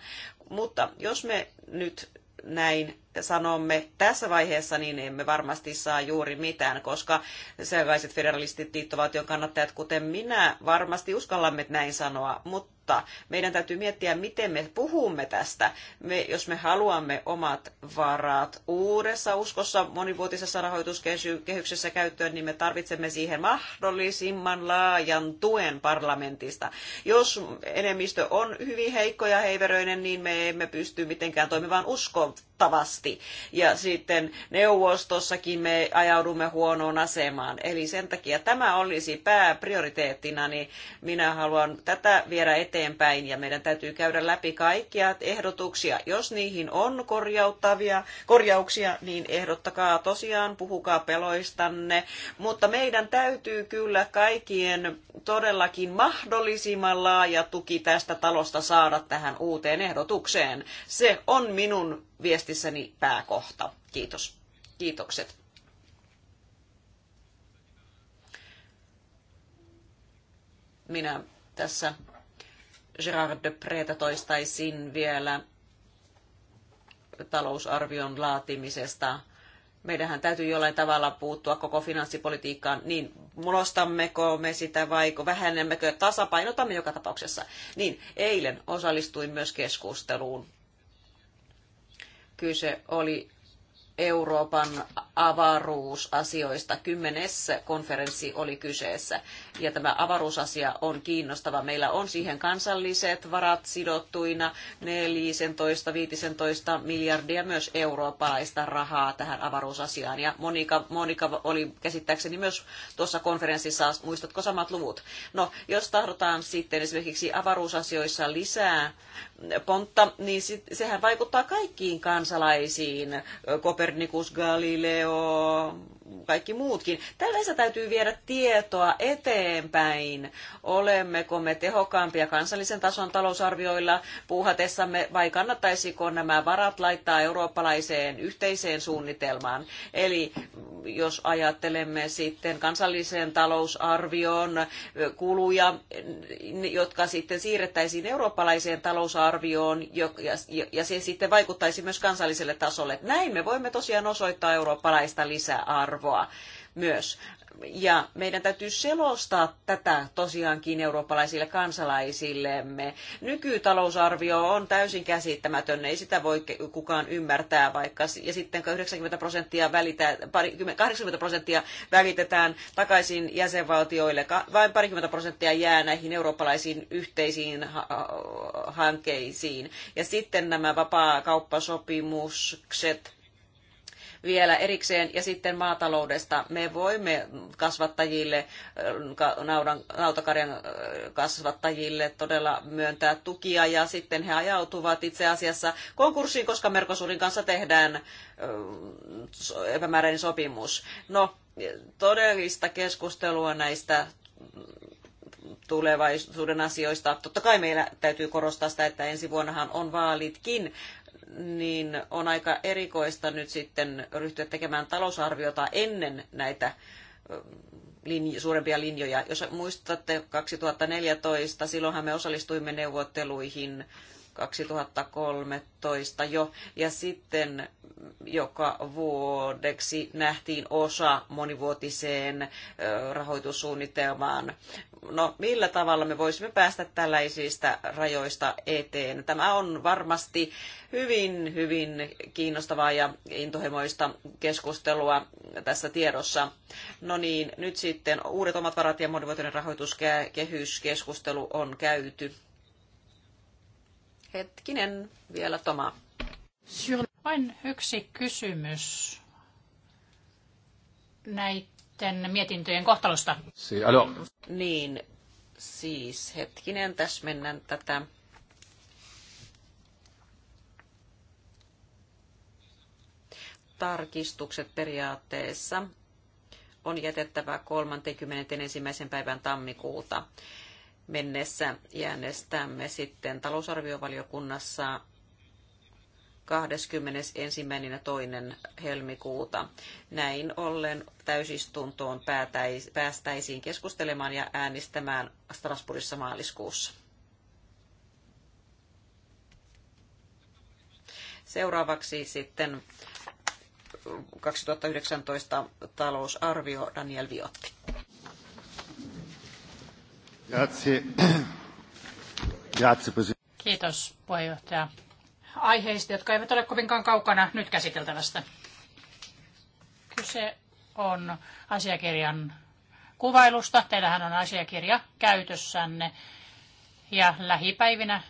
Mutta jos me nyt näin sanomme tässä vaiheessa, niin emme varmasti saa juuri mitään, koska sellaiset federalistit liittovaltion kannattajat, kuten minä, varmasti uskallamme näin sanoa, mutta meidän täytyy miettiä, miten me puhumme tästä. Me, jos me haluamme omat varat uudessa uskossa monivuotisessa rahoituskehyksessä käyttöön, niin me tarvitsemme siihen mahdollisimman laajan tuen parlamentista. Jos enemmistö on hyvin heikko ja heiveröinen, niin me emme pysty mitenkään toimivaan uskottavasti asti. Ja sitten neuvostossakin me ajaudumme huonoon asemaan. Eli sen takia tämä olisi pääprioriteettina, niin minä haluan tätä viedä eteenpäin ja meidän täytyy käydä läpi kaikkia ehdotuksia. Jos niihin on korjauttavia korjauksia, niin ehdottakaa tosiaan, puhukaa peloistanne. Mutta meidän täytyy kyllä kaikkien todellakin mahdollisimman laaja tuki tästä talosta saada tähän uuteen ehdotukseen. Se on minun viestissäni pääkohta. Kiitos. Kiitokset. Minä tässä Gerard de Preta toistaisin vielä talousarvion laatimisesta. Meidähän täytyy jollain tavalla puuttua koko finanssipolitiikkaan, niin mulostammeko me sitä vai vähennämmekö, tasapainotamme joka tapauksessa. Niin, eilen osallistuin myös keskusteluun kyse oli Euroopan avaruusasioista. Kymmenessä konferenssi oli kyseessä. Ja tämä avaruusasia on kiinnostava. Meillä on siihen kansalliset varat sidottuina 14-15 miljardia myös eurooppalaista rahaa tähän avaruusasiaan. Ja Monika, Monika oli käsittääkseni myös tuossa konferenssissa, muistatko samat luvut? No, jos tahdotaan sitten esimerkiksi avaruusasioissa lisää pontta, niin sit, sehän vaikuttaa kaikkiin kansalaisiin. Kopernikus, Galileo, kaikki muutkin. Tällaisessa täytyy viedä tietoa eteenpäin. Olemmeko me tehokkaampia kansallisen tason talousarvioilla puuhatessamme vai kannattaisiko nämä varat laittaa eurooppalaiseen yhteiseen suunnitelmaan? Eli jos ajattelemme sitten kansallisen talousarvion kuluja, jotka sitten siirrettäisiin eurooppalaiseen talousarvioon ja se sitten vaikuttaisi myös kansalliselle tasolle. Näin me voimme tosiaan osoittaa eurooppalaista lisäarvoa arvoa myös. Ja meidän täytyy selostaa tätä tosiaankin eurooppalaisille kansalaisillemme. Nykytalousarvio on täysin käsittämätön, ei sitä voi kukaan ymmärtää, vaikka ja sitten 90 prosenttia välitä, 80 prosenttia välitetään takaisin jäsenvaltioille, vain parikymmentä prosenttia jää näihin eurooppalaisiin yhteisiin hankkeisiin. Ja sitten nämä vapaa-kauppasopimukset vielä erikseen ja sitten maataloudesta. Me voimme kasvattajille, naudan, nautakarjan kasvattajille todella myöntää tukia ja sitten he ajautuvat itse asiassa konkurssiin, koska Merkosurin kanssa tehdään epämääräinen sopimus. No, todellista keskustelua näistä tulevaisuuden asioista. Totta kai meillä täytyy korostaa sitä, että ensi vuonnahan on vaalitkin, niin on aika erikoista nyt sitten ryhtyä tekemään talousarviota ennen näitä linj- suurempia linjoja. Jos muistatte 2014, silloinhan me osallistuimme neuvotteluihin 2013 jo, ja sitten joka vuodeksi nähtiin osa monivuotiseen rahoitussuunnitelmaan. No, millä tavalla me voisimme päästä tällaisista rajoista eteen? Tämä on varmasti hyvin, hyvin kiinnostavaa ja intohimoista keskustelua tässä tiedossa. No niin, nyt sitten uudet omat varat ja monivuotinen rahoituskehyskeskustelu on käyty.
Hetkinen,
vielä Toma.
Vain yksi kysymys näiden mietintöjen kohtalosta. Si, alo. Niin, siis hetkinen, tässä mennään tätä.
Tarkistukset periaatteessa on jätettävä 31. päivän tammikuuta mennessä ja äänestämme sitten talousarviovaliokunnassa 21. ja 2. helmikuuta. Näin ollen täysistuntoon päästäisiin keskustelemaan ja äänestämään Strasbourgissa maaliskuussa. Seuraavaksi sitten 2019 talousarvio Daniel Viotti.
Kiitos puheenjohtaja. Aiheista, jotka eivät ole kovinkaan kaukana nyt käsiteltävästä. Kyse on asiakirjan kuvailusta. Teillähän on asiakirja käytössänne ja lähipäivinä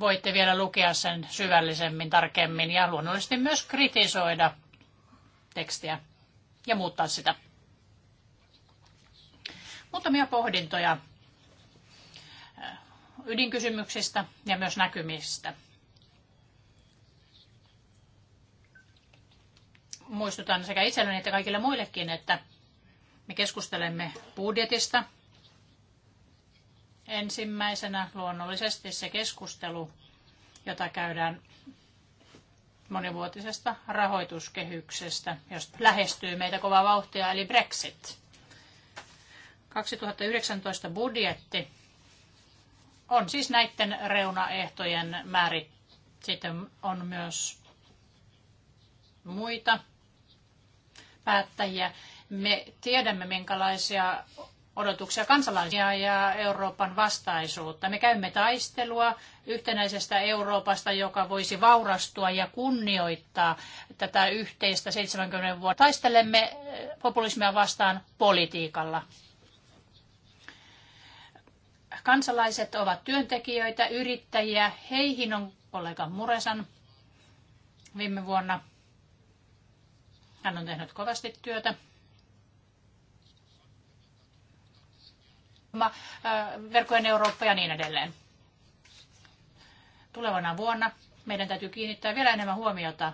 voitte vielä lukea sen syvällisemmin, tarkemmin ja luonnollisesti myös kritisoida tekstiä ja muuttaa sitä. Muutamia pohdintoja äh, ydinkysymyksistä ja myös näkymistä. Muistutan sekä itselleni että kaikille muillekin, että me keskustelemme budjetista. Ensimmäisenä luonnollisesti se keskustelu, jota käydään monivuotisesta rahoituskehyksestä, josta lähestyy meitä kova vauhtia, eli Brexit. 2019 budjetti on siis näiden reunaehtojen määrit. Sitten on myös muita päättäjiä. Me tiedämme, minkälaisia odotuksia kansalaisia ja Euroopan vastaisuutta. Me käymme taistelua yhtenäisestä Euroopasta, joka voisi vaurastua ja kunnioittaa tätä yhteistä 70 vuotta. Taistelemme populismia vastaan politiikalla kansalaiset ovat työntekijöitä, yrittäjiä. Heihin on kollega Muresan viime vuonna. Hän on tehnyt kovasti työtä. Verkojen Eurooppa ja niin edelleen. Tulevana vuonna meidän täytyy kiinnittää vielä enemmän huomiota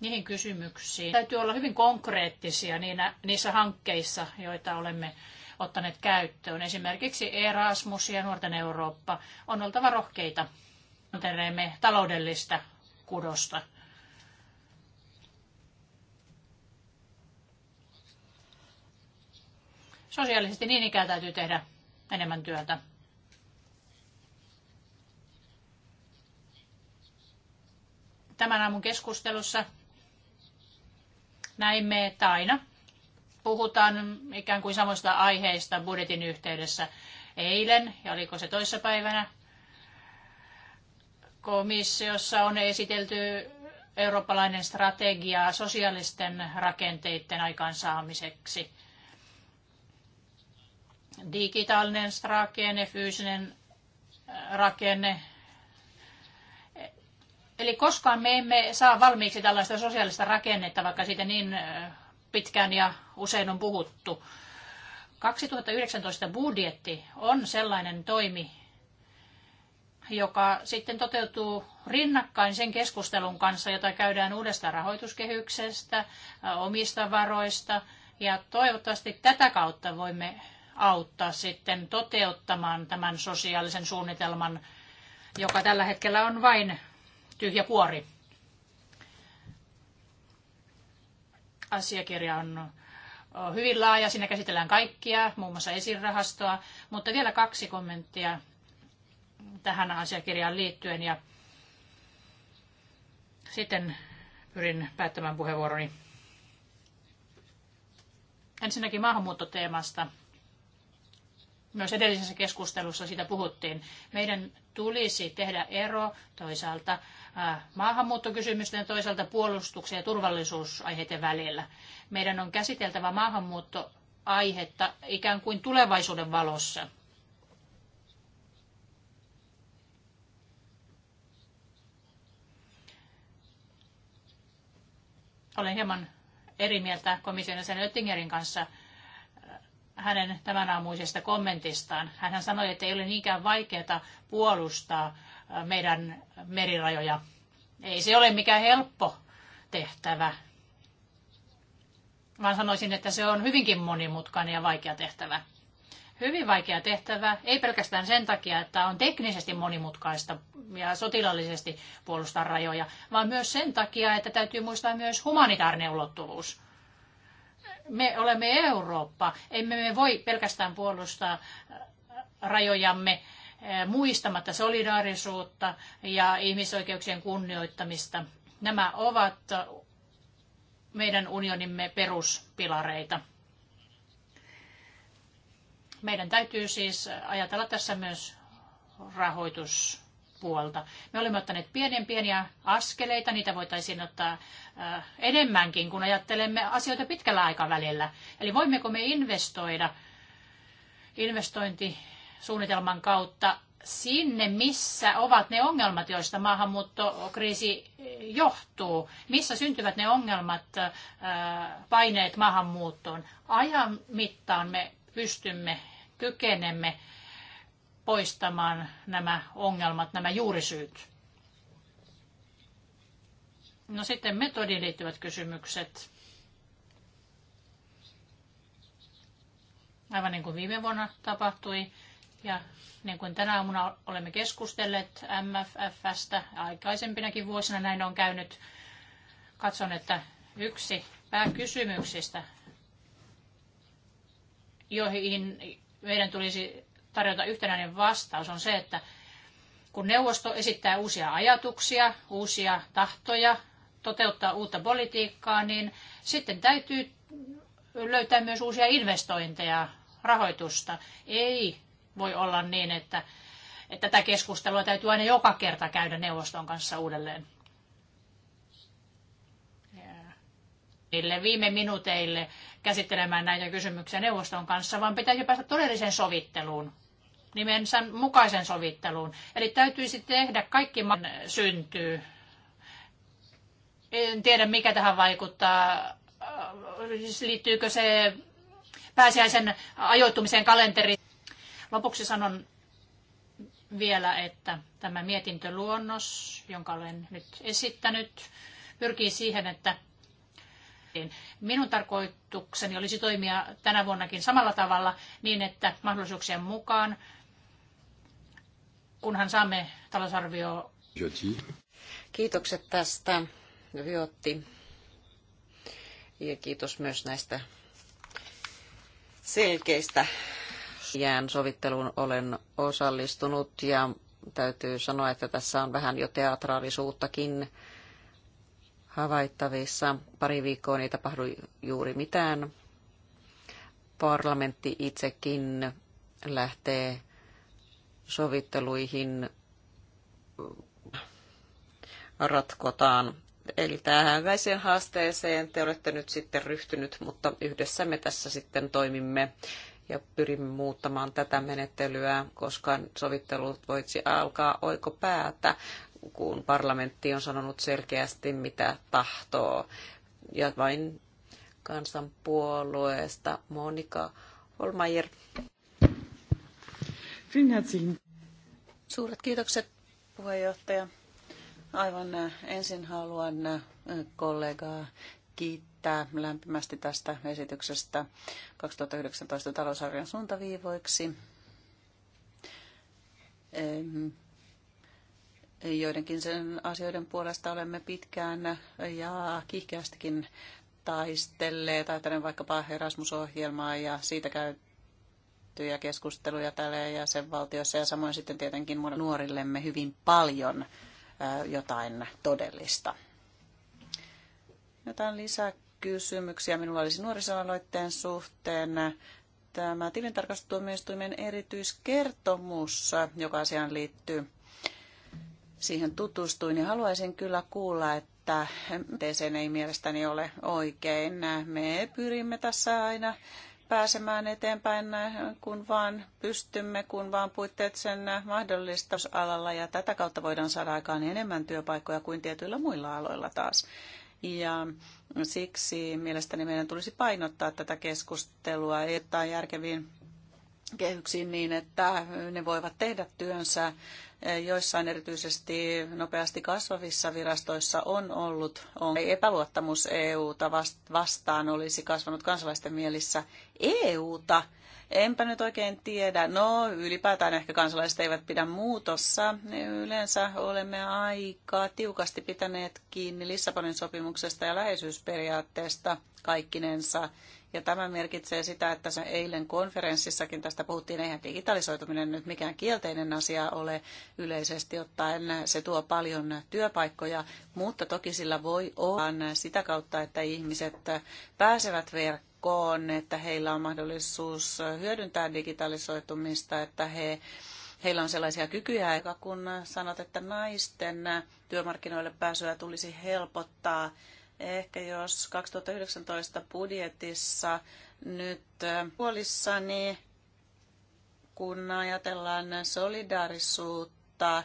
niihin kysymyksiin. Täytyy olla hyvin konkreettisia niissä hankkeissa, joita olemme ottaneet käyttöön. Esimerkiksi Erasmus ja Nuorten Eurooppa on oltava rohkeita teemme taloudellista kudosta. Sosiaalisesti niin ikään täytyy tehdä enemmän työtä. Tämän aamun keskustelussa näimme, että aina puhutaan ikään kuin samoista aiheista budjetin yhteydessä eilen, ja oliko se toissapäivänä. Komissiossa on esitelty eurooppalainen strategia sosiaalisten rakenteiden aikaansaamiseksi. Digitaalinen rakenne, fyysinen äh, rakenne. Eli koskaan me emme saa valmiiksi tällaista sosiaalista rakennetta, vaikka siitä niin äh, pitkään ja usein on puhuttu. 2019 budjetti on sellainen toimi, joka sitten toteutuu rinnakkain sen keskustelun kanssa, jota käydään uudesta rahoituskehyksestä, omista varoista. Ja toivottavasti tätä kautta voimme auttaa sitten toteuttamaan tämän sosiaalisen suunnitelman, joka tällä hetkellä on vain tyhjä kuori. asiakirja on hyvin laaja, siinä käsitellään kaikkia, muun muassa esirahastoa, mutta vielä kaksi kommenttia tähän asiakirjaan liittyen ja sitten pyrin päättämään puheenvuoroni. Ensinnäkin maahanmuuttoteemasta myös edellisessä keskustelussa sitä puhuttiin. Meidän tulisi tehdä ero toisaalta maahanmuuttokysymysten ja toisaalta puolustuksen ja turvallisuusaiheiden välillä. Meidän on käsiteltävä maahanmuuttoaihetta ikään kuin tulevaisuuden valossa. Olen hieman eri mieltä komission jäsen Oettingerin kanssa – hänen tämän aamuisesta kommentistaan. Hän sanoi, että ei ole niinkään vaikeaa puolustaa meidän merirajoja. Ei se ole mikään helppo tehtävä, vaan sanoisin, että se on hyvinkin monimutkainen ja vaikea tehtävä. Hyvin vaikea tehtävä, ei pelkästään sen takia, että on teknisesti monimutkaista ja sotilaallisesti puolustaa rajoja, vaan myös sen takia, että täytyy muistaa myös humanitaarinen ulottuvuus – me olemme Eurooppa. Emme me voi pelkästään puolustaa äh, rajojamme äh, muistamatta solidaarisuutta ja ihmisoikeuksien kunnioittamista. Nämä ovat meidän unionimme peruspilareita. Meidän täytyy siis ajatella tässä myös rahoitus puolta. Me olemme ottaneet pienen pieniä askeleita, niitä voitaisiin ottaa äh, enemmänkin, kun ajattelemme asioita pitkällä aikavälillä. Eli voimmeko me investoida investointisuunnitelman kautta sinne, missä ovat ne ongelmat, joista maahanmuuttokriisi johtuu, missä syntyvät ne ongelmat, äh, paineet maahanmuuttoon. Ajan mittaan me pystymme, kykenemme poistamaan nämä ongelmat, nämä juurisyyt. No sitten metodiin liittyvät kysymykset. Aivan niin kuin viime vuonna tapahtui ja niin kuin tänä aamuna olemme keskustelleet MFFstä, aikaisempinakin vuosina näin on käynyt, katson, että yksi pääkysymyksistä, joihin meidän tulisi tarjota yhtenäinen vastaus, on se, että kun neuvosto esittää uusia ajatuksia, uusia tahtoja, toteuttaa uutta politiikkaa, niin sitten täytyy löytää myös uusia investointeja, rahoitusta. Ei voi olla niin, että, että tätä keskustelua täytyy aina joka kerta käydä neuvoston kanssa uudelleen. viime minuuteille käsittelemään näitä kysymyksiä neuvoston kanssa, vaan pitäisi päästä todelliseen sovitteluun nimensä mukaisen sovitteluun. Eli täytyisi tehdä kaikki ma- syntyy. En tiedä, mikä tähän vaikuttaa. Siis liittyykö se pääsiäisen ajoittumiseen kalenteriin? Lopuksi sanon vielä, että tämä mietintöluonnos, jonka olen nyt esittänyt, pyrkii siihen, että Minun tarkoitukseni olisi toimia tänä vuonnakin samalla tavalla niin, että mahdollisuuksien mukaan kunhan saamme talousarvio. Kiitokset tästä,
Viotti. Ja kiitos myös näistä
selkeistä
jään sovitteluun olen osallistunut ja täytyy sanoa, että tässä on vähän jo teatraalisuuttakin havaittavissa. Pari viikkoa ei tapahdu juuri mitään. Parlamentti itsekin lähtee sovitteluihin ratkotaan. Eli tähän väiseen haasteeseen te olette nyt sitten ryhtynyt, mutta yhdessä me tässä sitten toimimme ja pyrimme muuttamaan tätä menettelyä, koska sovittelut voisi alkaa oikopäätä, kun parlamentti on sanonut selkeästi, mitä tahtoo. Ja vain kansanpuolueesta
Monika Holmeier. Suuret kiitokset puheenjohtaja. Aivan äh, ensin haluan äh, kollegaa kiittää lämpimästi tästä esityksestä 2019 talousarvion suuntaviivoiksi. Joidenkin sen asioiden puolesta olemme pitkään ja kiihkeästikin taistelleet, ajatellen vaikkapa Erasmus-ohjelmaa ja siitä käy, käytyjä keskusteluja täällä jäsenvaltioissa ja samoin sitten tietenkin nuorillemme hyvin paljon jotain todellista. Jotain lisäkysymyksiä minulla olisi nuorisoaloitteen suhteen. Tämä tilintarkastustuomioistuimen erityiskertomus, joka asiaan liittyy, siihen tutustuin ja haluaisin kyllä kuulla, että teeseen ei mielestäni ole oikein. Me pyrimme tässä aina pääsemään eteenpäin, kun vaan pystymme, kun vaan puitteet sen mahdollistusalalla ja tätä kautta voidaan saada aikaan enemmän työpaikkoja kuin tietyillä muilla aloilla taas. Ja siksi mielestäni meidän tulisi painottaa tätä keskustelua että järkeviin kehyksiin niin, että ne voivat tehdä työnsä. Joissain erityisesti nopeasti kasvavissa virastoissa on ollut on epäluottamus e ta vastaan olisi kasvanut kansalaisten mielissä EU-ta. Enpä nyt oikein tiedä. No, ylipäätään ehkä kansalaiset eivät pidä muutossa. Yleensä olemme aika tiukasti pitäneet kiinni Lissabonin sopimuksesta ja läheisyysperiaatteesta kaikkinensa. Ja tämä merkitsee sitä, että se eilen konferenssissakin tästä puhuttiin, eihän digitalisoituminen nyt mikään kielteinen asia ole yleisesti ottaen. Se tuo paljon työpaikkoja, mutta toki sillä voi olla sitä kautta, että ihmiset pääsevät verkkoon, että heillä on mahdollisuus hyödyntää digitalisoitumista, että he heillä on sellaisia kykyjä, kun sanot, että naisten työmarkkinoille pääsyä tulisi helpottaa, Ehkä jos 2019 budjetissa nyt puolissani, kun ajatellaan solidaarisuutta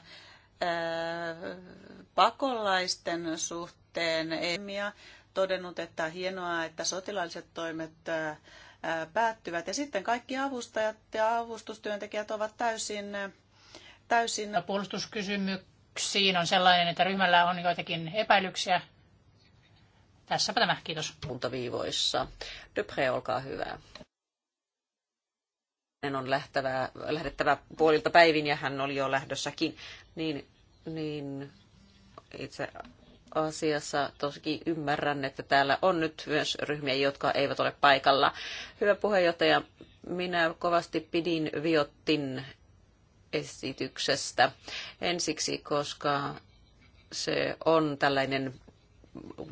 pakolaisten suhteen, EMIA todennut, että hienoa, että sotilaalliset toimet päättyvät. Ja sitten kaikki avustajat ja avustustyöntekijät ovat täysin...
täysin... Puolustuskysymyksiin on sellainen, että ryhmällä on joitakin epäilyksiä Tässäpä tämä, kiitos.
Puntaviivoissa. Depre, olkaa hyvä. Hänen on lähtevä, lähdettävä puolilta päivin ja hän oli jo lähdössäkin. Niin, niin itse asiassa toki ymmärrän, että täällä on nyt myös ryhmiä, jotka eivät ole paikalla. Hyvä puheenjohtaja, minä kovasti pidin Viottin esityksestä ensiksi, koska se on tällainen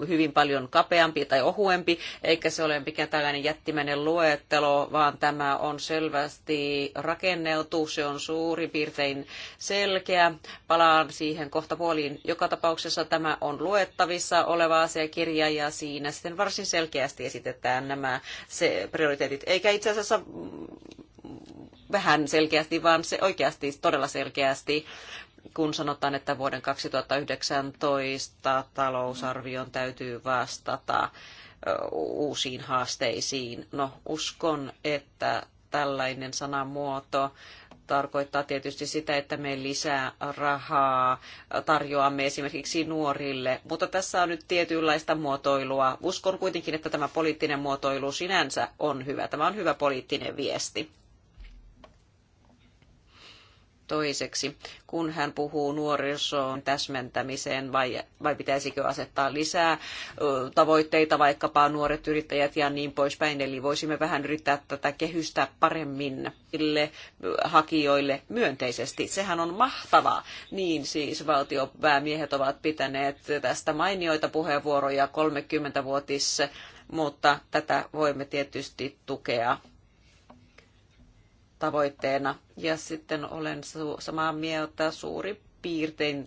hyvin paljon kapeampi tai ohuempi, eikä se ole mikään tällainen jättimäinen luettelo, vaan tämä on selvästi rakenneltu, se on suurin piirtein selkeä. Palaan siihen kohta puoliin. Joka tapauksessa tämä on luettavissa oleva asiakirja ja siinä sitten varsin selkeästi esitetään nämä se prioriteetit, eikä itse asiassa mm, vähän selkeästi, vaan se oikeasti todella selkeästi kun sanotaan, että vuoden 2019 talousarvion täytyy vastata uusiin haasteisiin. No, uskon, että tällainen sanamuoto tarkoittaa tietysti sitä, että me lisää rahaa tarjoamme esimerkiksi nuorille, mutta tässä on nyt tietynlaista muotoilua. Uskon kuitenkin, että tämä poliittinen muotoilu sinänsä on hyvä. Tämä on hyvä poliittinen viesti. Toiseksi, kun hän puhuu nuorisoon täsmentämiseen vai, vai pitäisikö asettaa lisää tavoitteita, vaikkapa nuoret yrittäjät ja niin poispäin, eli voisimme vähän yrittää tätä kehystää paremmin hakijoille myönteisesti. Sehän on mahtavaa. Niin siis valtiopäämiehet ovat pitäneet tästä mainioita puheenvuoroja 30-vuotis mutta tätä voimme tietysti tukea tavoitteena. Ja sitten olen samaa mieltä suuri piirtein